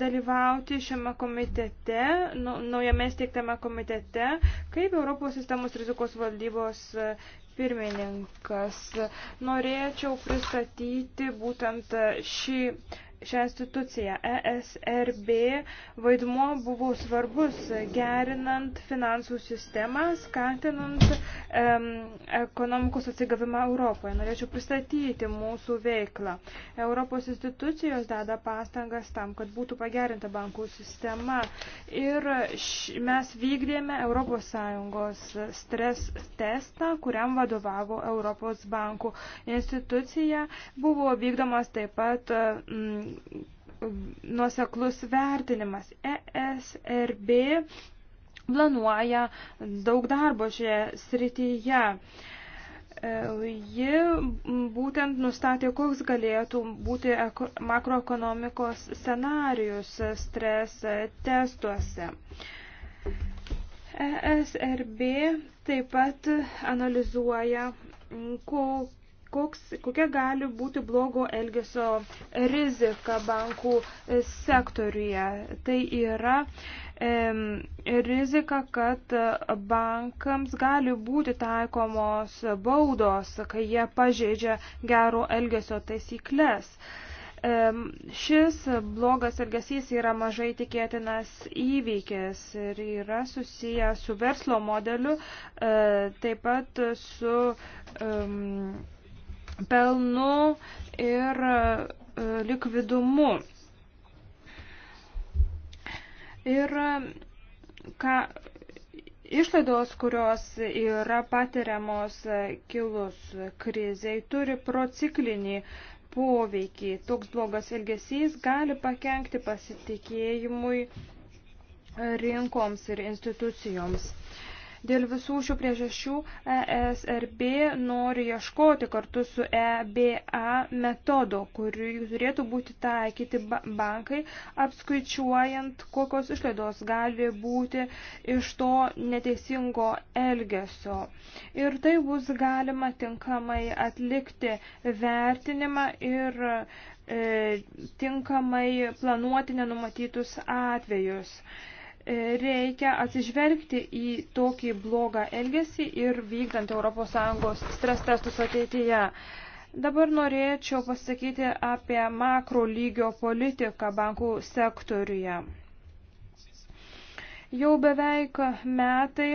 S4: dalyvauti šiame komitete, nu, naujame steiktame komitete, kaip Europos sistemos rizikos valdybos e, pirmininkas. Norėčiau pristatyti būtent e, šį šią instituciją. ESRB vaidmuo buvo svarbus gerinant finansų sistemą, skatinant um, ekonomikos atsigavimą Europoje. Norėčiau pristatyti mūsų veiklą. Europos institucijos deda pastangas tam, kad būtų pagerinta bankų sistema ir š, mes vykdėme ES stres testą, kuriam vadovavo Europos bankų institucija. Buvo vykdomas taip pat mm, nuoseklus vertinimas. ESRB planuoja daug darbo šioje srityje. E, ji būtent nustatė, koks galėtų būti makroekonomikos scenarius stres testuose. ESRB taip pat analizuoja, ko, koks, kokia gali būti blogo elgesio rizika bankų sektoriuje. Tai yra e, rizika, kad bankams gali būti taikomos baudos, kai jie pažeidžia gero elgesio taisyklės. E, šis blogas elgesys yra mažai tikėtinas įvykis ir yra susijęs su verslo modeliu, e, taip pat su um, e, pelnu ir e, likvidumu. Ir e, ką, išlaidos, kurios yra patiriamos kilus kriziai, turi prociklinį poveikį. Toks blogas elgesys gali pakengti pasitikėjimui rinkoms ir institucijoms. Dėl visų šių priežasčių ESRB nori ieškoti kartu su EBA metodo, kurį turėtų būti taikyti bankai, apskaičiuojant, kokios išlaidos gali būti iš to neteisingo elgesio. Ir tai bus galima tinkamai atlikti vertinimą ir e, tinkamai planuoti nenumatytus atvejus. E, reikia atsižvelgti į tokį blogą elgesį ir vykdant ES stres testus ateityje. Dabar norėčiau pasakyti apie makro lygio politiką bankų sektoriuje. Jau beveik metai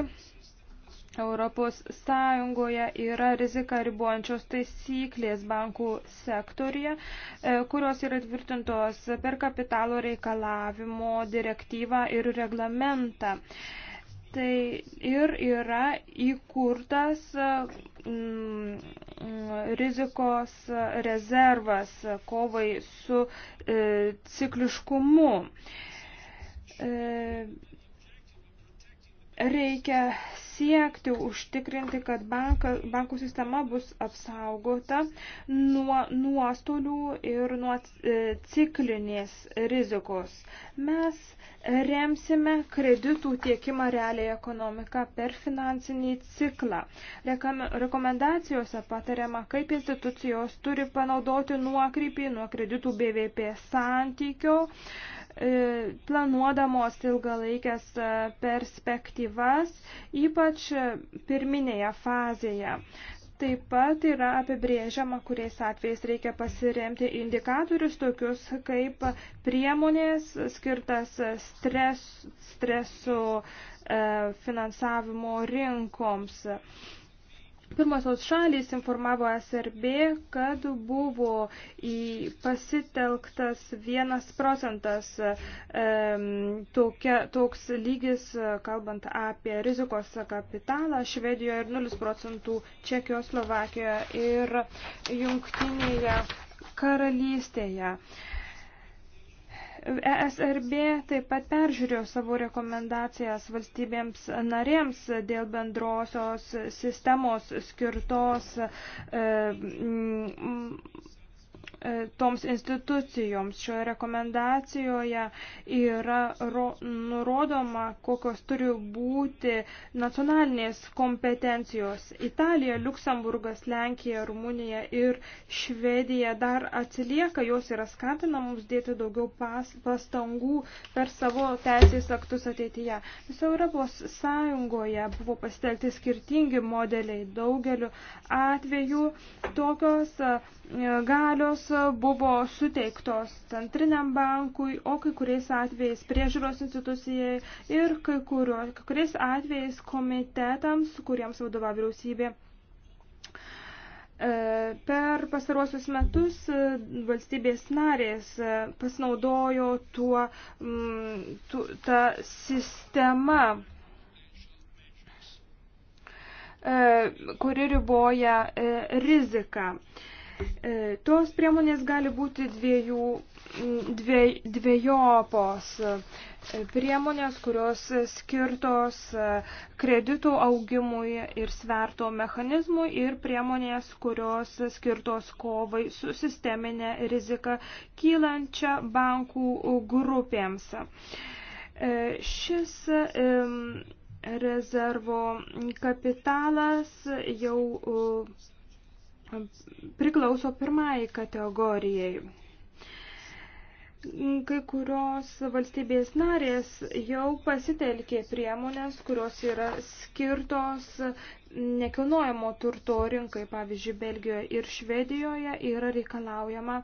S4: Europos Sąjungoje yra rizika ribuojančios taisyklės bankų sektorija, e, kurios yra tvirtintos per kapitalo reikalavimo direktyvą ir reglamentą. Tai ir yra įkurtas e, mm, rizikos rezervas kovai su e, cikliškumu. Reikia siekti užtikrinti, kad banka, bankų sistema bus apsaugota nuo nuostolių ir nuo e, ciklinės rizikos. Mes remsime kreditų tiekimą realiai ekonomiką per finansinį ciklą. Rekomendacijose patariama, kaip institucijos turi panaudoti nuokrypį nuo kreditų BVP santykio e, planuodamos ilgalaikės e, perspektyvas, ypač ypač pirminėje fazėje. Taip pat yra apibrėžiama, kuriais atvejais reikia pasiremti indikatorius, tokius kaip priemonės skirtas stres, stresų e, finansavimo rinkoms. E, Pirmosios šalys informavo SRB, kad buvo į pasitelktas vienas procentas e, tokia, toks lygis, kalbant apie rizikos kapitalą Švedijoje ir 0 procentų Čekijoje, Slovakijoje ir Jungtinėje karalystėje. E, ESRB taip pat peržiūrėjo savo rekomendacijas valstybėms narėms dėl bendrosios sistemos skirtos e, m, E, toms institucijoms. Šioje rekomendacijoje yra ro, nurodoma, kokios turi būti nacionalinės kompetencijos. Italija, Luksemburgas, Lenkija, Rumunija ir Švedija dar atsilieka, jos yra skatinamos dėti daugiau pas, pastangų per savo teisės aktus ateityje. Viso Europos Sąjungoje buvo pasitelkti skirtingi modeliai. Daugeliu atveju tokios e, galios buvo suteiktos centriniam bankui, o kai kuriais atvejais priežiūros institucijai ir kai, kurio, kai kuriais atvejais komitetams, kuriems vadova vyriausybė. E, per pastaruosius metus e, valstybės narės e, pasinaudojo tuo, mm, tu, tą sistemą, kuri riboja riziką. E, tos priemonės gali būti dviejų, dvie, dviejopos e, priemonės, kurios skirtos e, kreditų augimui ir sverto mechanizmui ir priemonės, kurios skirtos kovai su sisteminė rizika kylančia bankų grupėms. Šis rezervo kapitalas jau priklauso pirmai kategorijai. Kai kurios valstybės narės jau pasitelkė priemonės, kurios yra skirtos nekilnojamo turto rinkai, pavyzdžiui, Belgijoje ir Švedijoje yra reikalaujama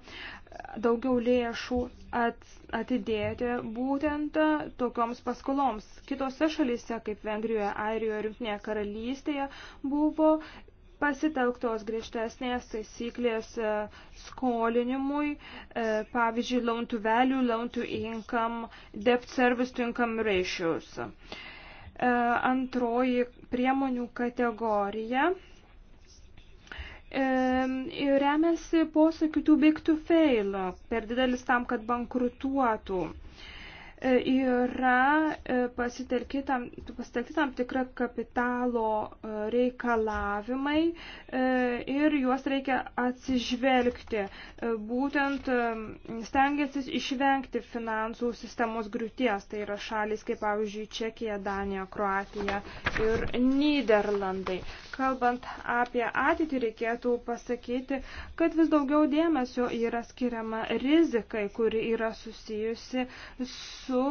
S4: daugiau lėšų atidėti būtent tokioms paskoloms. Kitose šalyse, kaip Vengrijoje, Airijoje ir Junktinėje karalystėje, buvo pasitelktos griežtesnės taisyklės e, skolinimui, e, pavyzdžiui, loan to value, loan to income, debt service to income ratios. E, antroji priemonių kategorija remiasi posakiu too big to fail, per didelis tam, kad bankrutuotų. E, yra e, pasitelkti tam, tam tikrą kapitalo e, reikalavimai ir juos reikia atsižvelgti. Būtent stengiasi išvengti finansų sistemos griūties. Tai yra šalis kaip pavyzdžiui Čekija, Danija, Kroatija ir Niderlandai. Kalbant apie ateitį, reikėtų pasakyti, kad vis daugiau dėmesio yra skiriama rizikai, kuri yra susijusi su su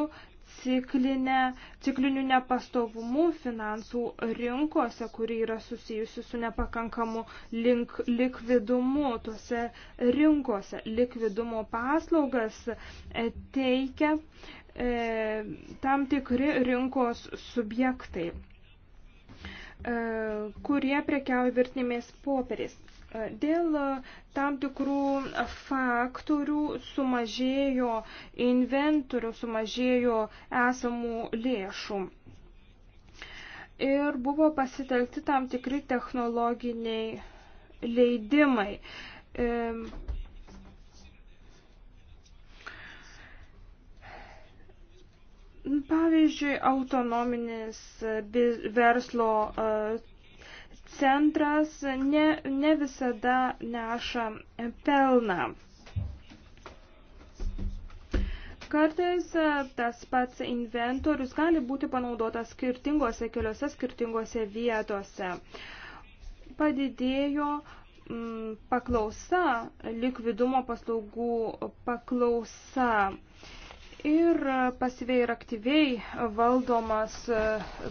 S4: ciklinė, cikliniu nepastovumu finansų rinkose, kuri yra susijusi su nepakankamu link, likvidumu tuose rinkose. Likvidumo paslaugas e, teikia e, tam tikri rinkos subjektai e, kurie prekiauja vertinėmis popieriais. Dėl tam tikrų faktorių sumažėjo inventorių, sumažėjo esamų lėšų. Ir buvo pasitelkti tam tikri technologiniai leidimai. Pavyzdžiui, autonominis verslo centras ne, ne visada neša pelną. Kartais e, tas pats inventorius gali būti panaudotas skirtingose keliose, skirtingose vietose. Padidėjo m, paklausa, likvidumo paslaugų paklausa ir pasyviai ir aktyviai valdomas,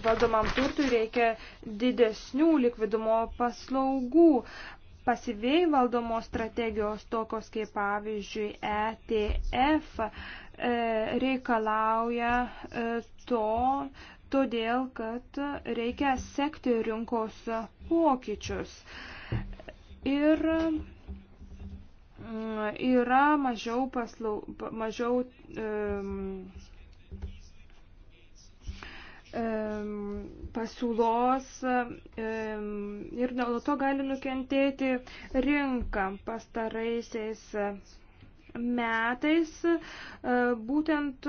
S4: valdomam turtui reikia didesnių likvidumo paslaugų. Pasyviai valdomos strategijos tokios kaip pavyzdžiui ETF e, reikalauja e, to, todėl kad reikia sekti rinkos pokyčius. Ir Mm, yra mažiau, paslau, mažiau um, pasiūlos ir dėl to gali nukentėti rinka pastaraisiais metais. E, būtent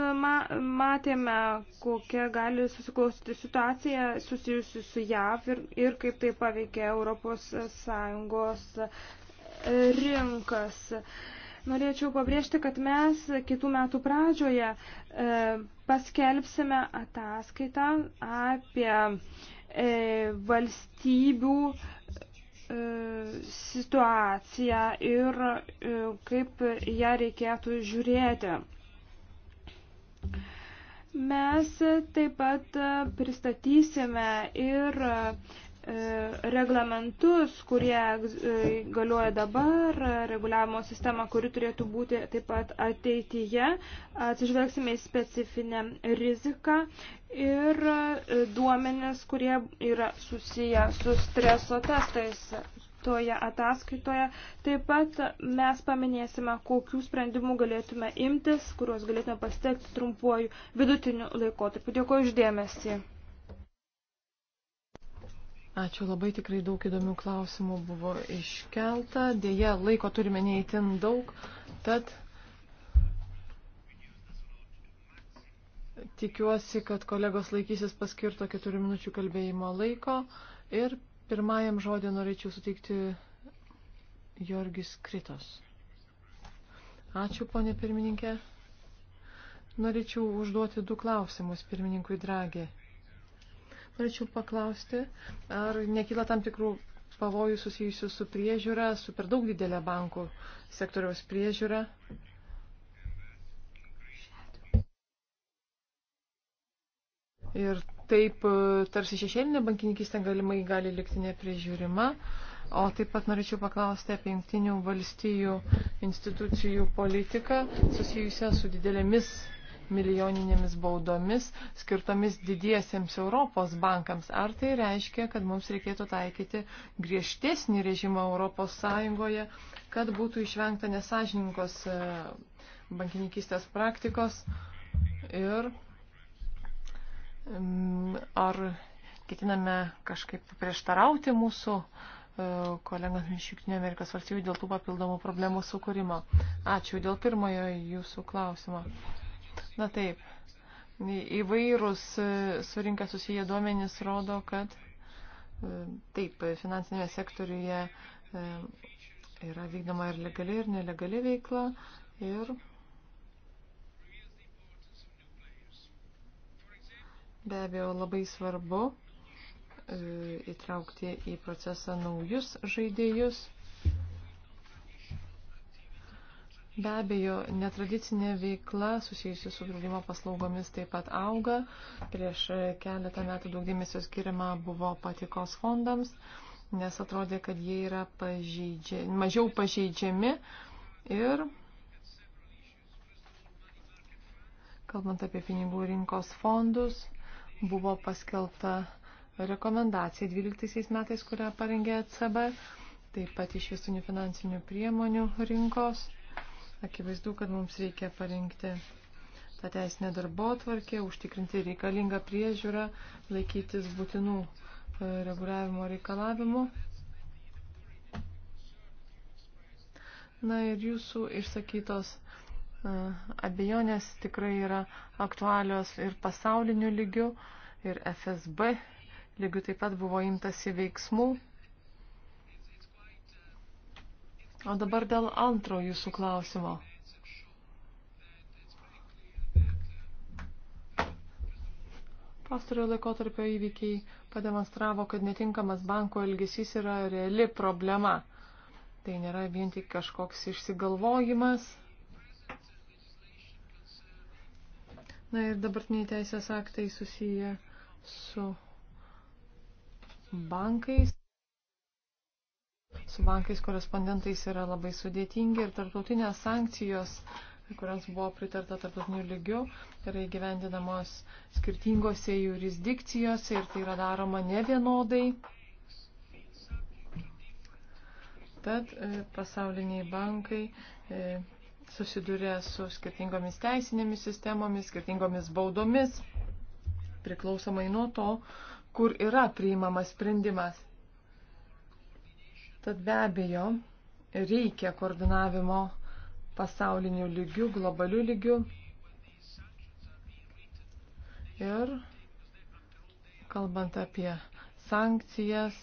S4: matėme, kokia gali susiklausyti situacija susijusi su JAV ir, ir kaip tai paveikia Europos Sąjungos rinkas. Norėčiau pabrėžti, kad mes kitų metų pradžioje e, paskelbsime ataskaitą apie e, valstybių e, situaciją ir kaip ją reikėtų žiūrėti. Mes taip pat pristatysime ir E, reglamentus, kurie e, galioja dabar, reguliavimo sistemą, kuri turėtų būti taip pat ateityje, atsižvelgsime į specifinę riziką ir e, duomenis, kurie yra susiję su streso testais toje ataskaitoje. Taip pat mes paminėsime, kokių sprendimų galėtume imtis, kuriuos galėtume pasitekti trumpuoju vidutiniu laikotarpiu. Dėkuoju uždėmesi.
S2: Ačiū labai, tikrai daug įdomių klausimų buvo
S4: iškelta. Deja, laiko turime
S2: neįtin daug, tad tikiuosi, kad kolegos laikysis paskirto keturių minučių kalbėjimo laiko. Ir pirmajam žodį norėčiau suteikti Jorgis Kritos. Ačiū, ponė pirmininkė. Norėčiau užduoti du klausimus pirmininkui Dragė norėčiau paklausti, ar nekyla tam tikrų pavojų susijusių su priežiūra, su per daug didelė bankų sektoriaus priežiūra. Ir taip e, tarsi šešėlinė bankininkystė galimai gali likti neprižiūrima. O taip pat norėčiau paklausti apie jungtinių valstijų institucijų politiką susijusią su didelėmis milijoninėmis baudomis skirtomis didiesiems Europos bankams. Ar tai reiškia, kad mums reikėtų taikyti griežtesnį režimą Europos Sąjungoje, kad būtų išvengta nesažininkos e, bankininkystės praktikos? Ir mm, ar ketiname kažkaip prieštarauti mūsų e, kolegams iš Junktinio Amerikos valstybių dėl tų papildomų problemų sukūrimo. Ačiū dėl pirmojo jūsų klausimo. Na taip. Įvairūs e, su rinka susiję duomenys rodo, kad e, taip, finansinėme sektoriuje e, yra vykdoma ir legali, ir nelegali veikla. Ir be abejo labai svarbu įtraukti į procesą naujus žaidėjus. Be abejo, netradicinė veikla susijusi su draudimo paslaugomis taip pat auga. Prieš keletą metų daug dėmesio skiriama buvo patikos fondams, nes atrodė, kad jie yra pažeidžia, mažiau pažeidžiami. Ir kalbant apie pinigų rinkos fondus, buvo paskelbta rekomendacija 12 metais, kurią parengė ECB, taip pat iš visų nefinansinių priemonių rinkos. Akivaizdu, kad mums reikia parinkti tą teisinę darbo tvarkę, užtikrinti reikalingą priežiūrą, laikytis būtinų e, reguliavimo reikalavimų. Na ir jūsų išsakytos e, abejonės tikrai yra aktualios ir pasauliniu lygiu, ir FSB lygiu taip pat buvo imtasi veiksmų. O dabar dėl antro jūsų klausimo. Pastarojo laikotarpio įvykiai pademonstravo, kad netinkamas banko elgesys yra reali problema. Tai nėra vien tik kažkoks išsigalvojimas. Na ir dabartiniai teisės aktai susiję su bankais. Su bankais korespondentais yra labai sudėtingi ir tarptautinės sankcijos, kuriams buvo pritarta tarptautiniu lygiu, yra įgyvendinamos skirtingose jurisdikcijose ir tai yra daroma ne vienodai. Tad e, pasauliniai bankai e, susiduria su skirtingomis teisinėmis sistemomis, skirtingomis baudomis, priklausomai nuo to, kur yra priimamas sprendimas. Tad be abejo, reikia koordinavimo pasauliniu lygiu, globaliu lygiu. Ir kalbant apie sankcijas,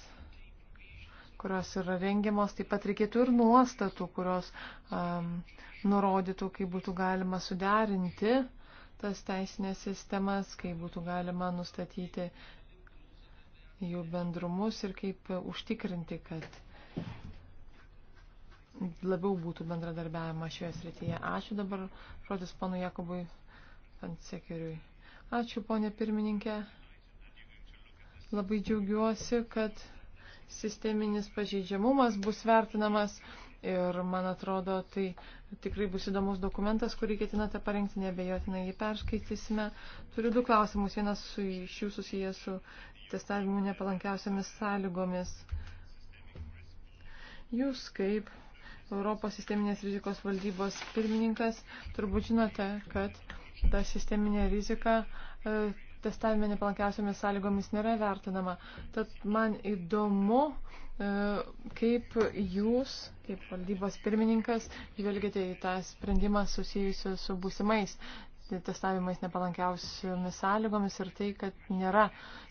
S2: kurios yra rengiamos, taip pat reikėtų ir nuostatų, kurios um, nurodytų, kaip būtų galima suderinti tas teisinės sistemas, kaip būtų galima nustatyti jų bendrumus ir kaip užtikrinti, kad labiau būtų bendradarbiavimas šioje srityje. Ačiū dabar žodis panu Jakobui Pansekeriui. Ačiū, ponė pirmininkė. Labai džiaugiuosi, kad sisteminis pažeidžiamumas bus vertinamas ir, man atrodo, tai tikrai bus įdomus dokumentas, kurį ketinate parengti, nebejotinai jį perskaitysime. Turiu du klausimus, vienas su, iš jų susijęs su testavimu nepalankiausiamis sąlygomis. Jūs kaip Europos sisteminės rizikos valdybos pirmininkas, turbūt žinote, kad ta sisteminė rizika e, testavime nepalankiausiamis sąlygomis nėra vertinama. Tad man įdomu, e, kaip jūs, kaip valdybos pirmininkas, žvelgiate į tą sprendimą susijusiu su būsimais testavimais nepalankiausiomis sąlygomis ir tai, kad nėra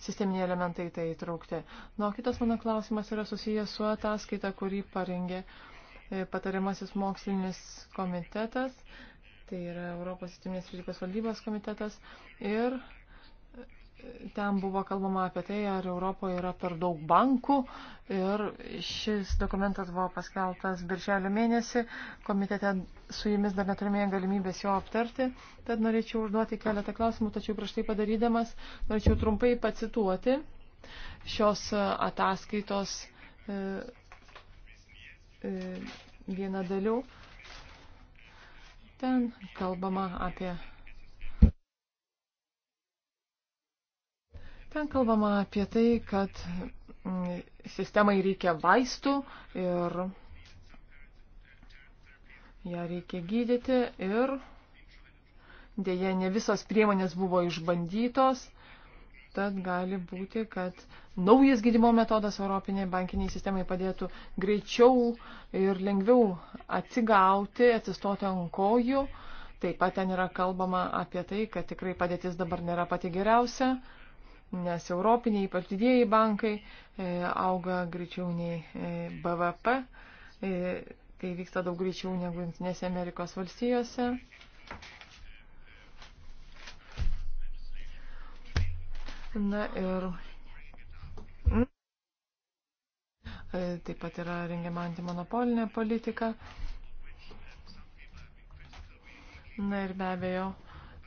S2: sisteminiai elementai tai įtraukti. Na, nu, kitas mano klausimas yra susijęs su ataskaita, kurį parengė uh, E, patariamasis mokslinis komitetas, tai yra Europos sisteminės rizikos valdybos komitetas ir e, ten buvo kalbama apie tai, ar Europoje yra per daug bankų ir šis dokumentas buvo paskeltas birželio mėnesį, komitete su jumis dar neturime galimybės jo aptarti, tad norėčiau užduoti keletą klausimų, tačiau prieš tai padarydamas norėčiau trumpai pacituoti šios ataskaitos e, E, vieną dalių. Ten kalbama apie. Ten kalbama apie tai, kad mm, sistemai reikia vaistų ir ją reikia gydyti ir dėje ne visos priemonės buvo išbandytos tad gali būti, kad naujas gydimo metodas Europiniai bankiniai sistemai padėtų greičiau ir lengviau atsigauti, atsistoti ant kojų. Taip pat ten yra kalbama apie tai, kad tikrai padėtis dabar nėra pati geriausia, nes Europiniai, ypač didieji bankai, e, auga greičiau nei e, BVP. E, tai vyksta daug greičiau negu Junktinėse Amerikos valstijose. Na ir e, taip pat yra rengiama antimonopolinė politika. Na ir be abejo,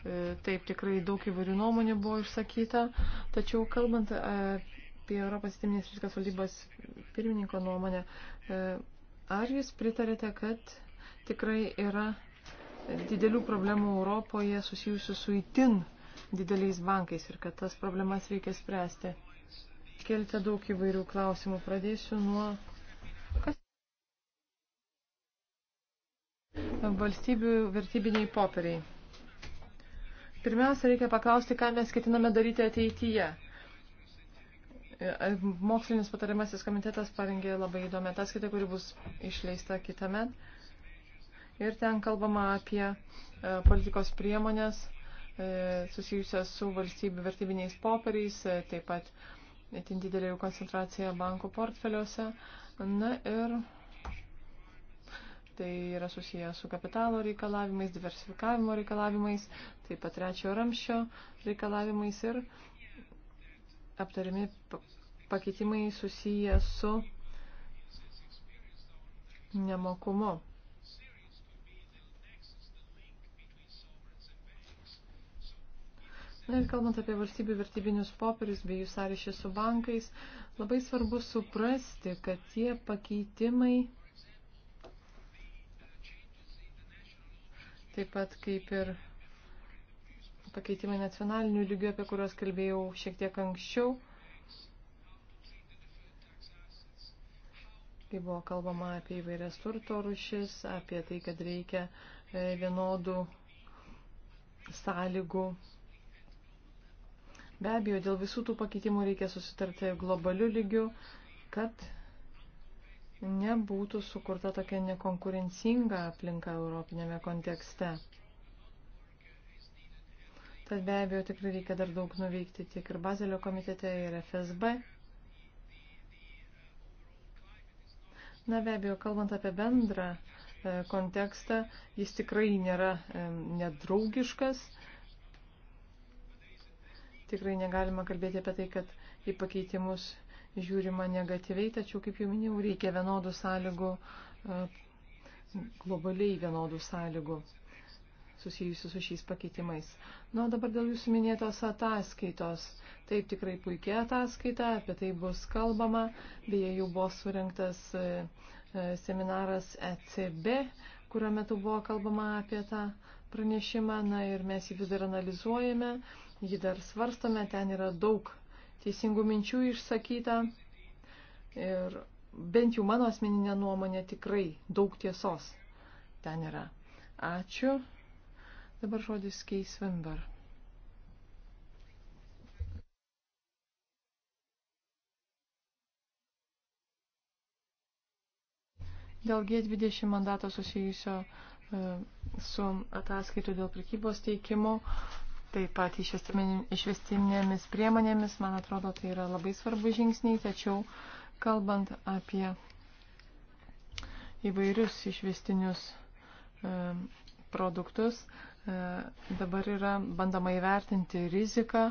S2: e, taip tikrai daug įvairių nuomonių buvo išsakyta, tačiau kalbant e, apie Europos sisteminės rizikos valdybos pirmininko nuomonę, ar jūs pritarėte, kad tikrai yra didelių problemų Europoje susijusių su įtin dideliais bankais ir kad tas problemas reikia spręsti. Kelite daug įvairių klausimų. Pradėsiu nuo kas? valstybių vertybiniai popieriai. Pirmiausia, reikia paklausti, ką mes ketiname daryti ateityje. Mokslinis patarimasis komitetas parengė labai įdomią ataskaitą, kuri bus išleista kitame. Ir ten kalbama apie e, politikos priemonės E, susijusias su valstybių vertybiniais popieriais, e, taip pat itin didelė jų koncentracija bankų portfeliuose. Na ir tai yra susiję su kapitalo reikalavimais, diversifikavimo reikalavimais, taip pat trečiojo ramščio reikalavimais ir aptariami pakeitimai susiję su nemokumu. Na ir kalbant apie valstybių vertybinius popierius bei jų sąryšį su bankais, labai svarbu suprasti, kad tie pakeitimai taip pat kaip ir pakeitimai nacionalinių lygių, apie kuriuos kalbėjau šiek tiek anksčiau, kai buvo kalbama apie įvairias turto rušis, apie tai, kad reikia e, vienodų sąlygų Be abejo, dėl visų tų pakeitimų reikia susitarti globaliu lygiu, kad nebūtų sukurta tokia nekonkurencinga aplinka europinėme kontekste. Tad be abejo tikrai reikia dar daug nuveikti tiek ir Bazelio komitete, ir FSB. Na be abejo, kalbant apie bendrą e, kontekstą, jis tikrai nėra nedraugiškas, Tikrai negalima kalbėti apie tai, kad į pakeitimus žiūrima negatyviai, tačiau, kaip jau minėjau, reikia vienodų sąlygų, e, globaliai vienodų sąlygų susijusių su šiais pakeitimais. Na, nu, dabar dėl jūsų minėtos ataskaitos. Taip tikrai puikia ataskaita, apie tai bus kalbama. Beje, jau buvo surinktas e, e, seminaras ECB kurio metu buvo kalbama apie tą pranešimą, na ir mes jį vis dar analizuojame, jį dar svarstome, ten yra daug teisingų minčių išsakyta ir bent jau mano asmeninė nuomonė tikrai daug tiesos ten yra. Ačiū. Dabar žodis Keis Vimber. dėl G20 mandato susijusio e, su ataskaitų dėl prekybos teikimo, taip pat išvestinėmis priemonėmis, man atrodo, tai yra labai svarbu žingsniai, tačiau kalbant apie įvairius išvestinius e, produktus, e, dabar yra bandama įvertinti riziką.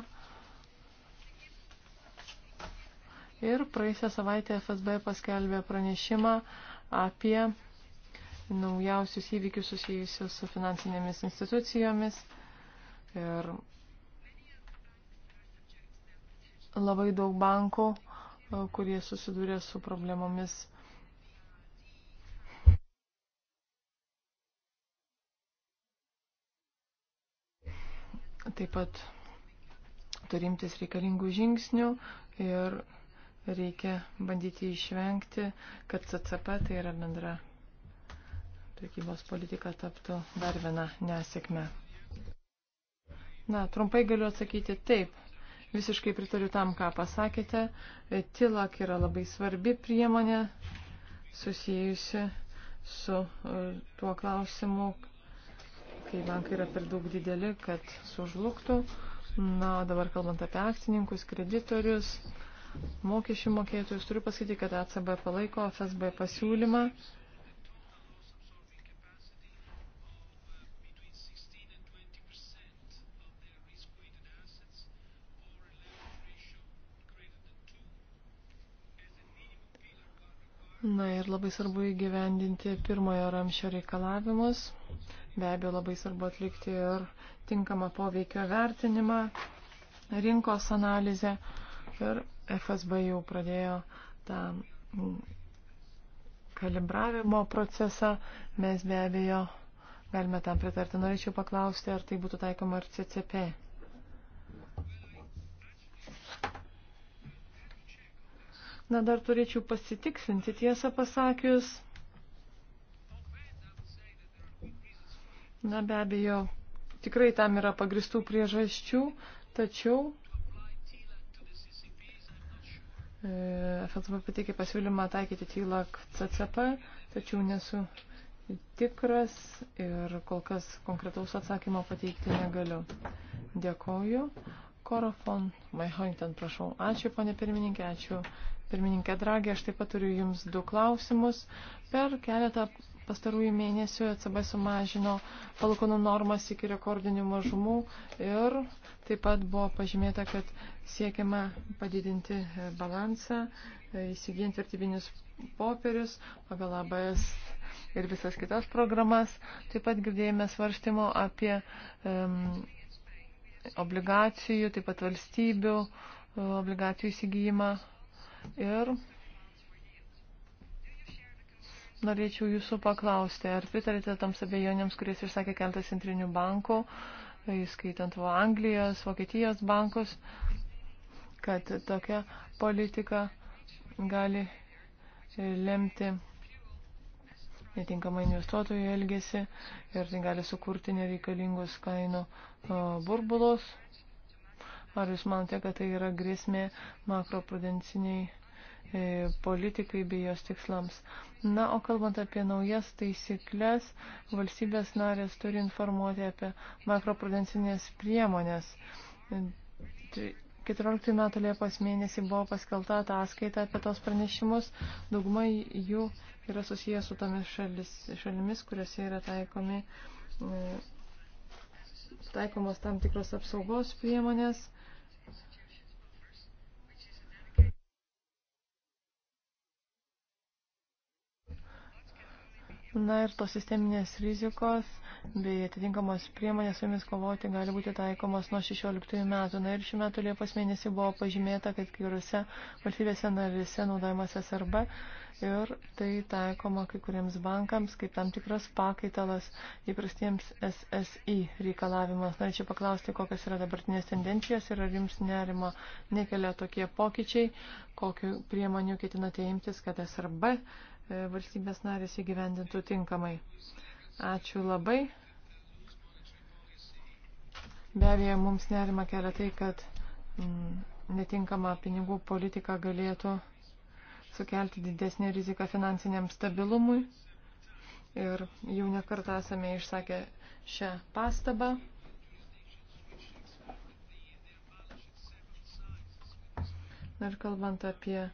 S2: Ir praeisę savaitę FSB paskelbė pranešimą apie naujausius įvykius susijusius su finansinėmis institucijomis. Ir labai daug bankų, e, kurie susidūrė su problemomis. Taip pat turimtis reikalingų žingsnių ir reikia bandyti išvengti, kad CCP, tai yra bendra prekybos politika, taptų dar viena nesėkme. Na, trumpai galiu atsakyti taip. Visiškai pritariu tam, ką pasakėte. Tilak yra labai svarbi priemonė susijusi su e, tuo klausimu, kai bankai yra per daug dideli, kad sužlugtų. Na, dabar kalbant apie akcininkus, kreditorius, mokesčių mokėtojus. Turiu pasakyti, kad ECB palaiko FSB pasiūlymą. Na ir labai svarbu įgyvendinti pirmojo ramšio reikalavimus. Be abejo, labai svarbu atlikti ir tinkamą poveikio vertinimą, rinkos analizę ir FSB jau pradėjo tą kalibravimo procesą, mes be abejo galime tam pritarti. Norėčiau paklausti, ar tai būtų taikoma ir CCP. Na, dar turėčiau pasitikslinti, tiesą pasakius. Na, be abejo, tikrai tam yra pagristų priežasčių, tačiau E, FSB pateikė pasiūlymą taikyti TILAK CCP, tačiau nesu tikras ir kol kas konkretaus atsakymo pateikti negaliu. Dėkoju. Korofon, Maihointen, prašau. Ačiū, ponė pirmininkė, ačiū Pirmininkė Dragė, aš taip pat turiu Jums du klausimus. Per keletą Pastarųjų mėnesių ECB sumažino palūkanų normas iki rekordinių mažumų ir taip pat buvo pažymėta, kad siekiama padidinti balansą, įsigijant vertybinius popierius pagal ABS ir visas kitas programas. Taip pat girdėjome svarstymo apie um, obligacijų, taip pat valstybių e, obligacijų įsigijimą ir Norėčiau jūsų paklausti, ar pritarite toms abejonėms, kurias išsakė keltas centrinių bankų, įskaitant Anglijos, Vokietijos bankus, kad tokia politika gali lemti netinkamą investuotojų elgesį ir tai gali sukurti nereikalingus kainų burbulus. Ar jūs manote, kad tai yra grėsmė makroprudenciniai E, politikai bei jos tikslams. Na, o kalbant apie naujas taisyklės, valstybės narės turi informuoti apie makroprudencinės priemonės. 14 e, metų Liepos mėnesį buvo paskelta ataskaita apie tos pranešimus. Dauguma jų yra susijęs su tomis šalis, šalimis, kuriuose yra taikomi, e, taikomos tam tikros apsaugos priemonės. Na ir tos sisteminės rizikos bei atitinkamos priemonės su jomis kovoti gali būti taikomos nuo 16 metų. Na ir šiuo metu Liepos mėnesį buvo pažymėta, kad kuriuose valstybėse narėse naudojamas SRB ir tai taikoma kai kuriems bankams kaip tam tikras pakaitalas įprastiems SSI reikalavimams. Norėčiau paklausti, kokias yra dabartinės tendencijos ir ar jums nerimo nekelia tokie pokyčiai, kokiu priemonių ketinate imtis, kad SRB E, valstybės narės įgyvendintų tinkamai. Ačiū labai. Be abejo, mums nerima kelia tai, kad mm, netinkama pinigų politika galėtų sukelti didesnį riziką finansiniam stabilumui. Ir jau nekartą esame išsakę šią pastabą. Ir kalbant apie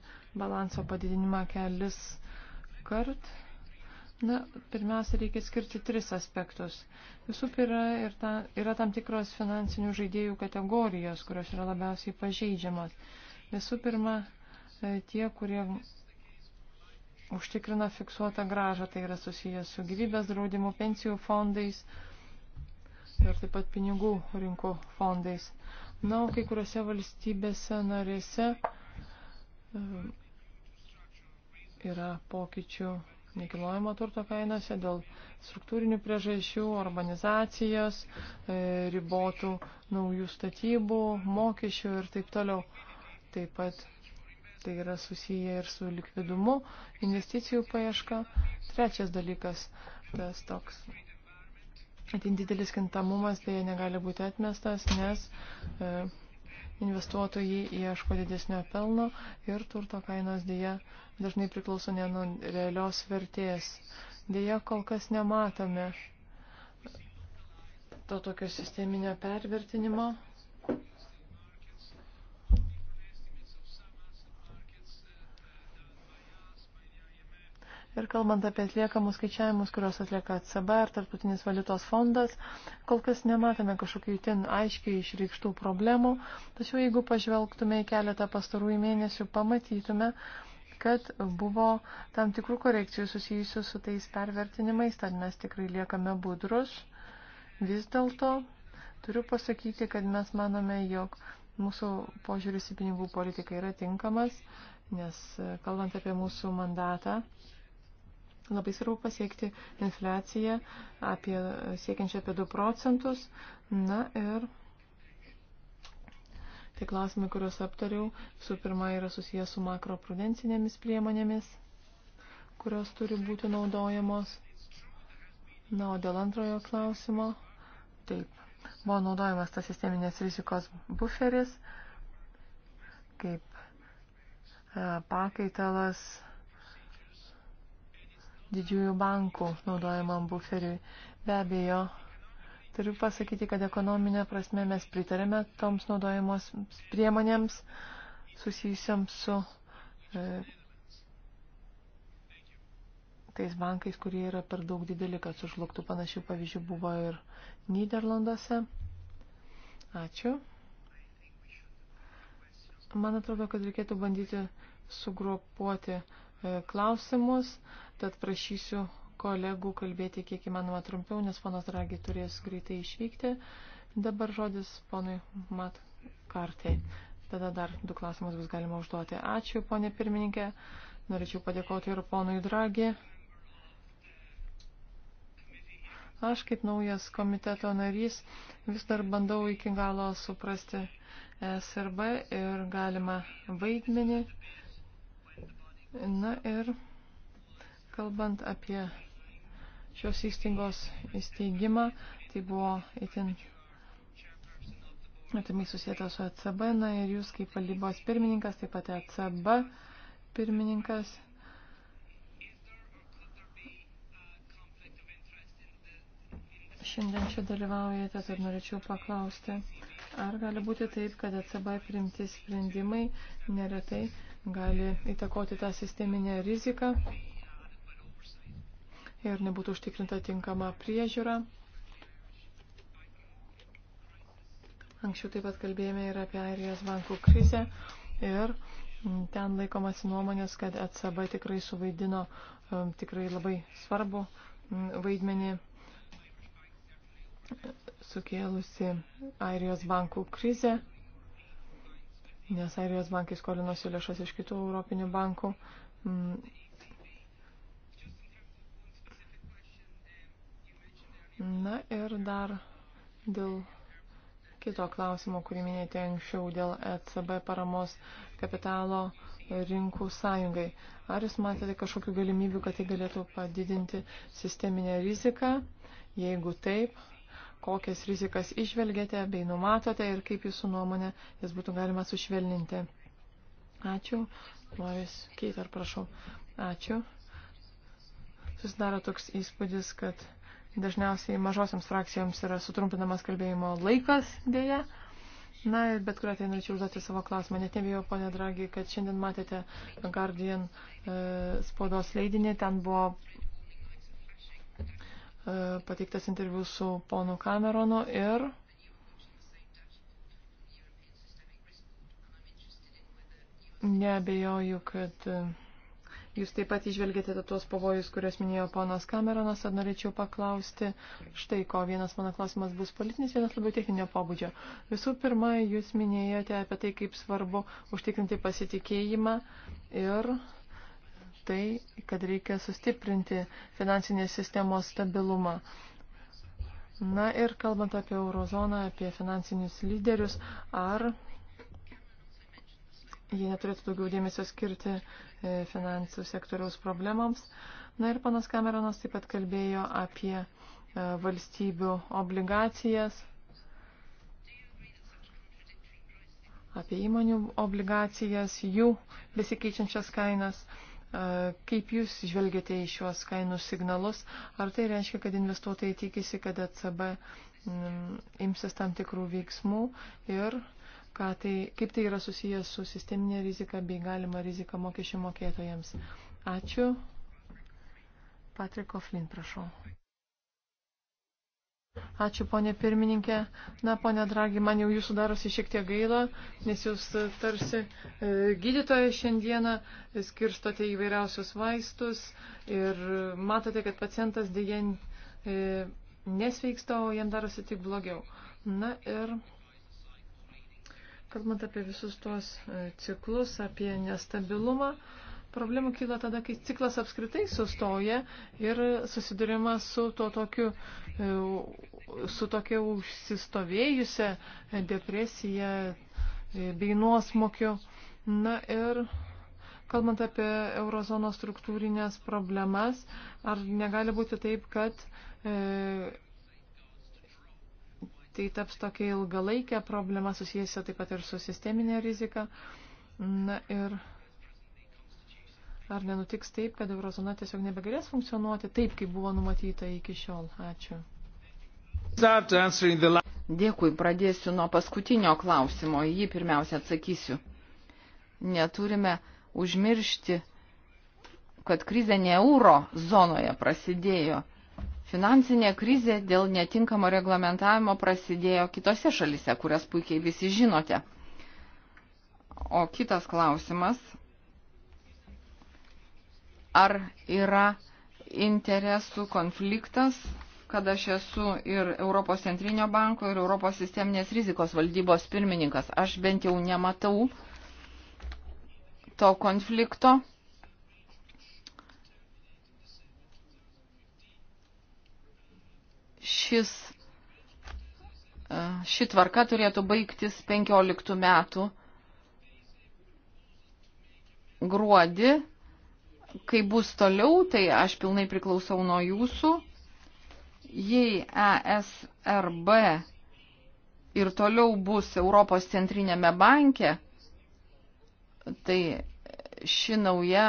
S2: balanso padidinimą kelis kart. Na, pirmiausia, reikia skirti tris aspektus. Visų pirma, ir ta, yra tam tikros finansinių žaidėjų kategorijos, kurios yra labiausiai pažeidžiamas. Visų pirma, e, tie, kurie užtikrina fiksuotą gražą, tai yra susijęs su gyvybės draudimu, pensijų fondais ir taip pat pinigų rinkų fondais. Na, o kai kuriuose valstybėse narėse e, yra pokyčių nekilnojamo turto kainose dėl struktūrinių priežasčių, urbanizacijos, e, ribotų naujų statybų, mokesčių ir taip toliau. Taip pat tai yra susiję ir su likvidumu, investicijų paieška. Trečias dalykas, tas toks atindidelis kintamumas, tai negali būti atmestas, nes e, investuotojai ieško didesnio pelno ir turto kainos dėja dažnai priklauso ne nuo realios vertės. Dėja kol kas nematome to tokio sisteminio pervertinimo. Ir kalbant apie atliekamus skaičiavimus, kuriuos atlieka CB ir Tartutinis valiutos fondas, kol kas nematome kažkokių tin aiškiai išreikštų problemų, tačiau jeigu pažvelgtume į keletą pastarųjų mėnesių, pamatytume, kad buvo tam tikrų korekcijų susijusių su tais pervertinimais, tad mes tikrai liekame budrus. Vis dėlto turiu pasakyti, kad mes manome, jog mūsų požiūris į pinigų politiką yra tinkamas, nes kalbant apie mūsų mandatą, Labai svarbu pasiekti infliaciją apie, siekiančią apie 2 procentus. Na ir tai klausimai, kuriuos aptariau, visų pirma yra susijęs su makroprudencinėmis priemonėmis, kurios turi būti naudojamos. Na, o dėl antrojo klausimo, taip, buvo naudojamas tas sisteminės rizikos buferis kaip e, pakaitalas. E, didžiųjų bankų naudojamam buferiui. Be abejo, turiu pasakyti, kad ekonominė prasme mes pritarėme toms naudojamos priemonėms susijusiams su e, tais bankais, kurie yra per daug dideli, kad sužlugtų panašių pavyzdžių buvo ir Niderlanduose. Ačiū. Man atrodo, kad reikėtų bandyti sugrupuoti E, klausimus, tad prašysiu kolegų kalbėti kiek įmanoma trumpiau, nes ponas Dragi turės greitai išvykti. Dabar žodis ponui Mat Kartai. Tada dar du klausimus bus galima užduoti. Ačiū, ponė pirmininkė. Norėčiau padėkoti ir ponui Dragi. Aš kaip naujas komiteto narys vis dar bandau iki galo suprasti SRB ir galima vaidmenį Na ir kalbant apie šios įstaigos įsteigimą, tai buvo itin atimai susijęta su ECB, na ir jūs kaip valdybos pirmininkas, taip pat ECB pirmininkas. Šiandien čia dalyvaujate, tad norėčiau paklausti, Ar gali būti taip, kad ECB primti sprendimai neretai gali įtakoti tą sisteminę riziką ir nebūtų užtikrinta tinkama priežiūra? Anksčiau taip pat kalbėjome ir apie Airijos bankų krizę ir ten laikomasi nuomonės, kad ECB tikrai suvaidino um, tikrai labai svarbu um, vaidmenį sukėlusi Airijos bankų krizė, nes Airijos bankai skolinosi lėšas iš kitų europinių bankų. Mm. Na ir dar dėl kito klausimo, kurį minėjote anksčiau, dėl ECB paramos kapitalo rinkų sąjungai. Ar jūs matėte kažkokių galimybių, kad tai galėtų padidinti sisteminę riziką? Jeigu taip, kokias rizikas išvelgėte bei numatote ir kaip jūsų nuomonė jas būtų galima sušvelninti. Ačiū. Moris Keitar, prašau. Ačiū. Susidaro toks įspūdis, kad dažniausiai mažosiams frakcijoms yra sutrumpinamas kalbėjimo laikas dėja. Na ir bet kuriuo atveju norėčiau užduoti savo klausimą. Net nebijau, ponė Dragi, kad šiandien matėte Guardian e, spaudos leidinį. Ten buvo E, pateiktas interviu su ponu Cameronu ir neabejoju, kad e, jūs taip pat išvelgėte tuos pavojus, kuriuos minėjo ponas Cameronas, ar norėčiau paklausti štai ko. Vienas mano klausimas bus politinis, vienas labiau techninio pobūdžio. Visų pirma, jūs minėjote apie tai, kaip svarbu užtikrinti pasitikėjimą ir tai, kad reikia sustiprinti finansinės sistemos stabilumą. Na ir kalbant apie eurozoną, apie finansinius lyderius, ar jie neturėtų daugiau dėmesio skirti e, finansų sektoriaus problemams. Na ir panas Kameronas taip pat kalbėjo apie e, valstybių obligacijas, apie įmonių obligacijas, jų besikeičiančias kainas. Kaip Jūs žvelgiate į šiuos kainų signalus? Ar tai reiškia, kad investuotojai tikisi, kad ECB mm, imsis tam tikrų veiksmų ir tai, kaip tai yra susijęs su sisteminė rizika bei galima rizika mokesčių mokėtojams? Ačiū. Patriko Flint, prašau. Ačiū, ponė pirmininkė. Na, ponė Dragi, man jau jūsų darosi šiek tiek gaila, nes jūs e, tarsi e, gydytoje šiandieną e, skirstote įvairiausius vaistus ir matote, kad pacientas dėje nesveiksta, o jam darosi tik blogiau. Na ir kalbant apie visus tuos ciklus, apie nestabilumą, Problemų kyla tada, kai ciklas apskritai sustoja ir susidurima su to tokiu, e, su tokia užsistovėjusią depresiją e, bei nuosmokiu. Na ir kalbant apie eurozonos struktūrinės problemas, ar negali būti taip, kad e, tai taps tokia ilgalaikė problema susijęsia taip pat ir su sisteminė rizika. Na ir Ar nenutiks taip, kad eurozona tiesiog nebegalės funkcionuoti taip, kaip buvo numatyta iki šiol? Ačiū.
S3: Dėkui, pradėsiu nuo paskutinio klausimo, jį pirmiausia atsakysiu. Neturime užmiršti, kad krizė ne euro zonoje prasidėjo. Finansinė krizė dėl netinkamo reglamentavimo prasidėjo kitose šalise, kurias puikiai visi žinote. O kitas klausimas ar yra interesų konfliktas, kad aš esu ir Europos centrinio banko, ir Europos sisteminės rizikos valdybos pirmininkas. Aš bent jau nematau to konflikto. Šis, e, ši tvarka turėtų baigtis 15 metų gruodį Kai bus toliau, tai aš pilnai priklausau nuo jūsų. Jei ESRB ir toliau bus Europos centrinėme banke, tai ši nauja,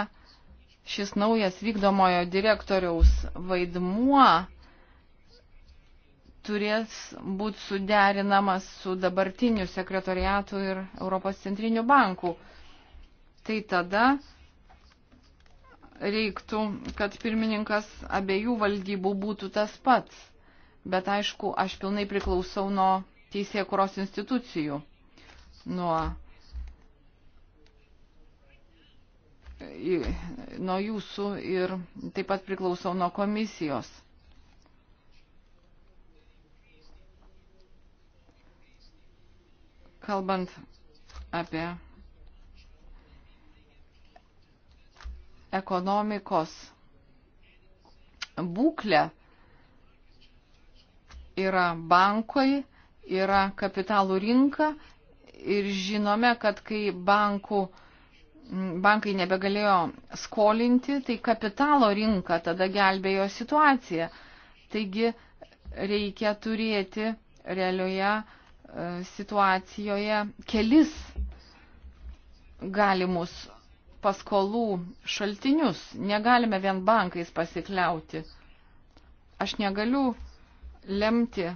S3: šis naujas vykdomojo direktoriaus vaidmuo turės būti suderinamas su dabartiniu sekretoriatu ir Europos centriniu banku. Tai tada reiktų, kad pirmininkas abiejų valdybų būtų tas pats. Bet aišku, aš pilnai priklausau nuo teisėkuros institucijų, nuo, nuo jūsų ir taip pat priklausau nuo komisijos. Kalbant apie ekonomikos būklę yra bankai, yra kapitalų rinka ir žinome, kad kai bankų, bankai nebegalėjo skolinti, tai kapitalo rinka tada gelbėjo situaciją. Taigi reikia turėti realioje e, situacijoje kelis galimus paskolų šaltinius. Negalime vien bankais pasikliauti. Aš negaliu lemti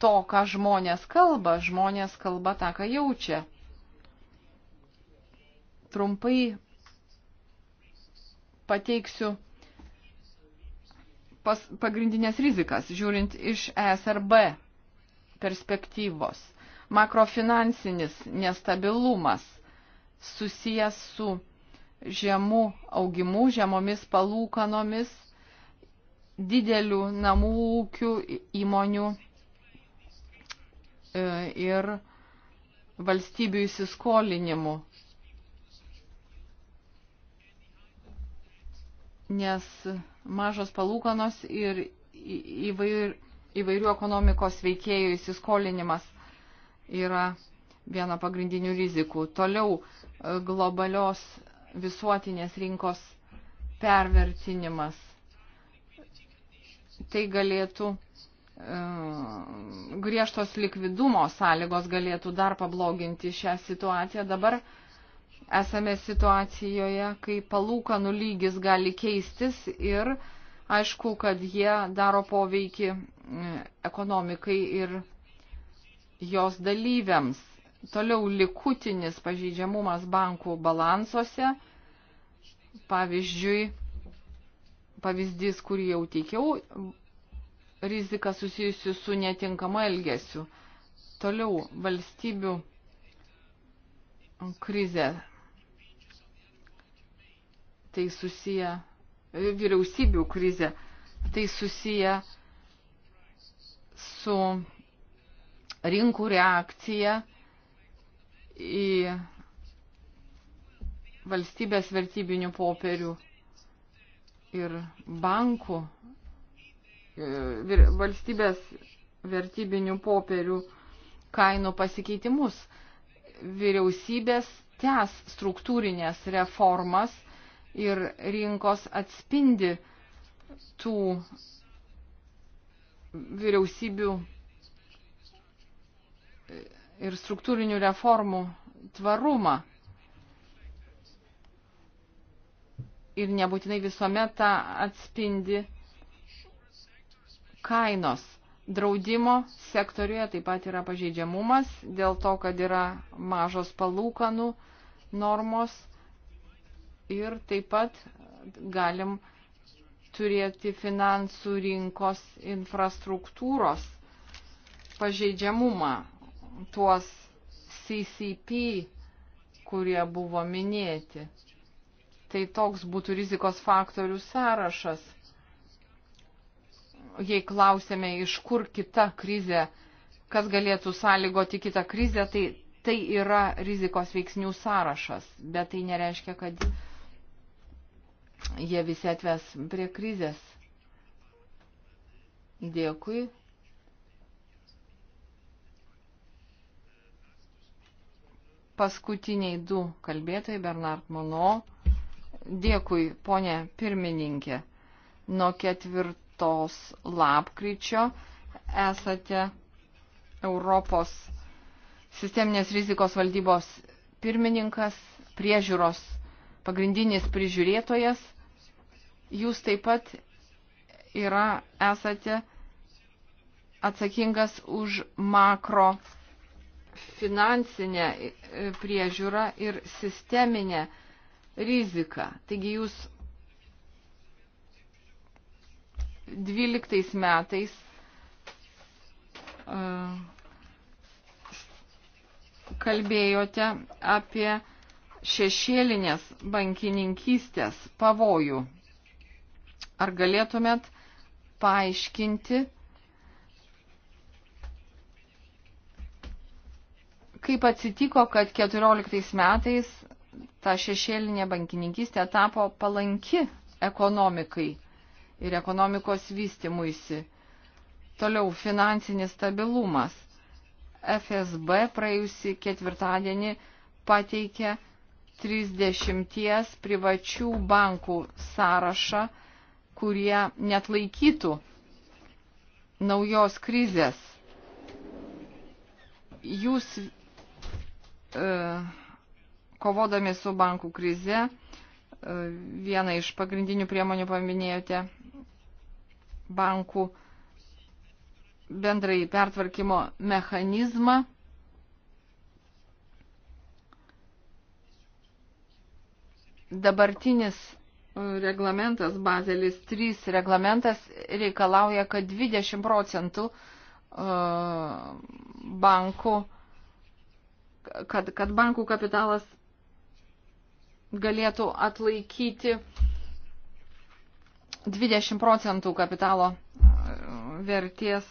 S3: to, ką žmonės kalba. Žmonės kalba tą, ką jaučia. Trumpai pateiksiu pas, pagrindinės rizikas, žiūrint iš ESRB perspektyvos. Makrofinansinis nestabilumas – susijęs su žemų augimu, žemomis palūkanomis, didelių namų ūkių įmonių e, ir valstybių įsiskolinimu. Nes mažos palūkanos ir įvair, įvairių ekonomikos veikėjų įsiskolinimas yra viena pagrindinių rizikų. Toliau globalios visuotinės rinkos pervertinimas. Tai galėtų e, griežtos likvidumo sąlygos galėtų dar pabloginti šią situaciją. Dabar esame situacijoje, kai palūkanų lygis gali keistis ir aišku, kad jie daro poveikį e, ekonomikai ir jos dalyviams. Toliau likutinis pažeidžiamumas bankų balansuose. Pavyzdžiui, pavyzdys, kurį jau teikiau, rizika susijusi su netinkamu elgesiu. Toliau valstybių krizė. Tai susiję vyriausybių krizė. Tai susiję su rinkų reakcija į valstybės vertybinių popierių ir bankų, e, valstybės vertybinių popierių kainų pasikeitimus. Vyriausybės tęs struktūrinės reformas ir rinkos atspindi tų vyriausybių ir struktūrinių reformų tvarumą. Ir nebūtinai visuomet tą atspindi kainos. Draudimo sektoriuje taip pat yra pažeidžiamumas dėl to, kad yra mažos palūkanų normos ir taip pat galim turėti finansų rinkos infrastruktūros pažeidžiamumą tuos CCP, kurie buvo minėti. Tai toks būtų rizikos faktorių sąrašas. Jei klausėme, iš kur kita krizė, kas galėtų sąlygoti kitą krizę, tai tai yra rizikos veiksnių sąrašas, bet tai nereiškia, kad jie visi atves prie krizės. Dėkui. paskutiniai du kalbėtojai, Bernard Mono. Dėkui, ponė pirmininkė. Nuo ketvirtos lapkričio esate Europos sisteminės rizikos valdybos pirmininkas, priežiūros pagrindinis prižiūrėtojas. Jūs taip pat yra, esate atsakingas už makro finansinę e, priežiūrą ir sisteminę riziką. Taigi jūs 12 metais e, kalbėjote apie šešėlinės bankininkystės pavojų. Ar galėtumėt paaiškinti, kaip atsitiko, kad 14 metais ta šešėlinė bankininkystė tapo palanki ekonomikai ir ekonomikos vystimuisi. Toliau finansinis stabilumas. FSB praėjusi ketvirtadienį pateikė 30 privačių bankų sąrašą, kurie net laikytų naujos krizės. Jūs E, kovodami su bankų krize, e, vieną iš pagrindinių priemonių paminėjote bankų bendrai pertvarkymo mechanizmą. Dabartinis e, reglamentas, bazelis 3 reglamentas reikalauja, kad 20 procentų bankų kad, kad bankų kapitalas galėtų atlaikyti 20 procentų kapitalo e, vertės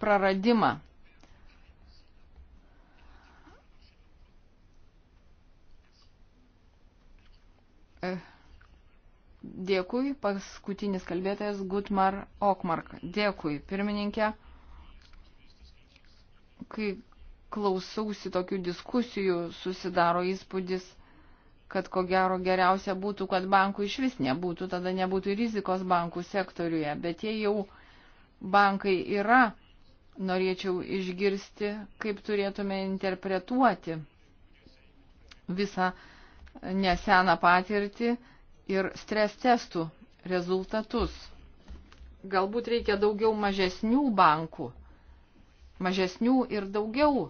S3: praradimą. E, dėkui, paskutinis kalbėtojas Gutmar Okmark. Dėkui, pirmininkė. Kai klausausi tokių diskusijų, susidaro įspūdis, kad ko gero geriausia būtų, kad bankų iš vis nebūtų, tada nebūtų rizikos bankų sektoriuje, bet jie jau bankai yra, norėčiau išgirsti, kaip turėtume interpretuoti visą neseną patirtį ir stres testų rezultatus. Galbūt reikia daugiau mažesnių bankų, mažesnių ir daugiau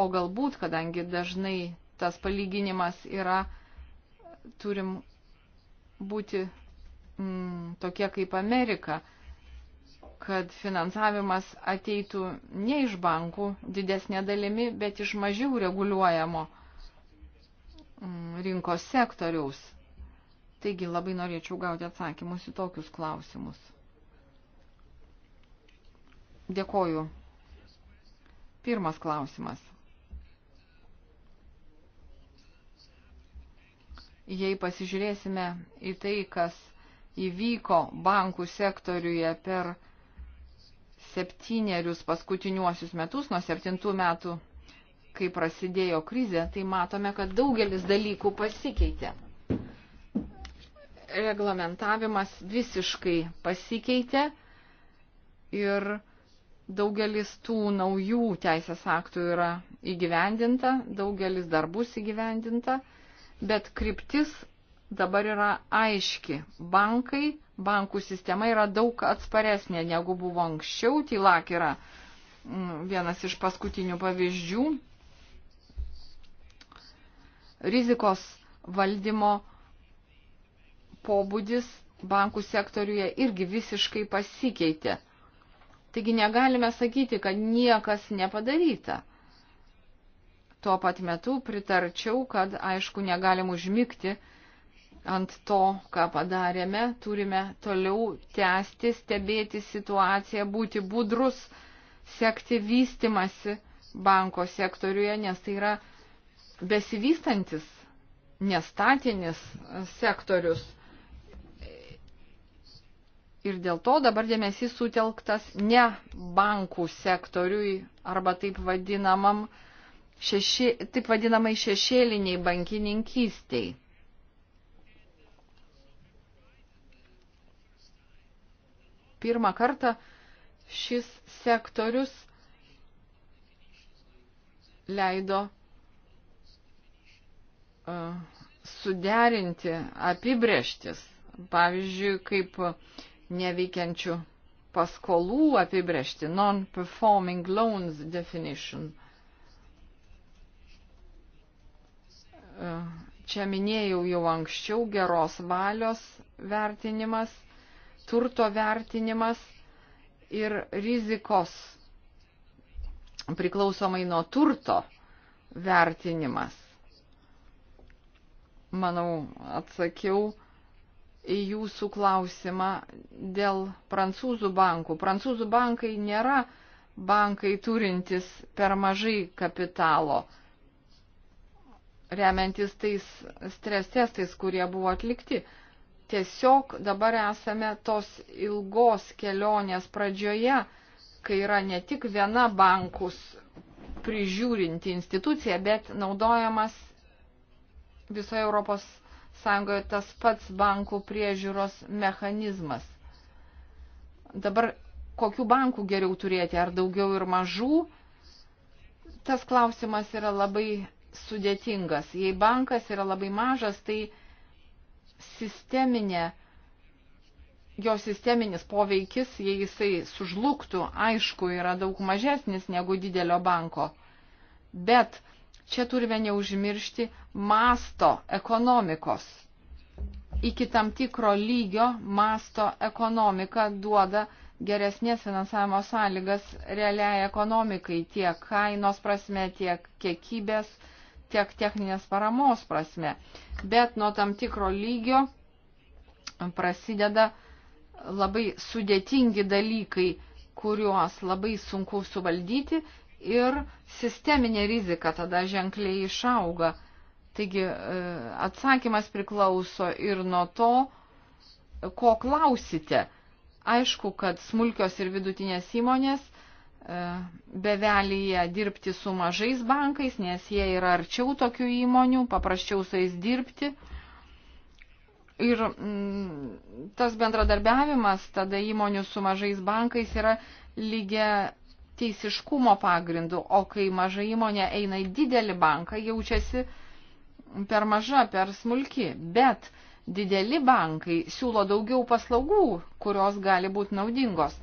S3: O galbūt, kadangi dažnai tas palyginimas yra, turim būti mm, tokie kaip Amerika, kad finansavimas ateitų ne iš bankų didesnė dalimi, bet iš mažiau reguliuojamo mm, rinkos sektoriaus. Taigi labai norėčiau gauti atsakymus į tokius klausimus. Dėkoju. Pirmas klausimas. Jei pasižiūrėsime į tai, kas įvyko bankų sektoriuje per septynerius paskutiniuosius metus, nuo septintų metų, kai prasidėjo krizė, tai matome, kad daugelis dalykų pasikeitė. Reglamentavimas visiškai pasikeitė ir daugelis tų naujų teisės aktų yra įgyvendinta, daugelis darbus įgyvendinta bet kryptis dabar yra aiški. Bankai, bankų sistema yra daug atsparesnė negu buvo anksčiau. Tylak yra mm, vienas iš paskutinių pavyzdžių. Rizikos valdymo pobūdis bankų sektoriuje irgi visiškai pasikeitė. Taigi negalime sakyti, kad niekas nepadaryta. Tuo pat metu pritarčiau, kad aišku negalim užmygti ant to, ką padarėme, turime toliau tęsti, stebėti situaciją, būti budrus, sekti vystimasi banko sektoriuje, nes tai yra besivystantis, nestatinis sektorius. Ir dėl to dabar dėmesys sutelktas ne bankų sektoriui arba taip vadinamam uh, šeši, taip vadinamai šešėliniai bankininkystiai. Pirmą kartą šis sektorius leido uh, suderinti apibrieštis, pavyzdžiui, kaip neveikiančių paskolų apibriešti, non-performing loans definition. Čia minėjau jau anksčiau geros valios vertinimas, turto vertinimas ir rizikos priklausomai nuo turto vertinimas. Manau, atsakiau į jūsų klausimą dėl prancūzų bankų. Prancūzų bankai nėra bankai turintis per mažai kapitalo remiantis tais stres testais, kurie buvo atlikti. Tiesiog dabar esame tos ilgos kelionės pradžioje, kai yra ne tik viena bankus prižiūrinti institucija, bet naudojamas visoje Europos Sąjungoje tas pats bankų priežiūros mechanizmas. Dabar kokių bankų geriau turėti, ar daugiau ir mažų, tas klausimas yra labai sudėtingas. Jei bankas yra labai mažas, tai sisteminė, jo sisteminis poveikis, jei jisai sužlugtų, aišku, yra daug mažesnis negu didelio banko. Bet čia turime neužmiršti masto ekonomikos. Iki tam tikro lygio masto ekonomika duoda geresnės finansavimo sąlygas realiai ekonomikai tiek kainos prasme, tiek kiekybės prasme tiek techninės paramos prasme, bet nuo tam tikro lygio prasideda labai sudėtingi dalykai, kuriuos labai sunku suvaldyti ir sisteminė rizika tada ženkliai išauga. Taigi e, atsakymas priklauso ir nuo to, ko klausite. Aišku, kad smulkios ir vidutinės įmonės E, bevelyje dirbti su mažais bankais, nes jie yra arčiau tokių įmonių, paprasčiau su jais dirbti. Ir mm, tas bendradarbiavimas tada įmonių su mažais bankais yra lygia teisiškumo pagrindu, o kai maža įmonė eina į didelį banką, jaučiasi per maža, per smulki. Bet dideli bankai siūlo daugiau paslaugų, kurios gali būti naudingos.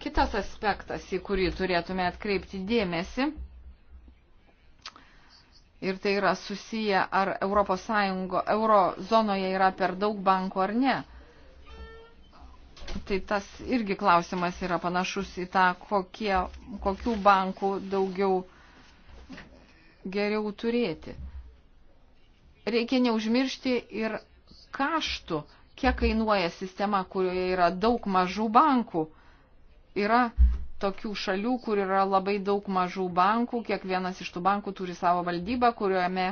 S3: Kitas aspektas, į kurį turėtume atkreipti dėmesį, ir tai yra susiję, ar ES eurozonoje yra per daug bankų ar ne. Tai tas irgi klausimas yra panašus į tą, kokie, kokių bankų daugiau geriau turėti. Reikia neužmiršti ir kaštų, kiek kainuoja sistema, kurioje yra daug mažų bankų yra tokių šalių, kur yra labai daug mažų bankų, kiekvienas iš tų bankų turi savo valdybą, kuriuome,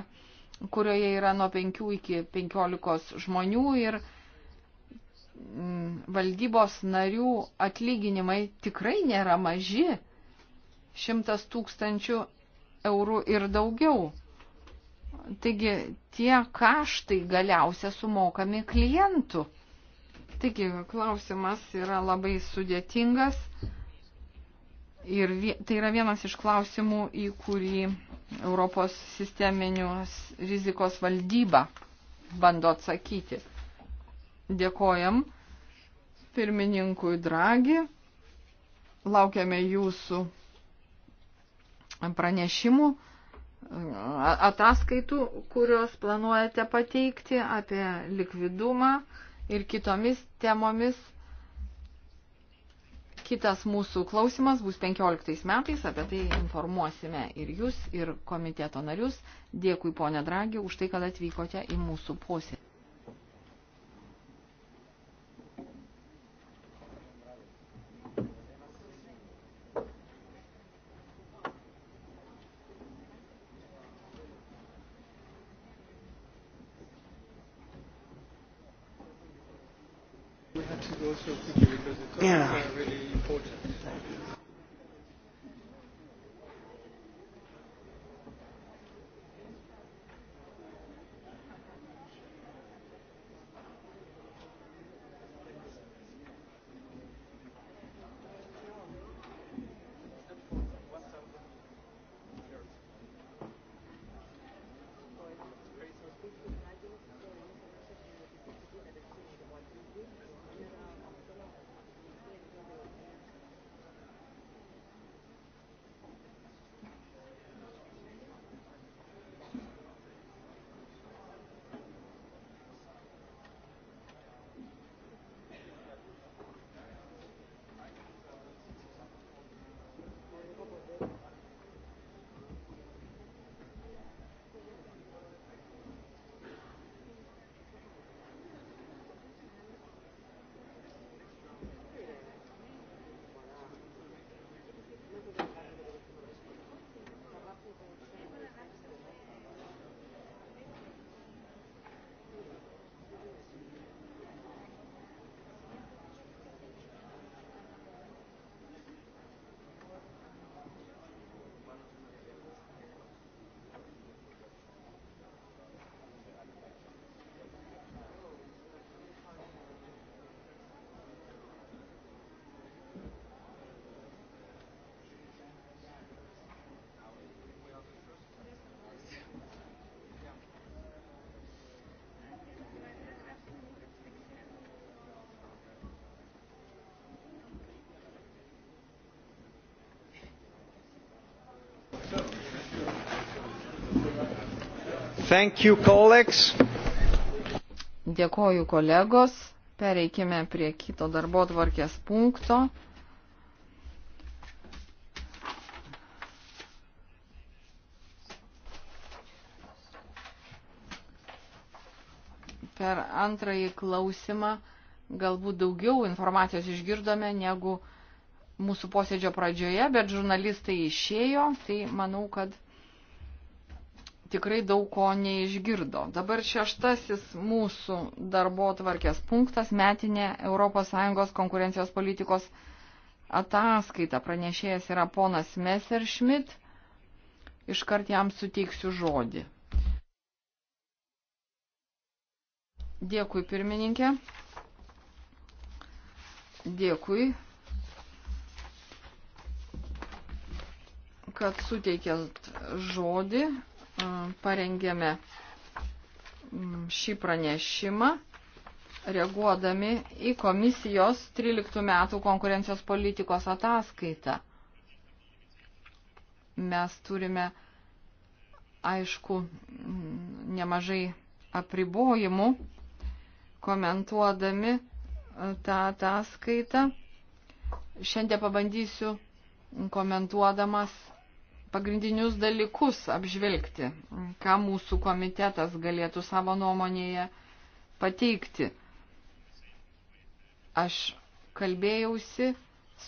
S3: kurioje yra nuo 5 iki 15 žmonių ir mm, valdybos narių atlyginimai tikrai nėra maži, 100 tūkstančių eurų ir daugiau. Taigi tie kaštai galiausia sumokami klientų. Taigi, klausimas yra labai sudėtingas ir tai yra vienas iš klausimų, į kurį Europos sisteminius rizikos valdyba bando atsakyti. Dėkojam pirmininkui Dragi, laukiame jūsų pranešimų, ataskaitų, kurios planuojate pateikti apie likvidumą ir kitomis temomis. Kitas mūsų klausimas bus 15 metais, apie tai informuosime ir jūs, ir komiteto narius. Dėkui, ponė Dragi, už tai, kad atvykote į mūsų posėdį.
S1: you also quickly because the topics
S5: yeah. are really important. You,
S3: Dėkoju kolegos. Pereikime prie kito darbo tvarkės punkto. Per antrąjį klausimą galbūt daugiau informacijos išgirdome negu mūsų posėdžio pradžioje, bet žurnalistai išėjo, tai manau, kad tikrai daug ko neišgirdo. Dabar šeštasis mūsų darbo tvarkės punktas - metinė ES konkurencijos politikos ataskaita. Pranešėjas yra ponas Messerschmidt. Iškart jam suteiksiu žodį. Dėkui pirmininkė. Dėkui, kad suteikėt žodį parengėme mm, šį pranešimą reaguodami į komisijos 13 metų konkurencijos politikos ataskaitą. Mes turime, aišku, mm, nemažai apribojimų komentuodami e, tą ataskaitą. Šiandien pabandysiu komentuodamas pagrindinius dalykus apžvelgti, ką mūsų komitetas galėtų savo nuomonėje pateikti. Aš kalbėjausi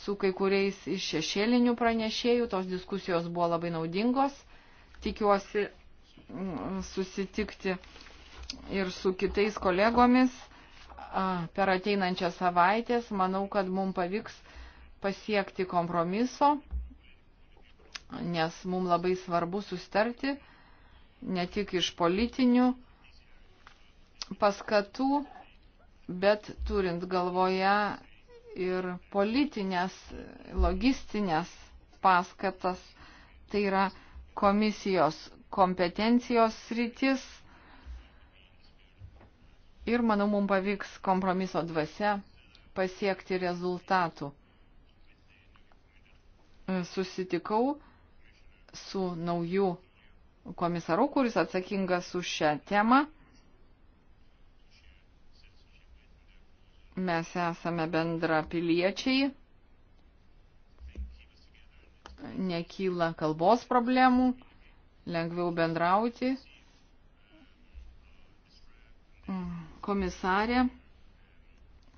S3: su kai kuriais iš šešėlinių pranešėjų, tos diskusijos buvo labai naudingos. Tikiuosi mm, susitikti ir su kitais kolegomis per ateinančią savaitę. Manau, kad mums pavyks pasiekti kompromiso nes mums labai svarbu sustarti ne tik iš politinių paskatų, bet turint galvoje ir politinės, logistinės paskatas, tai yra komisijos kompetencijos sritis. Ir manau, mums pavyks kompromiso dvasia pasiekti rezultatų. Susitikau su nauju komisaru, kuris atsakingas už šią temą. Mes esame bendra piliečiai, nekyla kalbos problemų, lengviau bendrauti. Komisarė,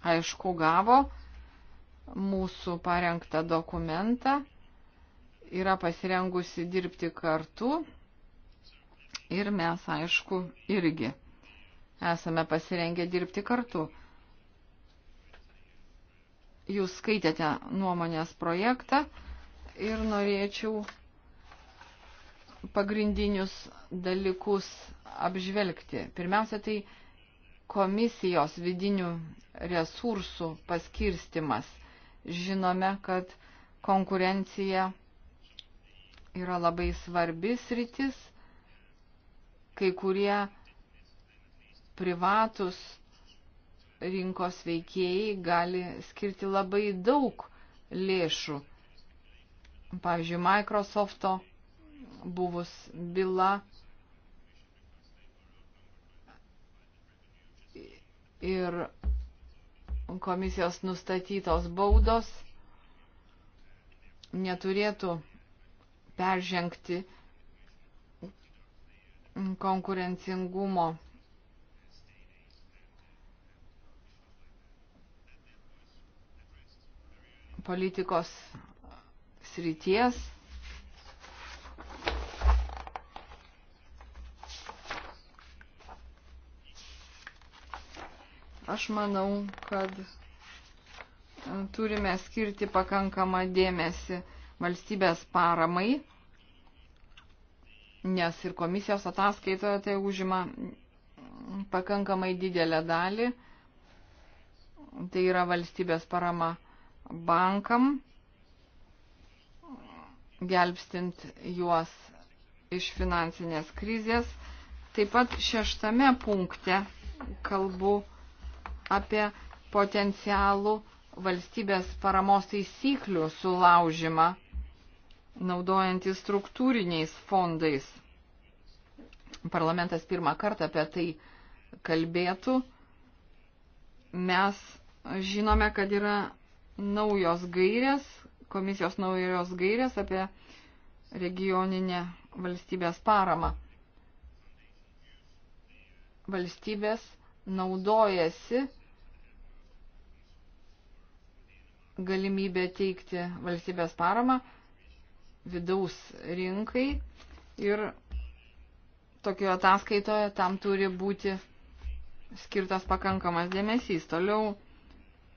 S3: aišku, gavo mūsų parengtą dokumentą yra pasirengusi dirbti kartu ir mes, aišku, irgi esame pasirengę dirbti kartu. Jūs skaitėte nuomonės projektą ir norėčiau pagrindinius dalykus apžvelgti. Pirmiausia, tai komisijos vidinių resursų paskirstimas. Žinome, kad konkurencija yra labai svarbis rytis, kai kurie privatus rinkos veikėjai gali skirti labai daug lėšų. Pavyzdžiui, Microsofto buvus byla ir komisijos nustatytos baudos neturėtų peržengti konkurencingumo politikos srities. Aš manau, kad turime skirti pakankamą dėmesį valstybės paramai, nes ir komisijos ataskaitoje tai užima pakankamai didelę dalį. Tai yra valstybės parama bankam, gelbstint juos iš finansinės krizės. Taip pat šeštame punkte kalbu apie potencialų valstybės paramos taisyklių sulaužimą naudojantys struktūriniais fondais. Parlamentas pirmą kartą apie tai kalbėtų. Mes žinome, kad yra naujos gairės, komisijos naujos gairės apie regioninę valstybės paramą. Valstybės naudojasi galimybė teikti valstybės paramą vidaus rinkai ir tokioje ataskaitoje tam turi būti skirtas pakankamas dėmesys. Toliau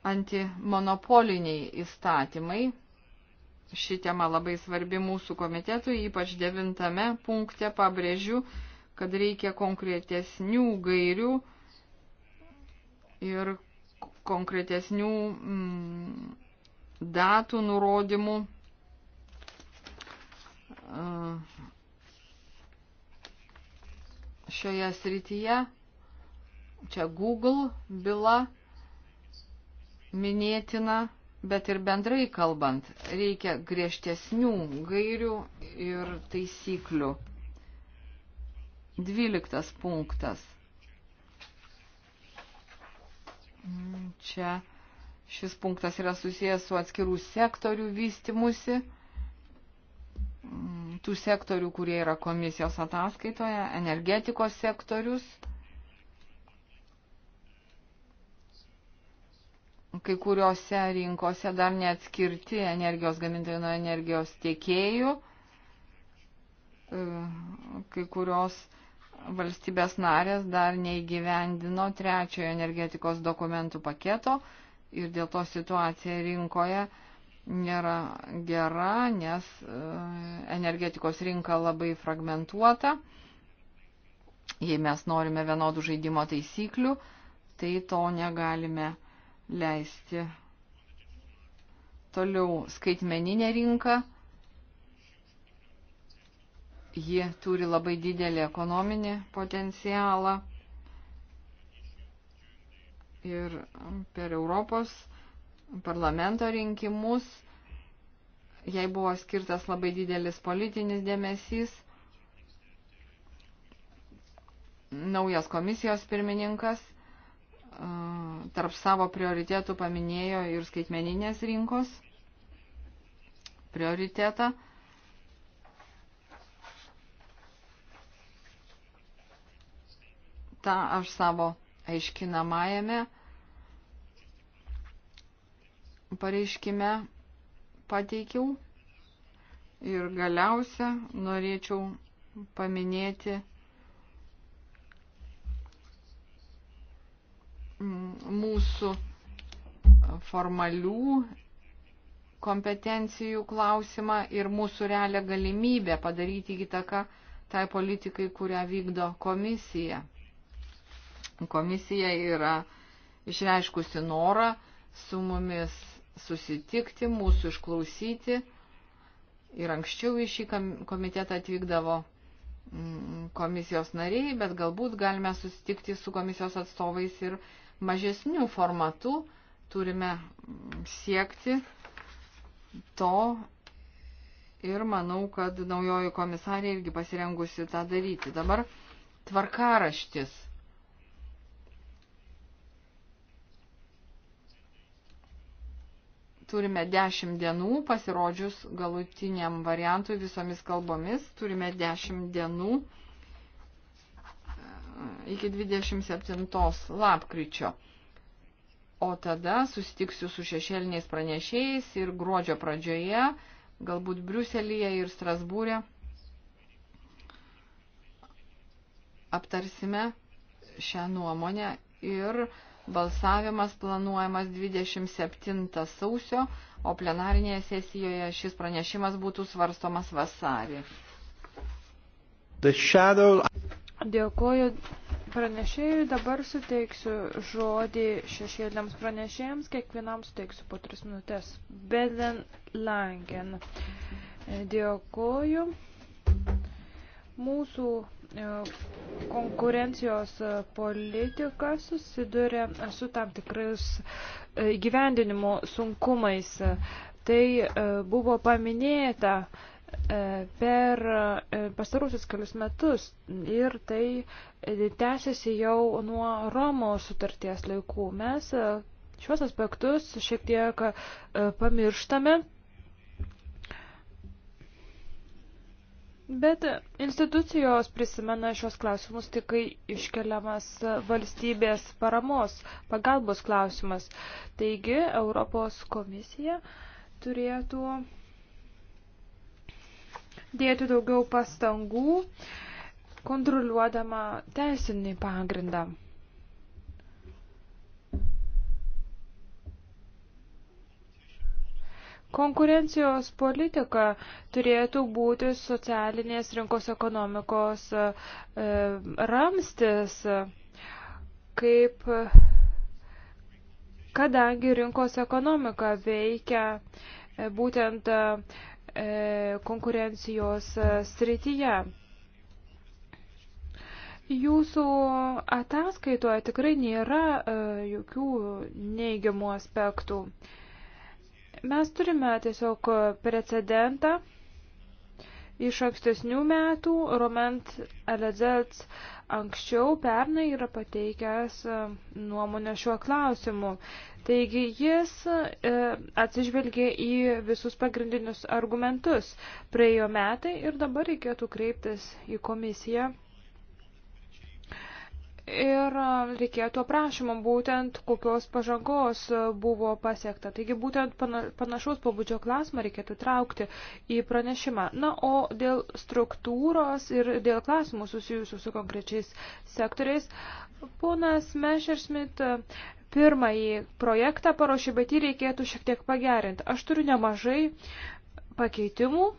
S3: antimonopoliniai įstatymai. Ši tema labai svarbi mūsų komitetui, ypač devintame punkte pabrėžiu, kad reikia konkretesnių gairių ir konkretesnių mm, datų nurodymų šioje srityje. Čia Google byla minėtina, bet ir bendrai kalbant, reikia griežtesnių gairių ir taisyklių. Dvyliktas punktas. Čia šis punktas yra susijęs su atskirų sektorių vystimusi. Mm, tų sektorių, kurie yra komisijos ataskaitoje, energetikos sektorius, kai kuriuose rinkose dar neatskirti energijos gamintojai nuo energijos tiekėjų, e, kai kurios valstybės narės dar neįgyvendino trečiojo energetikos dokumentų paketo ir dėl to situacija rinkoje uh, nėra gera, nes e, energetikos rinka labai fragmentuota. Jei mes norime vienodų žaidimo taisyklių, tai to negalime leisti. Toliau skaitmeninė rinka. Ji turi labai didelį ekonominį potencialą. Ir per Europos parlamento rinkimus, jai buvo skirtas labai didelis politinis dėmesys. Naujas komisijos pirmininkas tarp savo prioritėtų paminėjo ir skaitmeninės rinkos prioritetą. Ta aš savo aiškinamajame pareiškime pateikiau. Ir galiausia norėčiau paminėti mm, mūsų formalių kompetencijų klausimą ir mūsų realią galimybę padaryti įtaką tai politikai, kurią vykdo komisija. Komisija yra išreiškusi norą su mumis susitikti, mūsų išklausyti. Ir anksčiau į šį komitetą atvykdavo mm, komisijos nariai, bet galbūt galime susitikti su komisijos atstovais ir mažesnių formatų. Turime mm, siekti to ir manau, kad naujoji komisarė irgi pasirengusi tą daryti. Dabar tvarkaraštis turime 10 dienų, pasirodžius galutiniam variantui visomis kalbomis, turime 10 dienų e, iki 27 lapkričio. O tada susitiksiu su šešėliniais pranešėjais ir gruodžio pradžioje, galbūt Briuselėje ir Strasbūrė, aptarsime šią nuomonę ir uh, Balsavimas planuojamas 27 sausio, o plenarinėje sesijoje šis pranešimas būtų svarstomas vasarį.
S1: Shadow...
S4: Dėkuoju pranešėjui, dabar suteiksiu žodį šešėliams pranešėjams, kiekvienam suteiksiu po tris minutės. Beden Langen. Dėkuoju. Mūsų e, konkurencijos e, politika susiduria su tam tikrais e, gyvendinimo sunkumais. Tai buvo paminėta per pastarusius kelius metus ir tai tęsiasi jau nuo Romos sutarties laikų. Mes šiuos aspektus šiek tiek pamirštame Bet institucijos prisimena šios klausimus tik, kai iškeliamas valstybės paramos, pagalbos klausimas. Taigi, Europos komisija turėtų dėti daugiau pastangų, kontroliuodama teisinį pagrindą. Konkurencijos politika turėtų būti socialinės rinkos ekonomikos e, ramstis, kaip kadangi rinkos ekonomika veikia e, būtent e, konkurencijos e, srityje. Jūsų ataskaitoje tikrai nėra e, jokių neigiamų aspektų. E, Mes turime tiesiog precedentą iš ankstesnių metų. Romant Aledzels anksčiau pernai yra pateikęs e, nuomonę šiuo klausimu. Taigi jis e, atsižvelgė į visus pagrindinius argumentus. Praėjo metai ir dabar reikėtų kreiptis į komisiją ir reikėtų aprašymo būtent, kokios pažangos buvo pasiekta. Taigi būtent panašaus pobūdžio klausimą reikėtų traukti į pranešimą. Na, o dėl struktūros ir dėl klausimų susijusių su konkrečiais sektoriais, ponas Mešersmit pirmąjį projektą paruošė, bet jį reikėtų šiek tiek pagerinti. Aš turiu nemažai pakeitimų.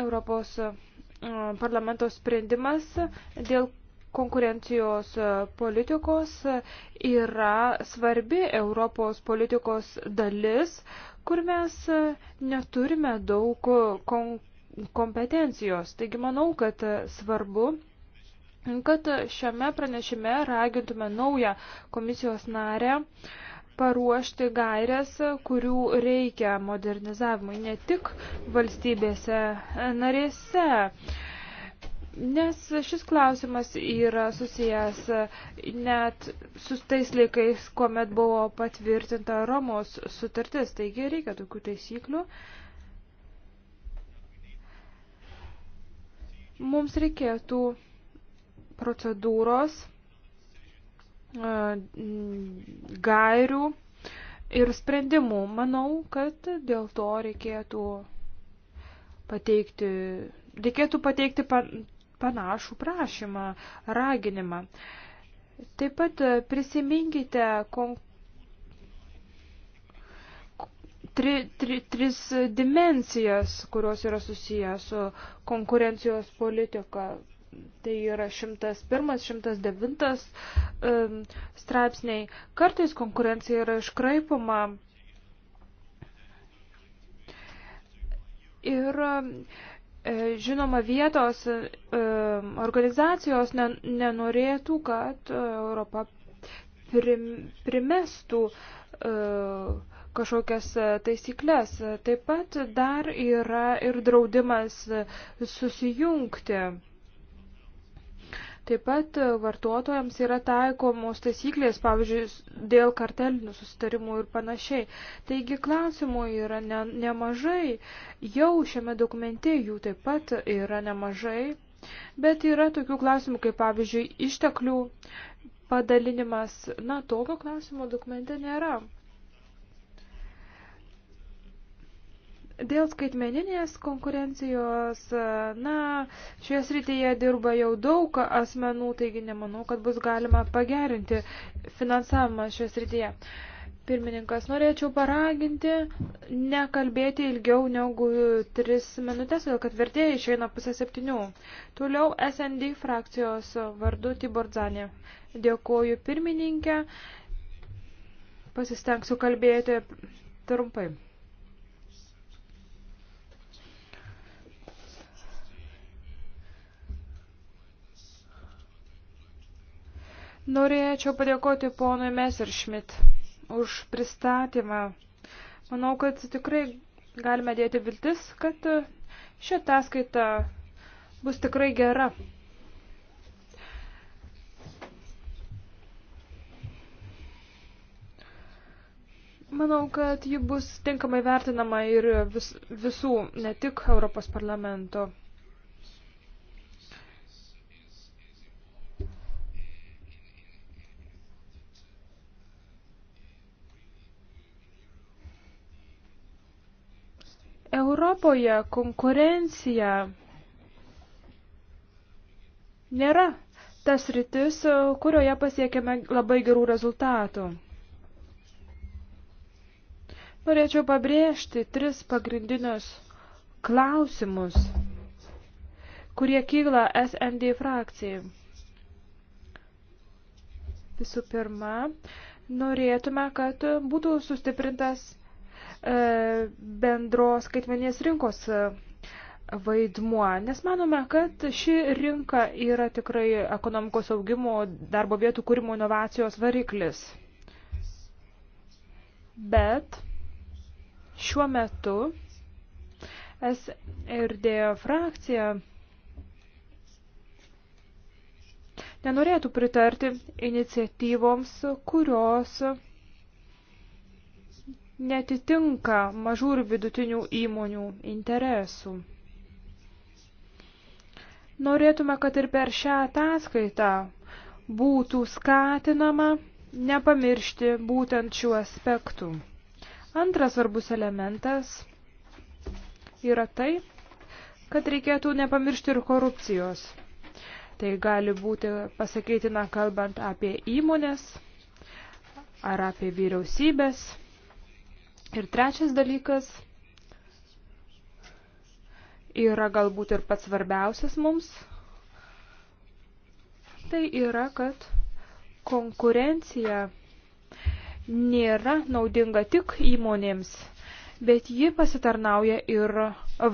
S4: Europos parlamento sprendimas dėl konkurencijos e, politikos e, yra svarbi Europos politikos dalis, kur mes e, neturime daug kompetencijos. Taigi manau, kad svarbu, kad šiame pranešime ragintume naują komisijos narę paruošti gairias, kurių reikia modernizavimui ne tik valstybėse narėse. Nes šis klausimas yra susijęs net su tais laikais, kuomet buvo patvirtinta Romos sutartis, taigi reikia tokių taisyklių. Mums reikėtų procedūros, gairių ir sprendimų. Manau, kad dėl to reikėtų pateikti reikėtų pateikti panašų prašymą, raginimą. Taip pat prisiminkite kon... tri, tri, tris dimensijas, kurios yra susijęs su konkurencijos politika. Tai yra 101, 109 um, straipsniai. Kartais konkurencija yra iškraipama Ir E, žinoma, vietos e, organizacijos nenorėtų, kad e, Europa primestų kažkokias taisyklės. Taip pat dar yra ir draudimas susijungti. Taip pat e, vartotojams yra taikomos taisyklės, pavyzdžiui, dėl kartelinių susitarimų ir panašiai. Taigi klausimų yra ne, nemažai, jau šiame dokumente jų taip pat yra nemažai, bet yra tokių klausimų, kaip pavyzdžiui, išteklių padalinimas. Na, tokio klausimo dokumente nėra. Dėl skaitmeninės konkurencijos, na, šioje srityje dirba jau daug asmenų, taigi nemanau, kad bus galima pagerinti finansavimą šioje srityje. Pirmininkas, norėčiau paraginti nekalbėti ilgiau negu 3 minutės, todėl kad vertėjai išeina pusę septynių. Toliau SND frakcijos vardu Tibordzanė. Dėkuoju pirmininkę, pasistengsiu kalbėti trumpai. Norėčiau padėkoti ponui Messerschmidt už pristatymą. Manau, kad tikrai galime dėti viltis, kad ši ataskaita bus tikrai gera. Manau, kad ji bus tinkamai vertinama ir vis, visų, ne tik Europos parlamento Europoje konkurencija nėra tas rytis, kurioje pasiekėme labai gerų rezultatų. Norėčiau pabrėžti tris pagrindinius klausimus, kurie kyla SND frakcijai. Visų pirma, norėtume, kad būtų sustiprintas E, bendros skaitmenės rinkos e, vaidmuo, nes manome, kad ši rinka yra tikrai ekonomikos augimo, darbo vietų kūrimo inovacijos variklis. Bet šiuo metu SRD frakcija nenorėtų pritarti iniciatyvoms, kurios netitinka mažų ir vidutinių įmonių interesų. Norėtume, kad ir per šią ataskaitą būtų skatinama nepamiršti būtent šių aspektų. Antras svarbus elementas yra tai, kad reikėtų nepamiršti ir korupcijos. Tai gali būti pasakytina kalbant apie įmonės ar apie vyriausybės Ir trečias dalykas yra galbūt ir pats svarbiausias mums. Tai yra, kad konkurencija nėra naudinga tik įmonėms, bet ji pasitarnauja ir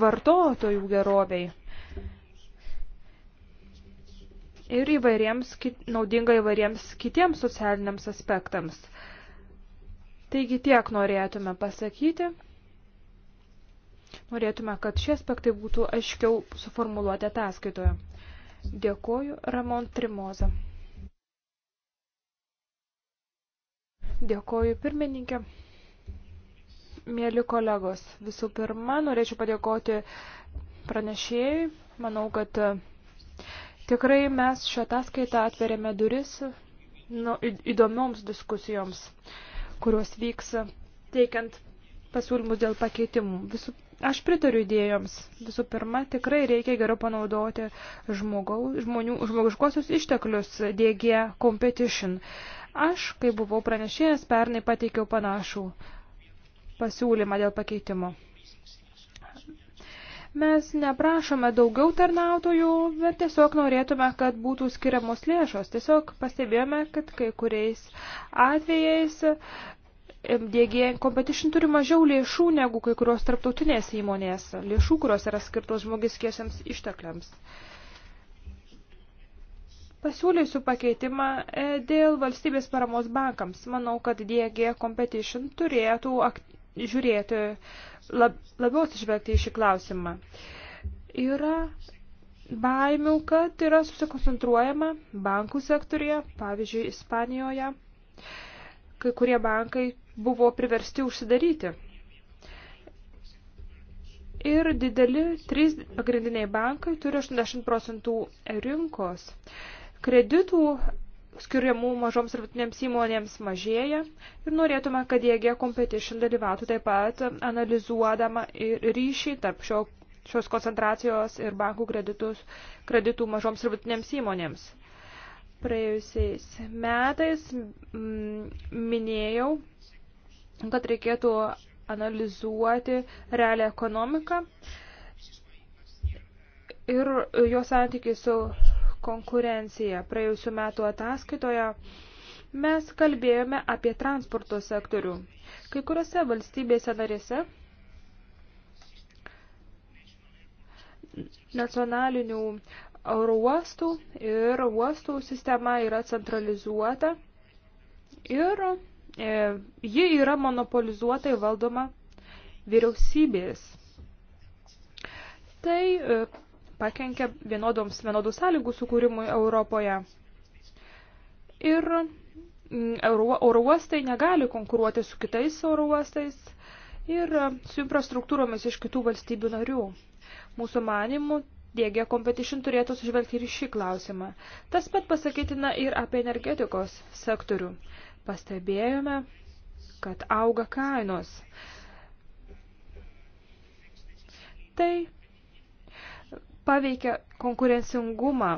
S4: vartotojų geroviai. Ir įvairiems, naudinga įvairiems kitiems socialiniams aspektams. Taigi tiek norėtume pasakyti. Norėtume, kad šie aspektai būtų aiškiau suformuluoti ataskaitoje. Dėkoju Ramon Trimoza. Dėkoju pirmininkė. Mėly kolegos, visų pirma, norėčiau padėkoti pranešėjai. Manau, kad e, tikrai mes šią ataskaitą atverėme duris nu, įdomioms diskusijoms. Uh, kurios vyks teikiant pasiūlymus dėl pakeitimų. Visų, aš pritariu idėjoms. Visų pirma, tikrai reikia geriau panaudoti žmogau, žmonių, žmogiškosius išteklius DG Competition. Aš, kai buvau pranešėjęs, pernai pateikiau panašų pasiūlymą dėl pakeitimo. Mes neprašome daugiau tarnautojų, bet tiesiog norėtume, kad būtų skiriamos lėšos. Tiesiog pastebėjome, kad kai kuriais atvejais DG Competition turi mažiau lėšų negu kai kurios tarptautinės įmonės, lėšų, kurios yra skirtos žmogiskiesiams ištekliams. Pasiūlysiu pakeitimą e, dėl valstybės paramos bankams. Manau, kad DG Competition turėtų žiūrėti, lab, labiau atsižvelgti į šį klausimą. Yra baimių, kad yra susikoncentruojama bankų sektorija, pavyzdžiui, Ispanijoje. Kai kurie bankai buvo priversti užsidaryti. Ir dideli trys pagrindiniai bankai turi 80 procentų rinkos. Kreditų skiriamų mažoms ir vidutinėms įmonėms mažėja ir norėtume, kad DG e Competition dalyvautų taip pat analizuodama ryšį tarp šio, šios koncentracijos ir bankų kreditus, kreditų mažoms ir vidutinėms įmonėms. Praėjusiais metais m, mm, minėjau, kad reikėtų analizuoti realią ekonomiką ir jo santykį su konkurenciją. Praėjusiu metu ataskaitoje mes kalbėjome apie transporto sektorių. Kai kuriuose valstybėse narėse nacionalinių oro uostų ir uostų sistema yra centralizuota ir e, ji yra monopolizuotai valdoma vyriausybės. Tai e, pakenkia vienodoms, vienodų sąlygų sukūrimui Europoje. Ir mm, oro uostai negali konkuruoti su kitais oro uostais ir su infrastruktūromis iš kitų valstybių narių. Mūsų manimų dėgia competition turėtų sužvelgti ir šį klausimą. Tas pat pasakytina ir apie energetikos sektorių. Pastebėjome, kad auga kainos. Tai paveikia konkurencingumą.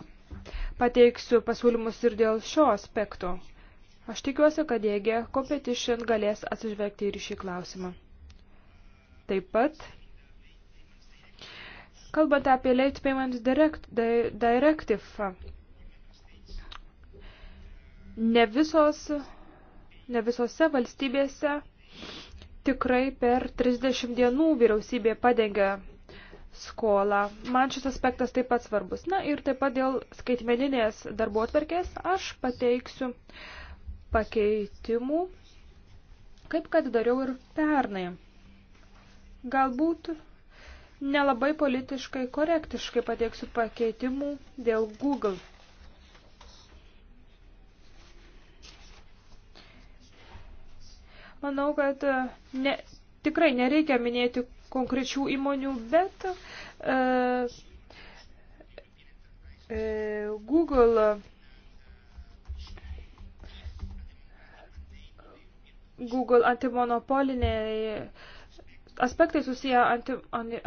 S4: Pateiksiu pasiūlymus ir dėl šio aspekto. Aš tikiuosi, kad EG Competition galės atsižvelgti ir šį klausimą. Taip pat, kalbant apie Late Payments direct, di, Directive, ne, visos, ne visose valstybėse tikrai per 30 dienų vyriausybė padengia skolą. Man šis aspektas taip pat svarbus. Na ir taip pat dėl skaitmeninės darbuotvarkės aš pateiksiu pakeitimų, kaip kad dariau ir pernai. Galbūt nelabai politiškai korektiškai pateiksiu pakeitimų dėl Google. Manau, kad ne, tikrai nereikia minėti konkrečių įmonių, bet e, e, Google Google antimonopoliniai aspektai susiję anti,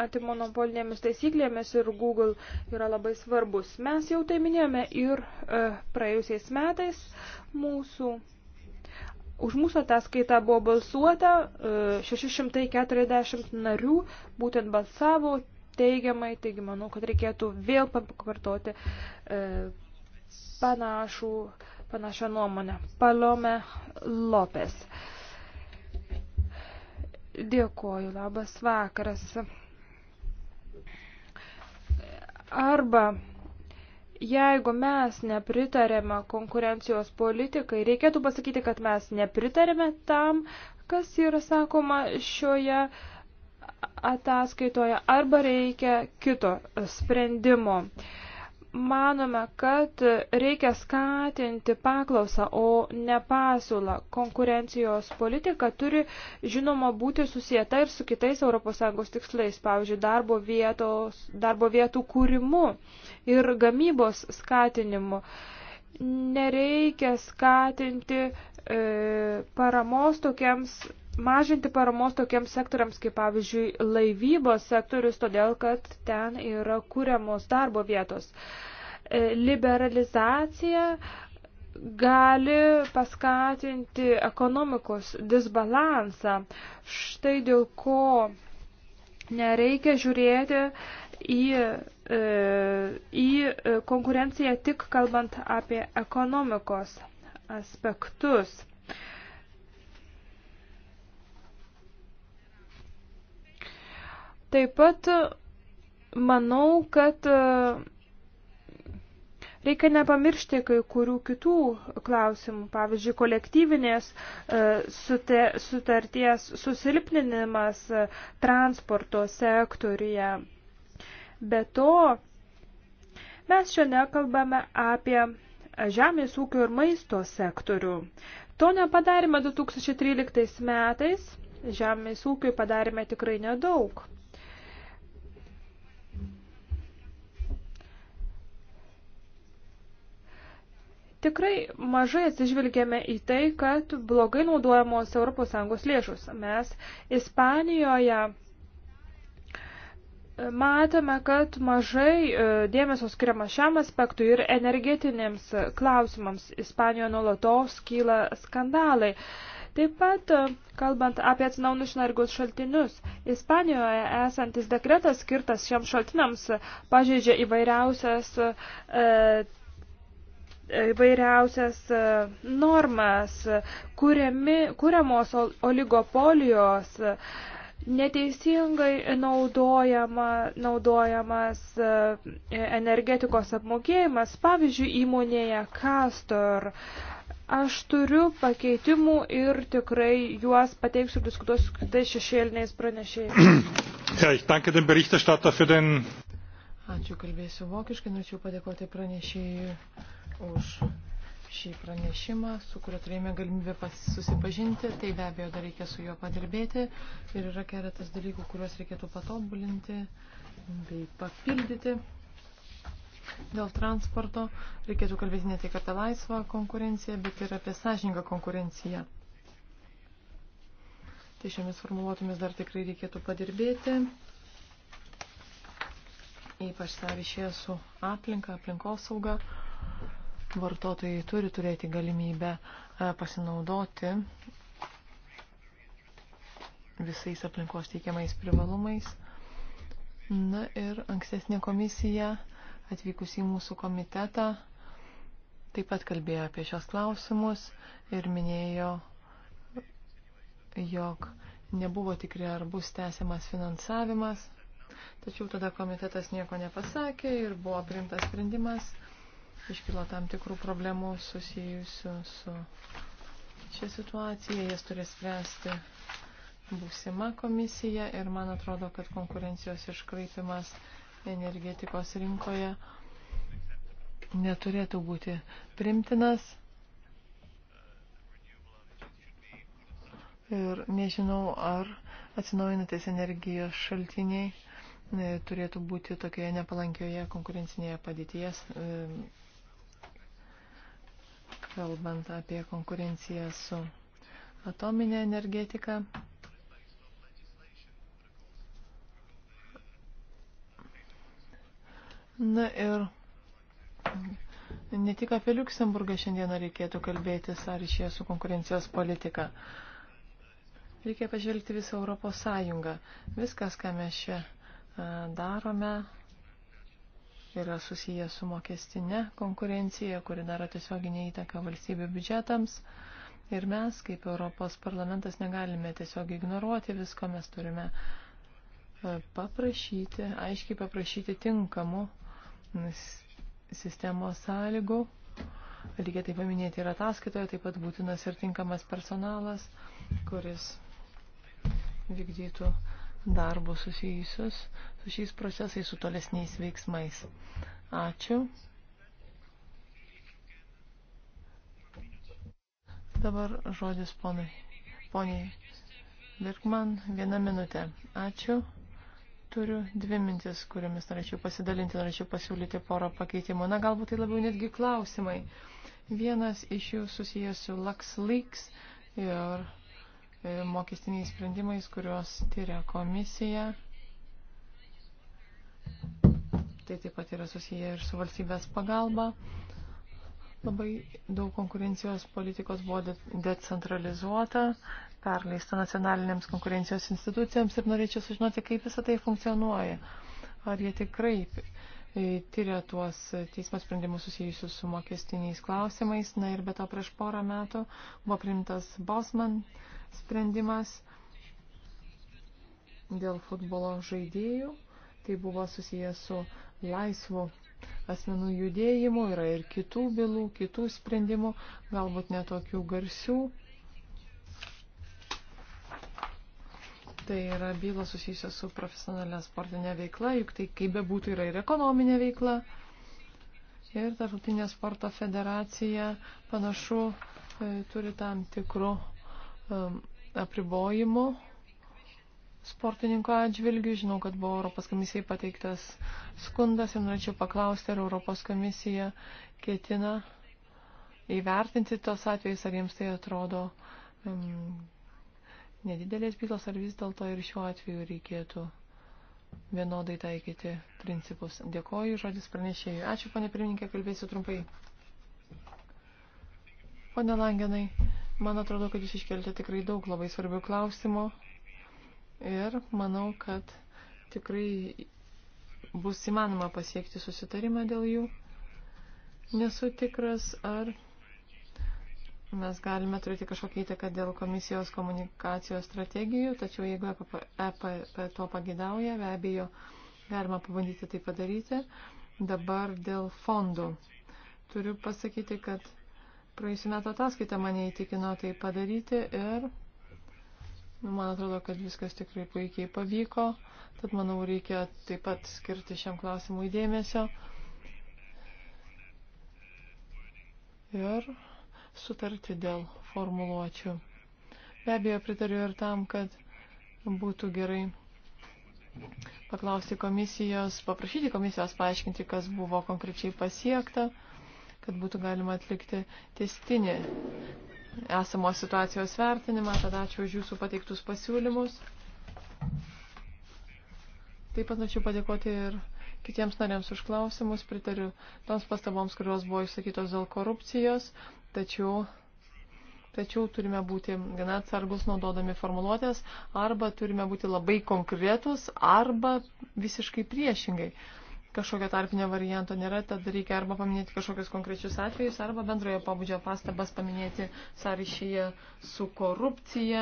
S4: antimonopolinėmis taisyklėmis ir Google yra labai svarbus. Mes jau tai minėjome ir e, praėjusiais metais mūsų Už mūsų ataskaitą buvo balsuota, 640 e, narių būtent balsavo teigiamai, taigi manau, kad reikėtų vėl pakartoti e, panašų, panašią nuomonę. Palome Lopes. Dėkoju, labas vakaras. Arba Jeigu mes nepritarėme konkurencijos politikai, reikėtų pasakyti, kad mes nepritarėme tam, kas yra sakoma šioje ataskaitoje, arba reikia kito sprendimo. Uh, manome, kad reikia skatinti paklausą, o ne pasiūlą. Konkurencijos politika turi, žinoma, būti susijęta ir su kitais ES tikslais, pavyzdžiui, darbo, vietos, darbo vietų kūrimu ir gamybos skatinimu. Nereikia skatinti e, paramos tokiems mažinti paramos tokiems sektoriams kaip pavyzdžiui laivybos sektorius, todėl kad ten yra kūriamos darbo vietos. E, liberalizacija gali paskatinti ekonomikos disbalansą. Štai dėl ko nereikia žiūrėti į, e, į konkurenciją tik kalbant apie ekonomikos aspektus. Taip pat manau, kad reikia nepamiršti kai kurių kitų klausimų, pavyzdžiui, kolektyvinės e, sutarties susilpninimas e, transporto sektorija. Be to, mes šiandien kalbame apie žemės ūkio ir maisto sektorių. To nepadarėme 2013 metais, žemės ūkiui padarėme tikrai nedaug. Tikrai mažai atsižvelgėme į tai, kad blogai naudojamos ES lėšus. Mes Ispanijoje e, matome, kad mažai e, dėmesio skiriama šiam aspektui ir energetinėms klausimams. Ispanijoje nulatos kyla skandalai. Taip pat, e, kalbant apie atsinaunus energijos šaltinius, Ispanijoje esantis dekretas skirtas šiems šaltiniams pažeidžia įvairiausias e, įvairiausias e, normas, kuriami, kuriamos oligopolijos, e, neteisingai naudojama, naudojamas e, energetikos apmokėjimas, pavyzdžiui, įmonėje Castor. Aš turiu pakeitimų ir tikrai juos pateiksiu ir diskutuosiu su kitais šešėliniais pranešėjais.
S3: Ja, ich danke dem Berichterstatter für den.
S4: Ačiū, kalbėsiu
S2: vokiškai, norėčiau padėkoti pranešėjui už šį pranešimą, su kuriuo turėjome galimybę susipažinti. Tai be abejo dar reikia su juo padirbėti ir yra keletas dalykų, kuriuos reikėtų patobulinti bei papildyti. Dėl transporto reikėtų kalbėti ne tik apie laisvą konkurenciją, bet ir apie sąžiningą konkurenciją. Tai šiomis formuluotomis dar tikrai reikėtų padirbėti ypač sąryšėje su aplinka, aplinkosauga vartotojai turi turėti galimybę e, pasinaudoti visais aplinkos teikiamais privalumais. Na ir ankstesnė komisija atvykus į mūsų komitetą taip pat kalbėjo apie šios klausimus ir minėjo, jog nebuvo tikri, ar bus tęsiamas finansavimas. Tačiau tada komitetas nieko nepasakė ir buvo priimtas sprendimas iškilo tam tikrų problemų susijusių su šią situaciją. Jas turės spręsti būsima komisija ir man atrodo, kad konkurencijos iškraipimas energetikos rinkoje neturėtų būti primtinas. Ir nežinau, ar atsinaujinantis energijos šaltiniai e, turėtų būti tokioje nepalankioje konkurencinėje padėtyje kalbant apie konkurenciją su atominė energetika. Na ir ne tik apie Luksemburgą šiandieną reikėtų kalbėtis ar išėję su konkurencijos politika. Reikia pažvelgti visą Europos Sąjungą. Viskas, ką mes čia darome, yra susijęs su mokestinė konkurencija, kuri daro tiesioginį įtaką valstybių biudžetams. Ir mes, kaip Europos parlamentas, negalime tiesiog ignoruoti visko, mes turime e, paprašyti, aiškiai paprašyti tinkamų sistemos sąlygų. Reikia tai paminėti ir ataskaitoje, taip pat būtinas ir tinkamas personalas, kuris vykdytų darbo susijusius su šiais procesais, su tolesniais veiksmais. Ačiū. Dabar žodis ponai. Poniai Virkman, viena minutė. Ačiū. Turiu dvi mintis, kuriomis norėčiau pasidalinti, norėčiau pasiūlyti porą pakeitimų. Na, galbūt tai labiau netgi klausimai. Vienas iš jų susijęs su LuxLeaks ir E, mokestiniais sprendimais, kuriuos tyria komisija. Tai taip pat yra susiję ir su valstybės pagalba. Labai daug konkurencijos politikos buvo de decentralizuota, perleista nacionalinėms konkurencijos institucijams ir norėčiau sužinoti, kaip visą tai funkcionuoja. Ar jie tikrai e, tyria tuos teismo sprendimus susijusius su mokestiniais klausimais. Na ir be to prieš porą metų buvo priimtas Bosman sprendimas dėl futbolo žaidėjų. Tai buvo susijęs su laisvu asmenų judėjimu, yra ir kitų bylų, kitų sprendimų, galbūt netokių garsių. Tai yra bylos susijusios su profesionalė sportinė veikla, juk tai kaip bebūtų yra ir ekonominė veikla. Ir Tarptautinė sporto federacija panašu e, turi tam tikrų Um, apribojimų sportininko atžvilgių. Žinau, kad buvo Europos komisijai pateiktas skundas ir norėčiau paklausti, ar Europos komisija ketina įvertinti tos atvejus, ar jiems tai atrodo um, nedidelės bylos, ar vis dėlto ir šiuo atveju reikėtų vienodai taikyti principus. Dėkoju, žodis pranešėjui. Ačiū, ponė pirmininkė, kalbėsiu trumpai. Pone Langenai, Man atrodo, kad jūs iškeltė tikrai daug labai svarbių klausimų ir manau, kad tikrai bus įmanoma pasiekti susitarimą dėl jų. Nesu tikras, ar mes galime turėti kažkokį įtaką dėl komisijos komunikacijos strategijų, tačiau jeigu EPP, EPP to pagidauja, be abejo, galima pabandyti tai padaryti. Dabar dėl fondų. Turiu pasakyti, kad Praėjusiu metu ataskaitą mane įtikino tai padaryti ir nu, man atrodo, kad viskas tikrai puikiai pavyko. Tad manau, reikia taip pat skirti šiam klausimui dėmesio. Ir sutarti dėl formuluočių. Be abejo, pritariu ir tam, kad būtų gerai paklausti komisijos, paprašyti komisijos paaiškinti, kas buvo konkrečiai pasiekta kad būtų galima atlikti testinį esamos situacijos vertinimą. Tad ačiū už jūsų pateiktus pasiūlymus. Taip pat norėčiau padėkoti ir kitiems nariams už klausimus. Pritariu toms pastaboms, kurios buvo išsakytos dėl korupcijos, tačiau, tačiau turime būti gana atsargus naudodami formuluotės, arba turime būti labai konkretus, arba visiškai priešingai kažkokio tarpinio varianto nėra, tad reikia arba paminėti kažkokius konkrečius atvejus, arba bendrojo pabudžio pastabas paminėti sąryšyje su korupcija,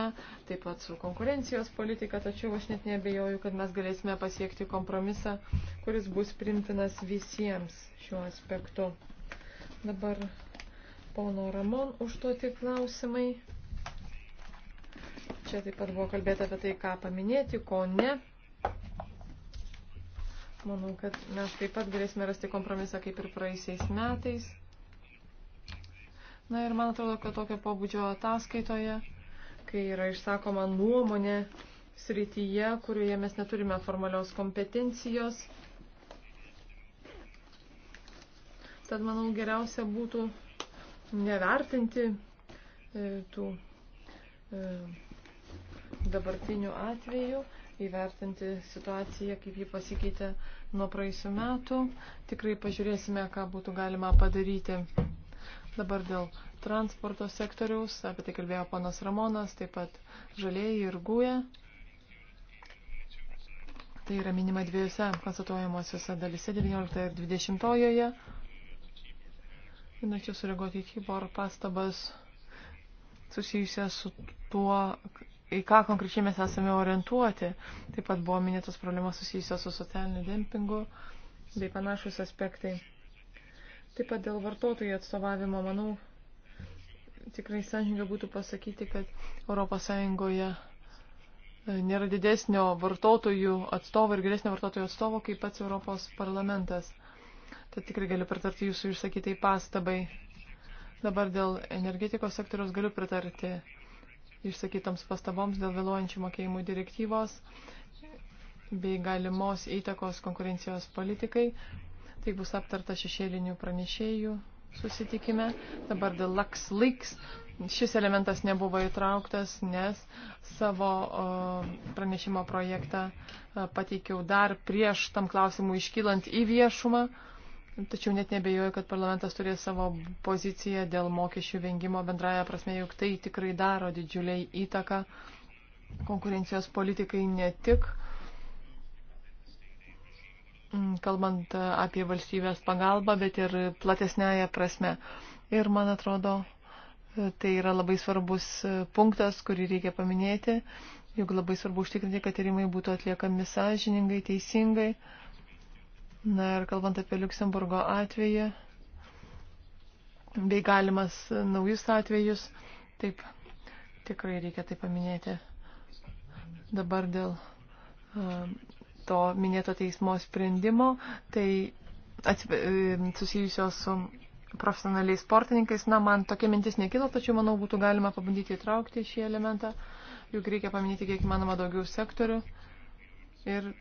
S2: taip pat su konkurencijos politika, tačiau aš net nebejoju, kad mes galėsime pasiekti kompromisą, kuris bus primtinas visiems šiuo aspektu. Dabar pono Ramon užduoti klausimai. Čia taip pat buvo kalbėta apie tai, ką paminėti, ko ne. Manau, kad mes taip pat galėsime rasti kompromisą kaip ir praeisiais metais. Na ir man atrodo, kad tokio pobūdžio ataskaitoje, kai yra išsakoma nuomonė srityje, kurioje mes neturime formalios kompetencijos, tad manau geriausia būtų nevertinti e, tų e, dabartinių atvejų įvertinti situaciją, kaip ji pasikeitė nuo praeisių metų. Tikrai pažiūrėsime, ką būtų galima padaryti dabar dėl transporto sektoriaus. Apie tai kalbėjo panas Ramonas, taip pat žalėjai ir gūja. Tai yra minima dviejose konstatuojamosiose dalise, 19 ir 20. -oje. Ir norėčiau sureaguoti į Tibor pastabas susijusias su tuo, į ką konkrečiai mes esame orientuoti. Taip pat buvo minėtos problemos susijusios su socialiniu dempingu bei panašus aspektai. Taip pat dėl vartotojų atstovavimo, manau, tikrai sąžininkai būtų pasakyti, kad ES e, nėra didesnio vartotojų atstovo ir geresnio vartotojų atstovo kaip pats Europos parlamentas. Tad tikrai galiu pritarti jūsų išsakytai pastabai. Dabar dėl energetikos sektoriaus galiu pritarti išsakytoms pastaboms dėl vėluojančių mokėjimų direktyvos bei galimos įtakos konkurencijos politikai. Tai bus aptarta šešėlinių pranešėjų susitikime. Dabar dėl laks laiks šis elementas nebuvo įtrauktas, nes savo pranešimo projektą pateikiau dar prieš tam klausimui iškylant į viešumą. Tačiau net nebejoju, kad parlamentas turės savo poziciją dėl mokesčių vengimo bendraja prasme, juk tai tikrai daro didžiuliai įtaką konkurencijos politikai ne tik, mm, kalbant apie valstybės pagalbą, bet ir platesnėje prasme. Ir man atrodo, tai yra labai svarbus punktas, kurį reikia paminėti, juk labai svarbu užtikrinti, kad tyrimai būtų atliekami sąžiningai, teisingai. Na ir kalbant apie Luxemburgo atvejį bei galimas naujus atvejus, taip tikrai reikia tai paminėti. Dabar dėl to minėto teismo sprendimo, tai atsip, e, susijusios su profesionaliais sportininkais, na, man tokia mintis nekilo, tačiau manau būtų galima pabandyti įtraukti šį elementą, juk reikia paminėti kiek įmanoma daugiau sektorių. Ir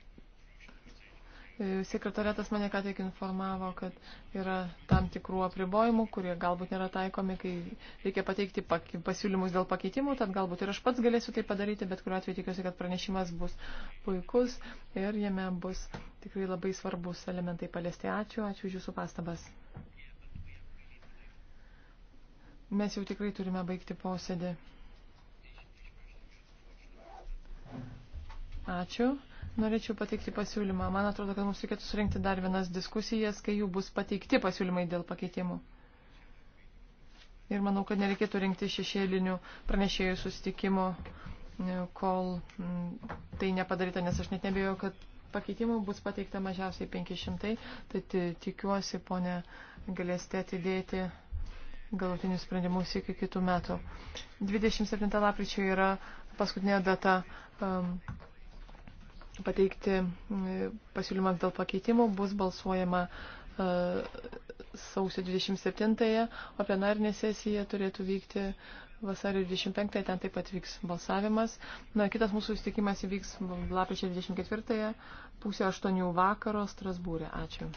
S2: E, Sekretariatas mane ką tik informavo, kad yra tam tikrų apribojimų, kurie galbūt nėra taikomi, kai reikia pateikti pasiūlymus dėl pakeitimų, tad galbūt ir aš pats galėsiu tai padaryti, bet kuriuo atveju tikiuosi, kad pranešimas bus puikus ir jame bus tikrai labai svarbus elementai paliesti. Ačiū, ačiū už Jūsų pastabas. Mes jau tikrai turime baigti posėdį. Ačiū. Norėčiau pateikti pasiūlymą. Man atrodo, kad mums reikėtų surinkti dar vienas diskusijas, kai jų bus pateikti pasiūlymai dėl pakeitimų. Ir manau, kad nereikėtų rinkti šešėlinių pranešėjų susitikimo, e, kol mm, tai nepadaryta, nes aš net nebėjau, kad pakeitimų bus pateikta mažiausiai 500. Tai tikiuosi, ponė, galėsite atidėti galutinius sprendimus iki kitų metų. 27 lapkričio yra paskutinė data. Um, pateikti pasiūlymas dėl pakeitimų, bus balsuojama e, sausio 27-ąją, o plenarinė sesija turėtų vykti vasario 25-ąją, ten taip pat vyks balsavimas. Na, kitas mūsų susitikimas įvyks lapkričio 24-ąją, pusė 8 vakaro Strasbūrė. Ačiū.